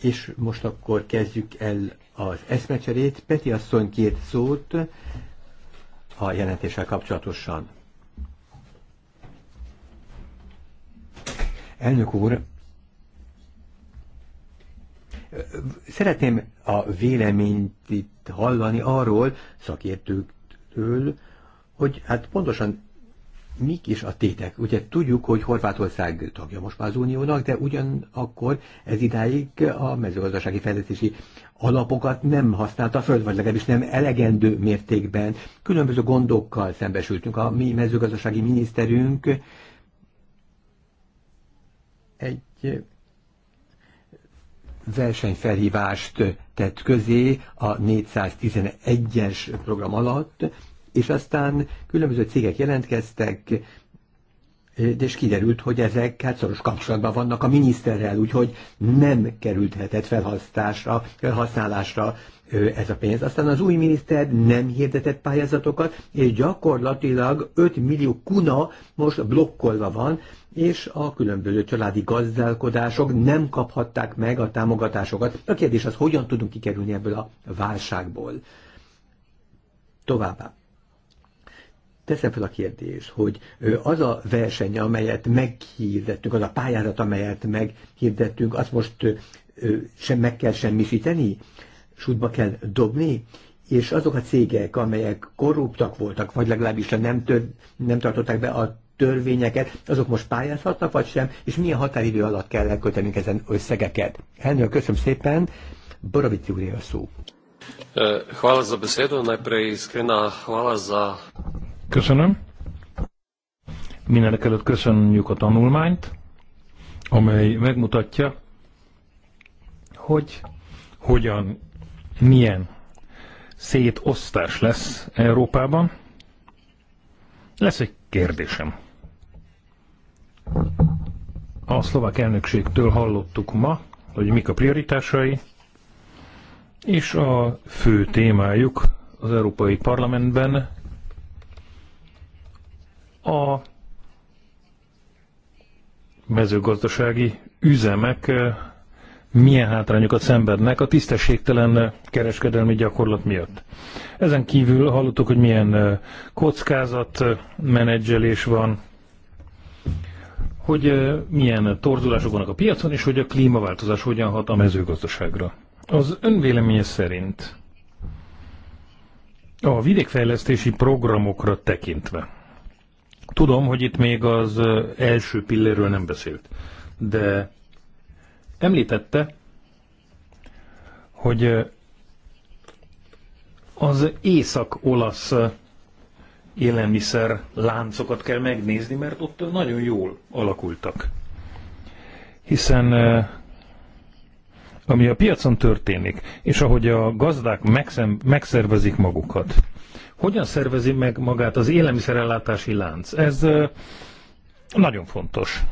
és most akkor kezdjük el az eszmecserét. Peti asszony két szót a jelentéssel kapcsolatosan. Elnök úr, Szeretném a véleményt itt hallani arról szakértőktől, hogy hát pontosan mik is a tétek. Ugye tudjuk, hogy Horvátország tagja most már az Uniónak, de ugyanakkor ez idáig a mezőgazdasági fejlesztési alapokat nem használta föl, vagy legalábbis nem elegendő mértékben. Különböző gondokkal szembesültünk. A mi mezőgazdasági miniszterünk egy versenyfelhívást tett közé a 411-es program alatt, és aztán különböző cégek jelentkeztek, és kiderült, hogy ezek hát szoros kapcsolatban vannak a miniszterrel, úgyhogy nem kerülthetett felhasználásra, felhasználásra ez a pénz. Aztán az új miniszter nem hirdetett pályázatokat, és gyakorlatilag 5 millió kuna most blokkolva van, és a különböző családi gazdálkodások nem kaphatták meg a támogatásokat. A kérdés az, hogyan tudunk kikerülni ebből a válságból. Továbbá. Teszem fel a kérdés, hogy az a verseny, amelyet meghirdettünk, az a pályázat, amelyet meghirdettünk, azt most sem meg kell semmisíteni, sútba kell dobni, és azok a cégek, amelyek korruptak voltak, vagy legalábbis nem, tör, nem tartották be a törvényeket, azok most pályázhatnak, vagy sem, és milyen határidő alatt kell elköltenünk ezen összegeket. Henről köszönöm szépen, Borovic úr a szó. Köszönöm. Mindenek előtt köszönjük a tanulmányt, amely megmutatja, hogy hogyan, milyen szétosztás lesz Európában. Lesz egy kérdésem. A szlovák elnökségtől hallottuk ma, hogy mik a prioritásai, és a fő témájuk az Európai Parlamentben a mezőgazdasági üzemek eh, milyen hátrányokat szenvednek a tisztességtelen kereskedelmi gyakorlat miatt. Ezen kívül hallottuk, hogy milyen eh, kockázatmenedzselés eh, van, hogy milyen torzulások vannak a piacon, és hogy a klímaváltozás hogyan hat a mezőgazdaságra. Az önvéleménye szerint a vidékfejlesztési programokra tekintve. Tudom, hogy itt még az első pilléről nem beszélt, de említette, hogy az észak-olasz élelmiszer láncokat kell megnézni, mert ott nagyon jól alakultak. Hiszen eh, ami a piacon történik, és ahogy a gazdák megszem, megszervezik magukat, hogyan szervezi meg magát az élelmiszerellátási lánc? Ez eh, nagyon fontos.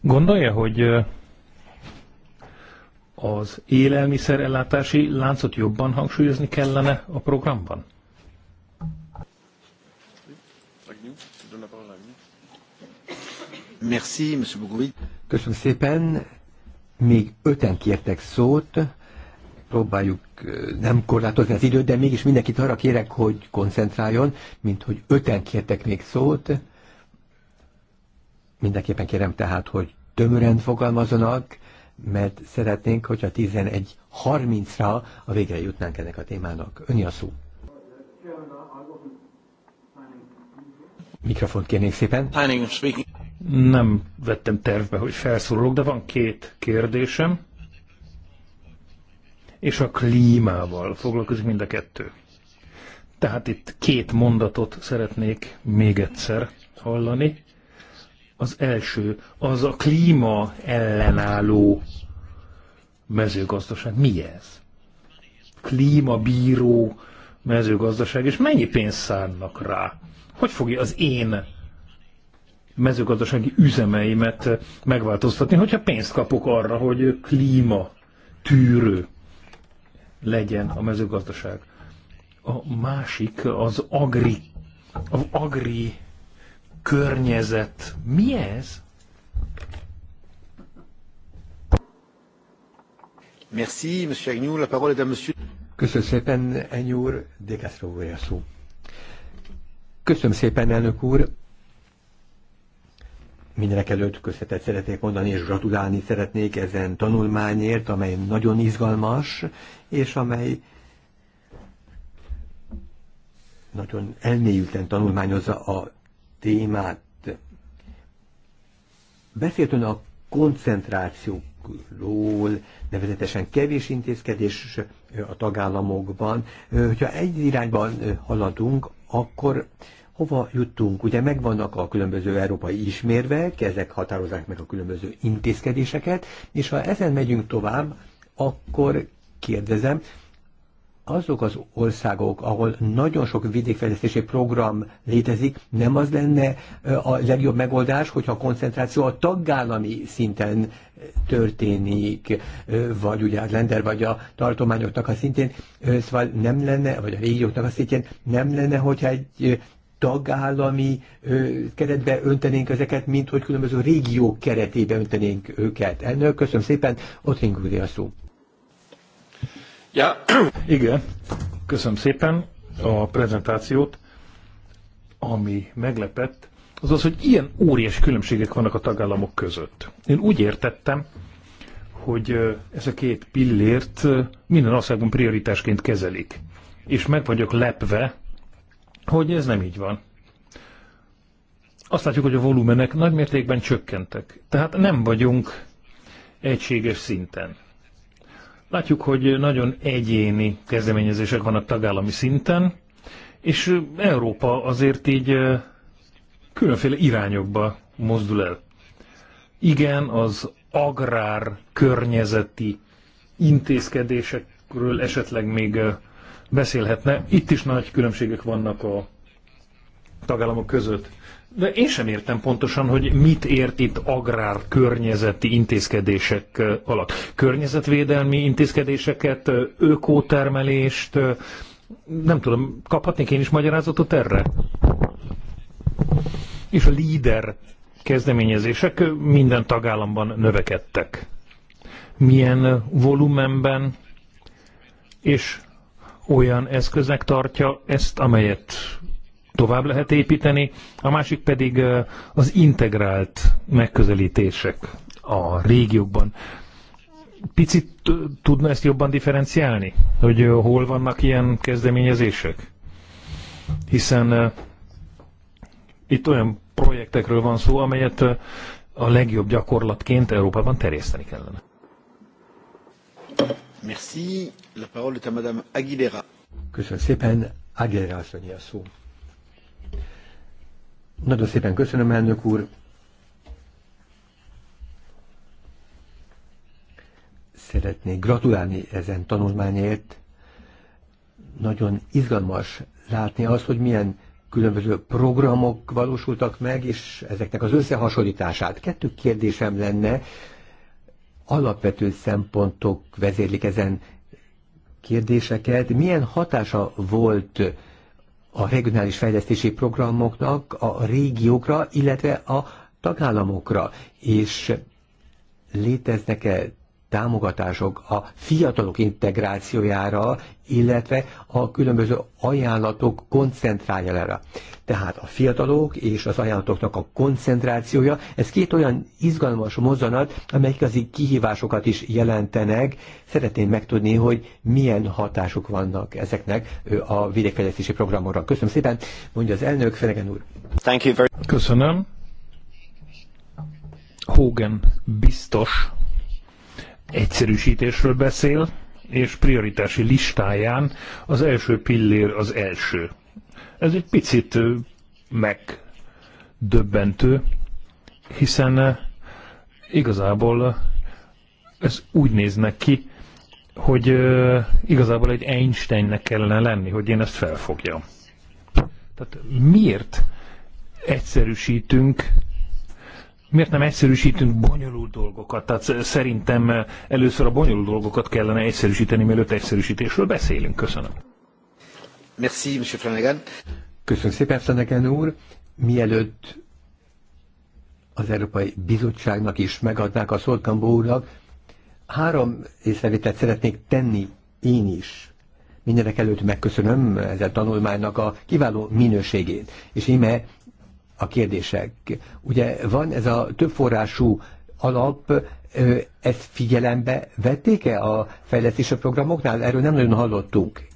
Gondolja, hogy eh, az élelmiszerellátási láncot jobban hangsúlyozni kellene a programban? Merci, Köszönöm szépen. Még öten kértek szót. Próbáljuk nem korlátozni az időt, de mégis mindenkit arra kérek, hogy koncentráljon, mint hogy öten kértek még szót. Mindenképpen kérem tehát, hogy tömören fogalmazanak, mert szeretnénk, hogyha 11.30-ra a végre jutnánk ennek a témának. Öni a szó. Mikrofont kérnék szépen. Nem vettem tervbe, hogy felszólalok, de van két kérdésem. És a klímával foglalkozik mind a kettő. Tehát itt két mondatot szeretnék még egyszer hallani. Az első, az a klíma ellenálló mezőgazdaság. Mi ez? Klímabíró mezőgazdaság, és mennyi pénzt szánnak rá? Hogy fogja az én mezőgazdasági üzemeimet megváltoztatni, hogyha pénzt kapok arra, hogy klíma tűrő legyen a mezőgazdaság. A másik az agri, az agri környezet. Mi ez? Merci, Monsieur Agnew. La parole est à Monsieur... Köszönöm szépen, Agnew úr, de Castro szó. Köszönöm szépen, elnök úr. Mindenek előtt köszönetet szeretnék mondani, és gratulálni szeretnék ezen tanulmányért, amely nagyon izgalmas, és amely nagyon elmélyülten tanulmányozza a témát. Beszélt ön a koncentrációkról, nevezetesen kevés intézkedés a tagállamokban. Hogyha egy irányban haladunk, akkor hova jutunk? Ugye megvannak a különböző európai ismérvek, ezek határozzák meg a különböző intézkedéseket, és ha ezen megyünk tovább, akkor kérdezem, azok az országok, ahol nagyon sok vidékfejlesztési program létezik, nem az lenne a legjobb megoldás, hogyha a koncentráció a tagállami szinten történik, vagy ugye a lender, vagy a tartományoknak a szintén, szóval nem lenne, vagy a régióknak a szintén, nem lenne, hogyha egy tagállami keretbe öntenénk ezeket, mint hogy különböző régiók keretébe öntenénk őket. Ennél köszönöm szépen, ott úr a szó. Ja. Igen, köszönöm szépen a prezentációt. Ami meglepett, az az, hogy ilyen óriás különbségek vannak a tagállamok között. Én úgy értettem, hogy ez a két pillért minden országban prioritásként kezelik. És meg vagyok lepve, hogy ez nem így van. Azt látjuk, hogy a volumenek nagymértékben csökkentek. Tehát nem vagyunk egységes szinten. Látjuk, hogy nagyon egyéni kezdeményezések vannak tagállami szinten, és Európa azért így különféle irányokba mozdul el. Igen, az agrár környezeti intézkedésekről esetleg még beszélhetne. Itt is nagy különbségek vannak a tagállamok között. De én sem értem pontosan, hogy mit ért itt agrárkörnyezeti intézkedések alatt. Környezetvédelmi intézkedéseket, ökótermelést, nem tudom, kaphatnék én is magyarázatot erre? És a líder kezdeményezések minden tagállamban növekedtek. Milyen volumenben és olyan eszköznek tartja ezt, amelyet tovább lehet építeni, a másik pedig az integrált megközelítések a régiókban. Picit tudna ezt jobban differenciálni, hogy hol vannak ilyen kezdeményezések? Hiszen itt olyan projektekről van szó, amelyet a legjobb gyakorlatként Európában terjeszteni kellene. Merci. La parole est à Madame Aguilera. Köszönöm szépen. Aguilera asszony a szó. Nagyon szépen köszönöm, elnök úr. Szeretnék gratulálni ezen tanulmányért. Nagyon izgalmas látni azt, hogy milyen különböző programok valósultak meg, és ezeknek az összehasonlítását. Kettő kérdésem lenne, alapvető szempontok vezérlik ezen kérdéseket. Milyen hatása volt a regionális fejlesztési programoknak a régiókra, illetve a tagállamokra, és léteznek-e támogatások a fiatalok integrációjára, illetve a különböző ajánlatok koncentrálájára. Tehát a fiatalok és az ajánlatoknak a koncentrációja, ez két olyan izgalmas mozzanat, amelyik az kihívásokat is jelentenek. Szeretném megtudni, hogy milyen hatásuk vannak ezeknek a vidékfejlesztési programokra. Köszönöm szépen, mondja az elnök, Fenegen úr. Thank you very- Köszönöm. Hogan biztos egyszerűsítésről beszél, és prioritási listáján az első pillér az első. Ez egy picit megdöbbentő, hiszen igazából ez úgy néznek ki, hogy igazából egy Einsteinnek kellene lenni, hogy én ezt felfogjam. Tehát miért egyszerűsítünk miért nem egyszerűsítünk bonyolult dolgokat? Tehát szerintem eh, először a bonyolult dolgokat kellene egyszerűsíteni, mielőtt egyszerűsítésről beszélünk. Köszönöm. Merci, Flanagan. Köszönöm szépen, Flanagan úr. Mielőtt az Európai Bizottságnak is megadnák a Szolkambó úrnak, három észrevételt szeretnék tenni én is. Mindenek előtt megköszönöm ezen tanulmánynak a kiváló minőségét, és íme a kérdések. Ugye van ez a többforrású alap, ezt figyelembe vették-e a fejlesztési programoknál? Erről nem nagyon hallottunk.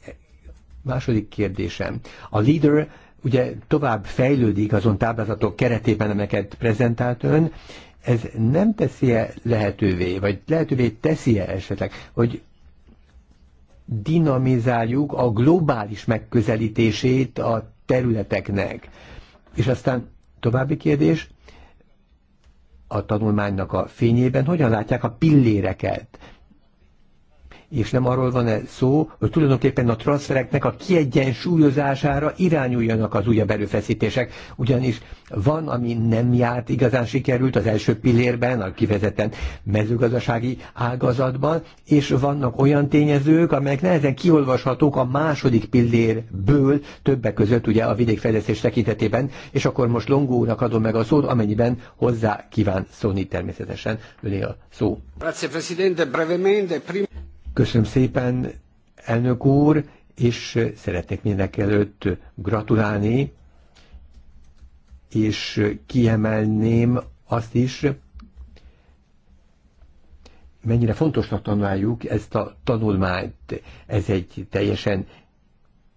Második kérdésem. A leader ugye tovább fejlődik azon táblázatok keretében, amelyeket prezentált ön, ez nem teszi-e lehetővé, vagy lehetővé teszi-e esetleg, hogy dinamizáljuk a globális megközelítését a területeknek, és aztán További kérdés, a tanulmánynak a fényében hogyan látják a pilléreket? és nem arról van -e szó, hogy tulajdonképpen a transfereknek a kiegyensúlyozására irányuljanak az újabb erőfeszítések, ugyanis van, ami nem járt igazán sikerült az első pillérben, a kivezetten mezőgazdasági ágazatban, és vannak olyan tényezők, amelyek nehezen kiolvashatók a második pillérből, többek között ugye a vidékfejlesztés tekintetében, és akkor most Longónak adom meg a szót, amennyiben hozzá kíván szólni természetesen, öné a szó. Grazie, Köszönöm szépen, elnök úr, és szeretnék mindenek előtt gratulálni, és kiemelném azt is, mennyire fontosnak tanuljuk ezt a tanulmányt. Ez egy teljesen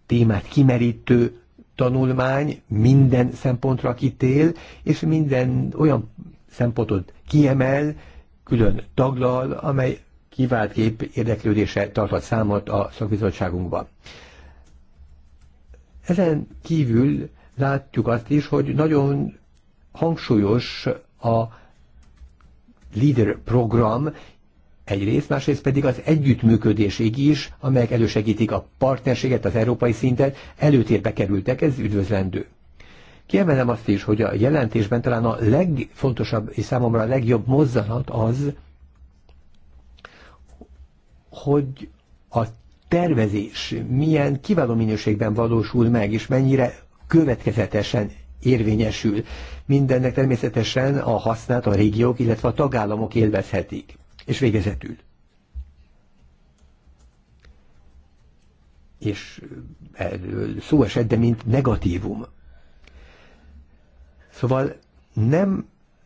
témát kimerítő tanulmány, minden szempontra kitél, és minden olyan szempontot kiemel, külön taglal, amely kivált kép érdeklődése tartott számot a szakbizottságunkban. Ezen kívül látjuk azt is, hogy nagyon hangsúlyos a LEADER program, egyrészt, másrészt pedig az együttműködésig is, amelyek elősegítik a partnerséget az európai szinten, előtérbe kerültek, ez üdvözlendő. Kiemelem azt is, hogy a jelentésben talán a legfontosabb és számomra a legjobb mozzanat az, hogy a tervezés milyen kiváló minőségben valósul meg, és mennyire következetesen érvényesül. Mindennek természetesen a hasznát a régiók, illetve a tagállamok élvezhetik. És végezetül. És erről szó esett, de mint negatívum. Szóval nem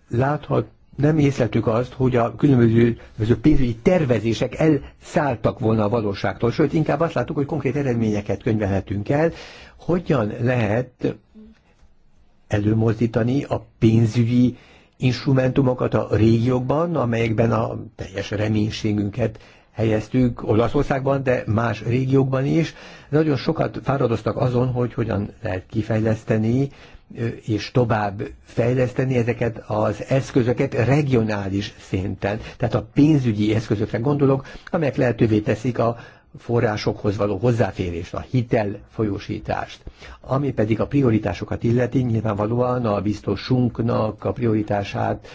láthat nem észleltük azt, hogy a különböző, különböző pénzügyi tervezések elszálltak volna a valóságtól, sőt, inkább azt láttuk, hogy konkrét eredményeket könyvelhetünk el, hogyan lehet előmozdítani a pénzügyi instrumentumokat a régiókban, amelyekben a teljes reménységünket helyeztük Olaszországban, de más régiókban is. Nagyon sokat fáradoztak azon, hogy hogyan lehet kifejleszteni és tovább fejleszteni ezeket az eszközöket regionális szinten. Tehát a pénzügyi eszközökre gondolok, amelyek lehetővé teszik a forrásokhoz való hozzáférést, a hitel folyósítást. Ami pedig a prioritásokat illeti, nyilvánvalóan a biztosunknak a prioritását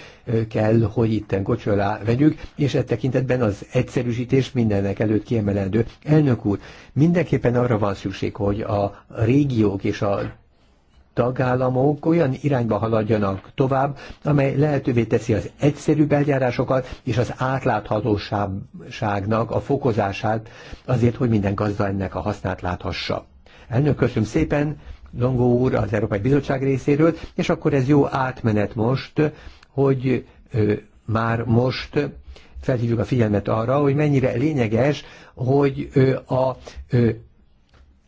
kell, hogy itten kocsolá vegyük, és e tekintetben az egyszerűsítés mindennek előtt kiemelendő. Elnök úr, mindenképpen arra van szükség, hogy a régiók és a tagállamok olyan irányba haladjanak tovább, amely lehetővé teszi az egyszerűbb eljárásokat és az átláthatóságnak a fokozását azért, hogy minden gazda ennek a hasznát láthassa. Elnök, köszönöm szépen, Longó úr az Európai Bizottság részéről, és akkor ez jó átmenet most, hogy ö, már most felhívjuk a figyelmet arra, hogy mennyire lényeges, hogy a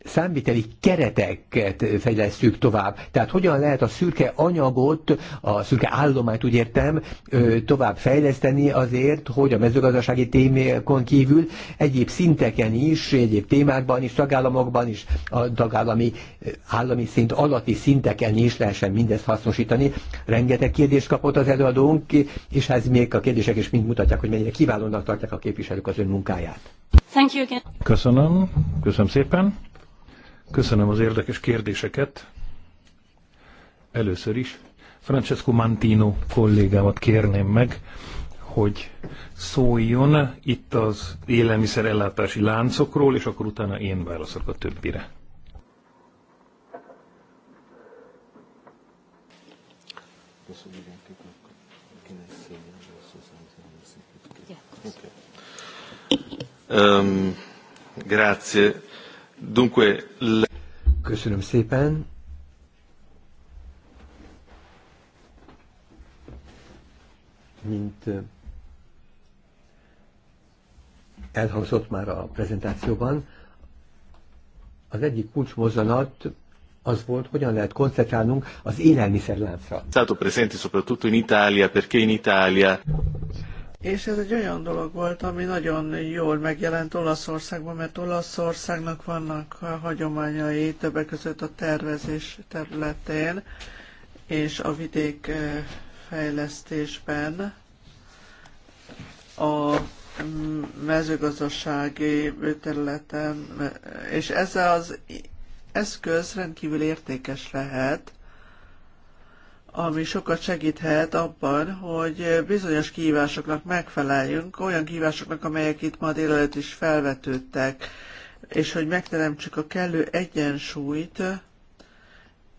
számviteli kereteket fejlesztjük tovább. Tehát hogyan lehet a szürke anyagot, a szürke állományt úgy értem, tovább fejleszteni azért, hogy a mezőgazdasági témákon kívül egyéb szinteken is, egyéb témákban is, tagállamokban is, a tagállami állami szint alatti szinteken is lehessen mindezt hasznosítani. Rengeteg kérdést kapott az előadónk, és ez még a kérdések is mind mutatják, hogy mennyire kiválónak tartják a képviselők az ön munkáját. Köszönöm, köszönöm szépen. Köszönöm az érdekes kérdéseket. Először is Francesco Mantino kollégámat kérném meg, hogy szóljon itt az élelmiszerellátási láncokról, és akkor utána én válaszolok a többire. Um, grazie. Dunque, le... Köszönöm szépen. Mint eh, elhangzott már a prezentációban, az egyik kulcsmozzanat az volt, hogyan lehet koncentrálnunk az élelmiszerláncra. Stato presente soprattutto in Italia, perché in Italia és ez egy olyan dolog volt, ami nagyon jól megjelent Olaszországban, mert Olaszországnak vannak a hagyományai többek között a tervezés területén és a vidék eh, fejlesztésben a mm, mezőgazdasági területen, eh, és ez az eszköz rendkívül értékes lehet, ami sokat segíthet abban, hogy bizonyos kihívásoknak megfeleljünk, olyan kihívásoknak, amelyek itt ma délelőtt is felvetődtek, és hogy megteremtsük a kellő egyensúlyt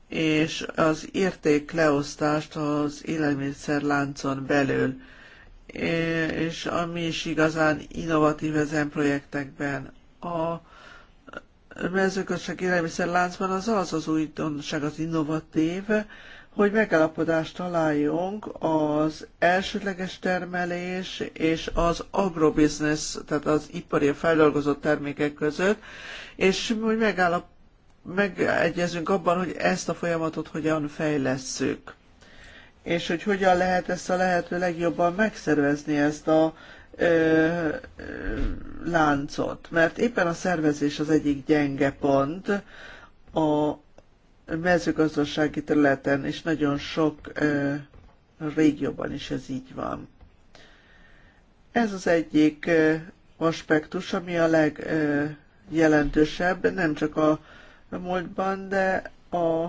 és az értékleosztást az élelmiszerláncon belül, és ami is igazán innovatív ezen projektekben. A mezőgazdaság élelmiszerláncban az az az újdonság, az innovatív, hogy megállapodást találjunk az elsődleges termelés és az agrobiznisz, tehát az ipari feldolgozott termékek között, és hogy megállap, megegyezünk abban, hogy ezt a folyamatot hogyan fejlesszük. És hogy hogyan lehet ezt a lehető legjobban megszervezni ezt a ö, ö, láncot. Mert éppen a szervezés az egyik gyenge pont, a mezőgazdasági területen, és nagyon sok régióban is ez így van. Ez az egyik aspektus, ami a legjelentősebb, nem csak a múltban, de a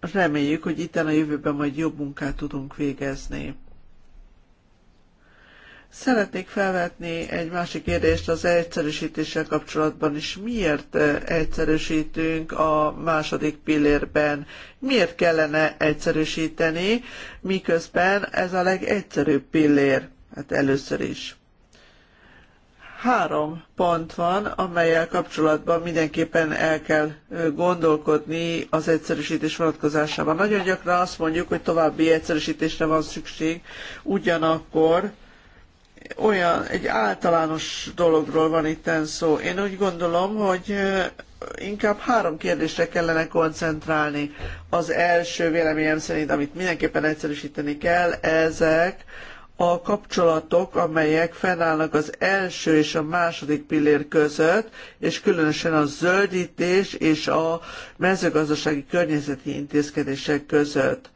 reméljük, hogy itt a jövőben majd jobb munkát tudunk végezni. Szeretnék felvetni egy másik kérdést az egyszerűsítéssel kapcsolatban is. Miért egyszerűsítünk a második pillérben? Miért kellene egyszerűsíteni, miközben ez a legegyszerűbb pillér? Hát először is. Három pont van, amelyel kapcsolatban mindenképpen el kell gondolkodni az egyszerűsítés vonatkozásában. Nagyon gyakran azt mondjuk, hogy további egyszerűsítésre van szükség, ugyanakkor olyan, egy általános dologról van itt szó. Én úgy gondolom, hogy inkább három kérdésre kellene koncentrálni. Az első véleményem szerint, amit mindenképpen egyszerűsíteni kell, ezek a kapcsolatok, amelyek fennállnak az első és a második pillér között, és különösen a zöldítés és a mezőgazdasági környezeti intézkedések között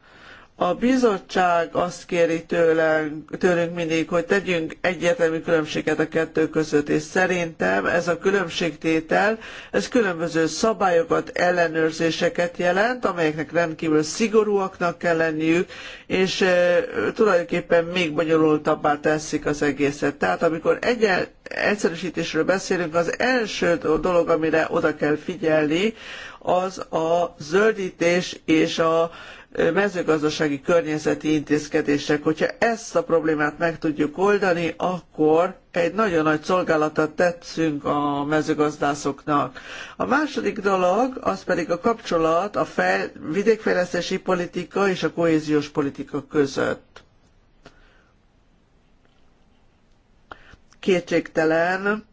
a bizottság azt kéri tőlünk, tőlünk mindig, hogy tegyünk egyértelmű különbséget a kettő között, és szerintem ez a különbségtétel, ez különböző szabályokat, ellenőrzéseket jelent, amelyeknek rendkívül szigorúaknak kell lenniük, és e, tulajdonképpen még bonyolultabbá teszik az egészet. Tehát amikor egyen, egyszerűsítésről beszélünk, az első dolog, amire oda kell figyelni, az a zöldítés és a mezőgazdasági környezeti intézkedések. Hogyha ezt a problémát meg tudjuk oldani, akkor egy nagyon nagy szolgálatot tetszünk a mezőgazdászoknak. A második dolog, az pedig a kapcsolat a fel, vidékfejlesztési politika és a kohéziós politika között. Kétségtelen,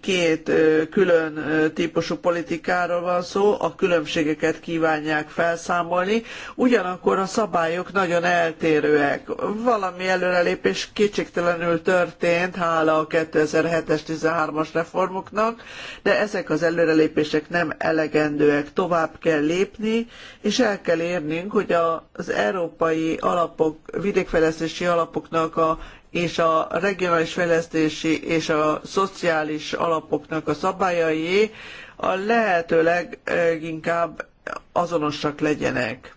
két külön típusú politikáról van szó, a különbségeket kívánják felszámolni, ugyanakkor a szabályok nagyon eltérőek. Valami előrelépés kétségtelenül történt, hála a 2007-es 13-as reformoknak, de ezek az előrelépések nem elegendőek, tovább kell lépni, és el kell érnünk, hogy az európai alapok, vidékfejlesztési alapoknak a és a regionális fejlesztési és a szociális alapoknak a szabályai a lehető leginkább azonosak legyenek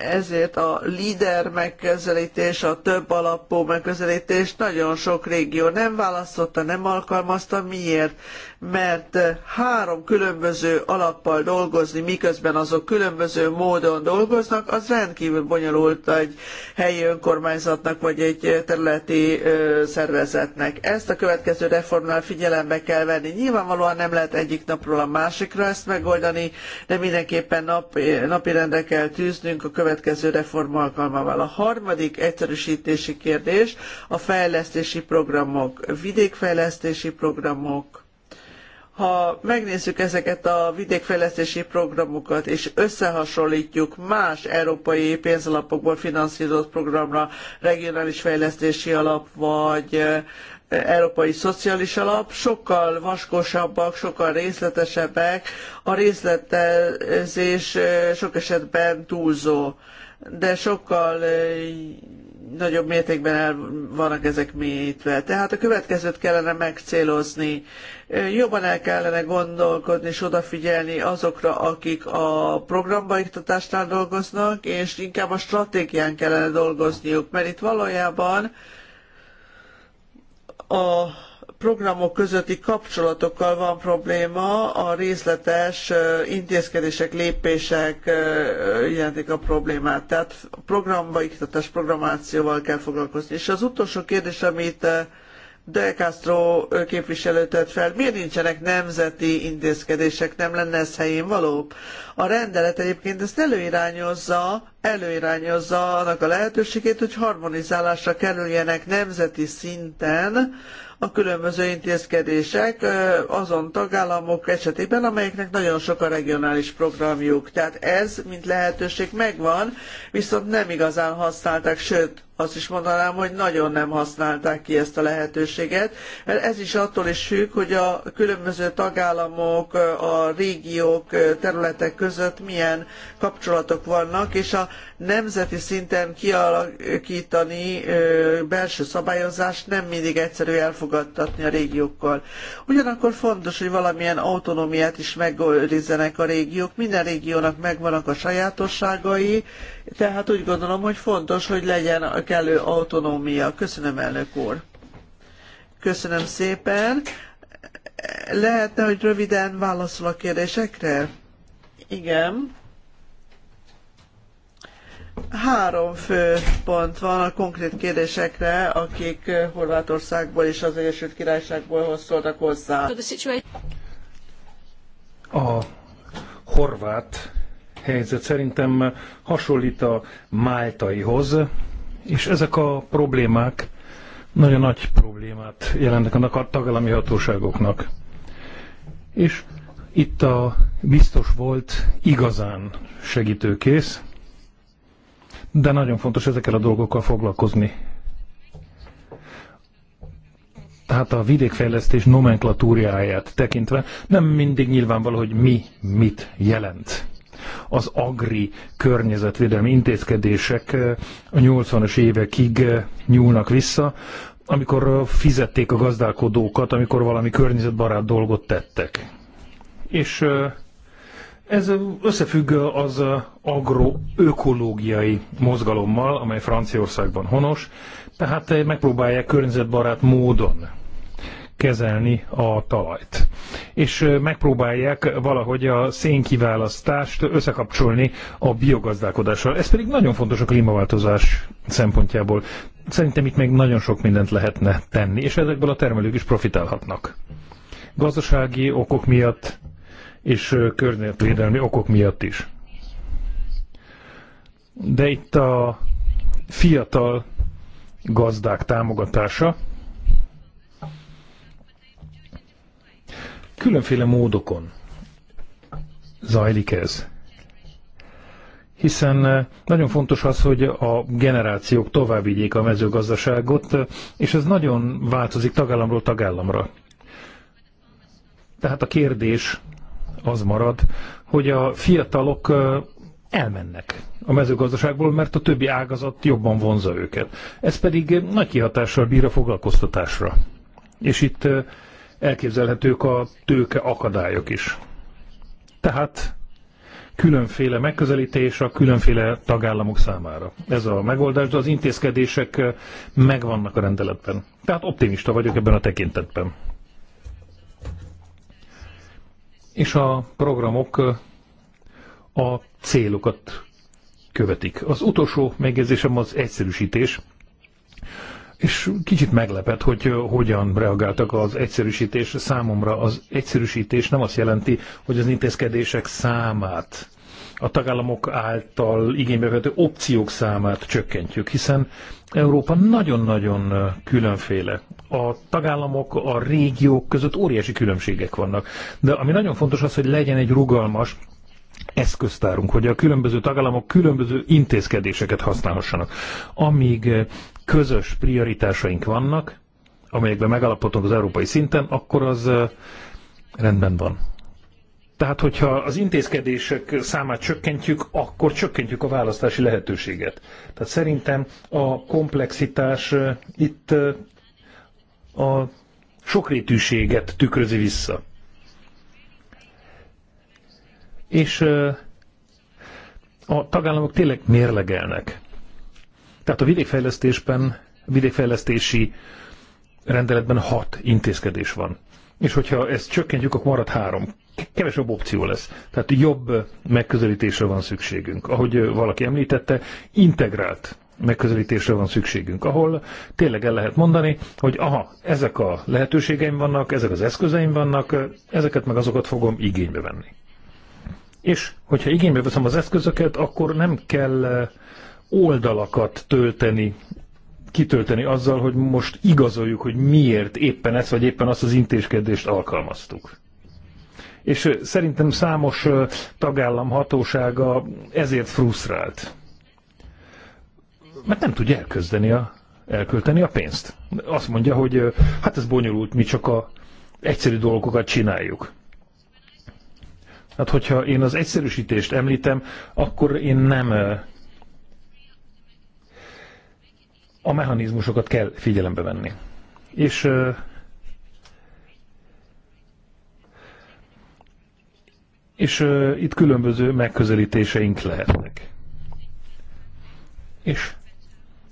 ezért a líder megközelítés, a több alapú megközelítés nagyon sok régió nem választotta, nem alkalmazta. Miért? Mert három különböző alappal dolgozni, miközben azok különböző módon dolgoznak, az rendkívül bonyolult egy helyi önkormányzatnak vagy egy területi szervezetnek. Ezt a következő reformnál figyelembe kell venni. Nyilvánvalóan nem lehet egyik napról a másikra ezt megoldani, de mindenképpen nap, napirendre kell tűznünk, lépjünk a következő reform alkalmával. A harmadik egyszerűsítési kérdés a fejlesztési programok, vidékfejlesztési programok, ha megnézzük ezeket a vidékfejlesztési programokat, és összehasonlítjuk más európai pénzalapokból finanszírozott programra, regionális fejlesztési alap, vagy Európai Szociális Alap, sokkal vaskosabbak, sokkal részletesebbek, a részletezés sok esetben túlzó, de sokkal nagyobb mértékben el vannak ezek mélyítve. Tehát a következőt kellene megcélozni. Jobban el kellene gondolkodni és odafigyelni azokra, akik a programbaiktatásnál dolgoznak, és inkább a stratégián kellene dolgozniuk, mert itt valójában a programok közötti kapcsolatokkal van probléma, a részletes intézkedések, lépések jelentik a problémát. Tehát programba, iktatás programációval kell foglalkozni. És az utolsó kérdés, amit de Castro képviselő tett fel, miért nincsenek nemzeti intézkedések, nem lenne ez helyén való? A rendelet egyébként ezt előirányozza, előirányozza annak a lehetőségét, hogy harmonizálásra kerüljenek nemzeti szinten a különböző intézkedések azon tagállamok esetében, amelyeknek nagyon sok a regionális programjuk. Tehát ez, mint lehetőség megvan, viszont nem igazán használták, sőt, azt is mondanám, hogy nagyon nem használták ki ezt a lehetőséget. Ez is attól is függ, hogy a különböző tagállamok, a régiók, területek között milyen kapcsolatok vannak, és a nemzeti szinten kialakítani belső szabályozást nem mindig egyszerű elfogadtatni a régiókkal. Ugyanakkor fontos, hogy valamilyen autonómiát is megőrizzenek a régiók. Minden régiónak megvannak a sajátosságai, tehát úgy gondolom, hogy fontos, hogy legyen a kellő autonómia. Köszönöm, elnök úr. Köszönöm szépen. Lehetne, hogy röviden válaszol a kérdésekre? Igen. Három fő pont van a konkrét kérdésekre, akik eh, Horvátországból és az Egyesült Királyságból szóltak hozzá. A horvát helyzet szerintem hasonlít a máltaihoz, és ezek a problémák nagyon nagy problémát jelentek annak a tagállami hatóságoknak. És itt a biztos volt igazán segítőkész, de nagyon fontos ezekkel a dolgokkal foglalkozni. Tehát a vidékfejlesztés nomenklatúriáját tekintve nem mindig nyilvánvaló, hogy mi mit jelent. Az agri környezetvédelmi intézkedések eh, a 80-as évekig eh, nyúlnak vissza, amikor eh, fizették a gazdálkodókat, amikor valami környezetbarát dolgot tettek. És ez összefügg az agroökológiai mozgalommal, amely Franciaországban honos, tehát megpróbálják környezetbarát módon kezelni a talajt. És megpróbálják valahogy a szénkiválasztást összekapcsolni a biogazdálkodással. Ez pedig nagyon fontos a klímaváltozás szempontjából. Szerintem itt még nagyon sok mindent lehetne tenni, és ezekből a termelők is profitálhatnak. Gazdasági okok miatt és környezetvédelmi okok miatt is. De itt a fiatal gazdák támogatása különféle módokon zajlik ez. Hiszen nagyon fontos az, hogy a generációk tovább vigyék a mezőgazdaságot, és ez nagyon változik tagállamról tagállamra. Tehát a kérdés az marad, hogy a fiatalok elmennek a mezőgazdaságból, mert a többi ágazat jobban vonza őket. Ez pedig nagy kihatással bír a foglalkoztatásra. És itt elképzelhetők a tőke akadályok is. Tehát különféle megközelítés a különféle tagállamok számára. Ez a megoldás, de az intézkedések megvannak a rendeletben. Tehát optimista vagyok ebben a tekintetben és a programok a célokat követik. Az utolsó megjegyzésem az egyszerűsítés, és kicsit meglepet, hogy hogyan reagáltak az egyszerűsítés számomra. Az egyszerűsítés nem azt jelenti, hogy az intézkedések számát a tagállamok által igénybevető opciók számát csökkentjük, hiszen Európa nagyon-nagyon különféle. A tagállamok, a régiók között óriási különbségek vannak. De ami nagyon fontos az, hogy legyen egy rugalmas eszköztárunk, hogy a különböző tagállamok különböző intézkedéseket használhassanak. Amíg közös prioritásaink vannak, amelyekben megalapotunk az európai szinten, akkor az rendben van. Tehát, hogyha az intézkedések számát csökkentjük, akkor csökkentjük a választási lehetőséget. Tehát szerintem a komplexitás itt a sokrétűséget tükrözi vissza. És a tagállamok tényleg mérlegelnek. Tehát a vidékfejlesztésben, vidékfejlesztési rendeletben hat intézkedés van. És hogyha ezt csökkentjük, akkor marad három kevesebb opció lesz. Tehát jobb megközelítésre van szükségünk. Ahogy valaki említette, integrált megközelítésre van szükségünk, ahol tényleg el lehet mondani, hogy aha, ezek a lehetőségeim vannak, ezek az eszközeim vannak, ezeket meg azokat fogom igénybe venni. És hogyha igénybe veszem az eszközöket, akkor nem kell eh, oldalakat tölteni, kitölteni azzal, hogy most igazoljuk, hogy miért éppen ezt vagy éppen azt az intézkedést alkalmaztuk. És szerintem számos tagállam hatósága ezért frusztrált. Mert nem tudja elközdeni a, elkölteni a pénzt. Azt mondja, hogy hát ez bonyolult, mi csak a egyszerű dolgokat csináljuk. Hát hogyha én az egyszerűsítést említem, akkor én nem a mechanizmusokat kell figyelembe venni. És És uh, itt különböző megközelítéseink lehetnek. És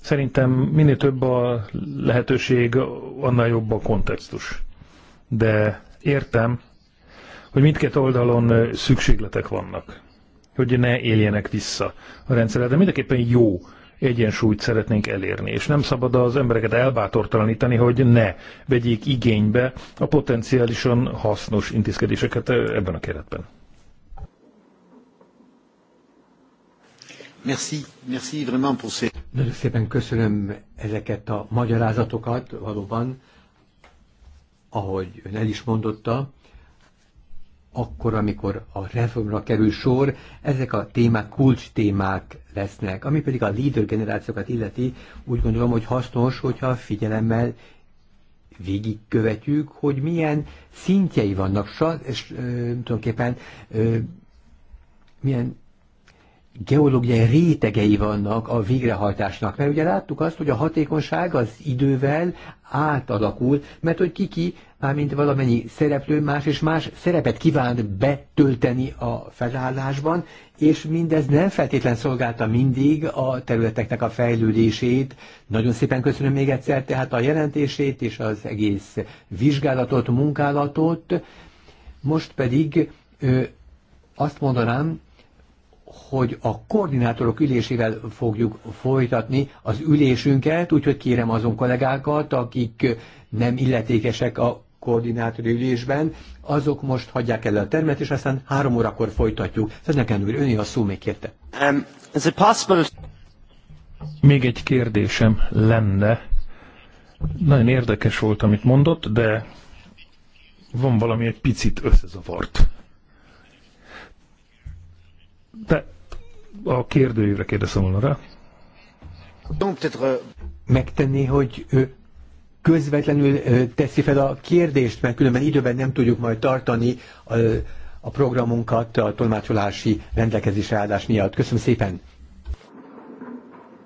szerintem minél több a lehetőség, annál jobb a kontextus. De értem, hogy mindkét oldalon szükségletek vannak, hogy ne éljenek vissza a rendszerre, de mindenképpen jó egyensúlyt szeretnénk elérni, és nem szabad az embereket elbátortalanítani, hogy ne vegyék igénybe a potenciálisan hasznos intézkedéseket ebben a keretben. Merci, merci vraiment pour ces... Nagyon szépen köszönöm ezeket a magyarázatokat, valóban, ahogy ön el is mondotta, akkor, amikor a reformra kerül sor, ezek a témák kulcs témák lesznek. Ami pedig a leader generációkat illeti, úgy gondolom, hogy hasznos, hogyha figyelemmel végigkövetjük, hogy milyen szintjei vannak, és tulajdonképpen milyen geológiai rétegei vannak a végrehajtásnak, mert ugye láttuk azt, hogy a hatékonyság az idővel átalakul, mert hogy kiki, mármint valamennyi szereplő más és más szerepet kíván betölteni a felállásban, és mindez nem feltétlen szolgálta mindig a területeknek a fejlődését. Nagyon szépen köszönöm még egyszer tehát a jelentését és az egész vizsgálatot, munkálatot. Most pedig ö, azt mondanám, hogy a koordinátorok ülésével fogjuk folytatni az ülésünket, úgyhogy kérem azon kollégákat, akik nem illetékesek a koordinátori ülésben, azok most hagyják el a termet, és aztán három órakor folytatjuk. Szeneken úr, öné a szó még kérte. Um, is it possible... Még egy kérdésem lenne. Nagyon érdekes volt, amit mondott, de van valami egy picit összezavart. De a kérdőjére kérdezem volna rá. Megtenni, hogy ő közvetlenül teszi fel a kérdést, mert különben időben nem tudjuk majd tartani a, a programunkat a tolmácsolási rendelkezésre állás miatt. Köszönöm szépen!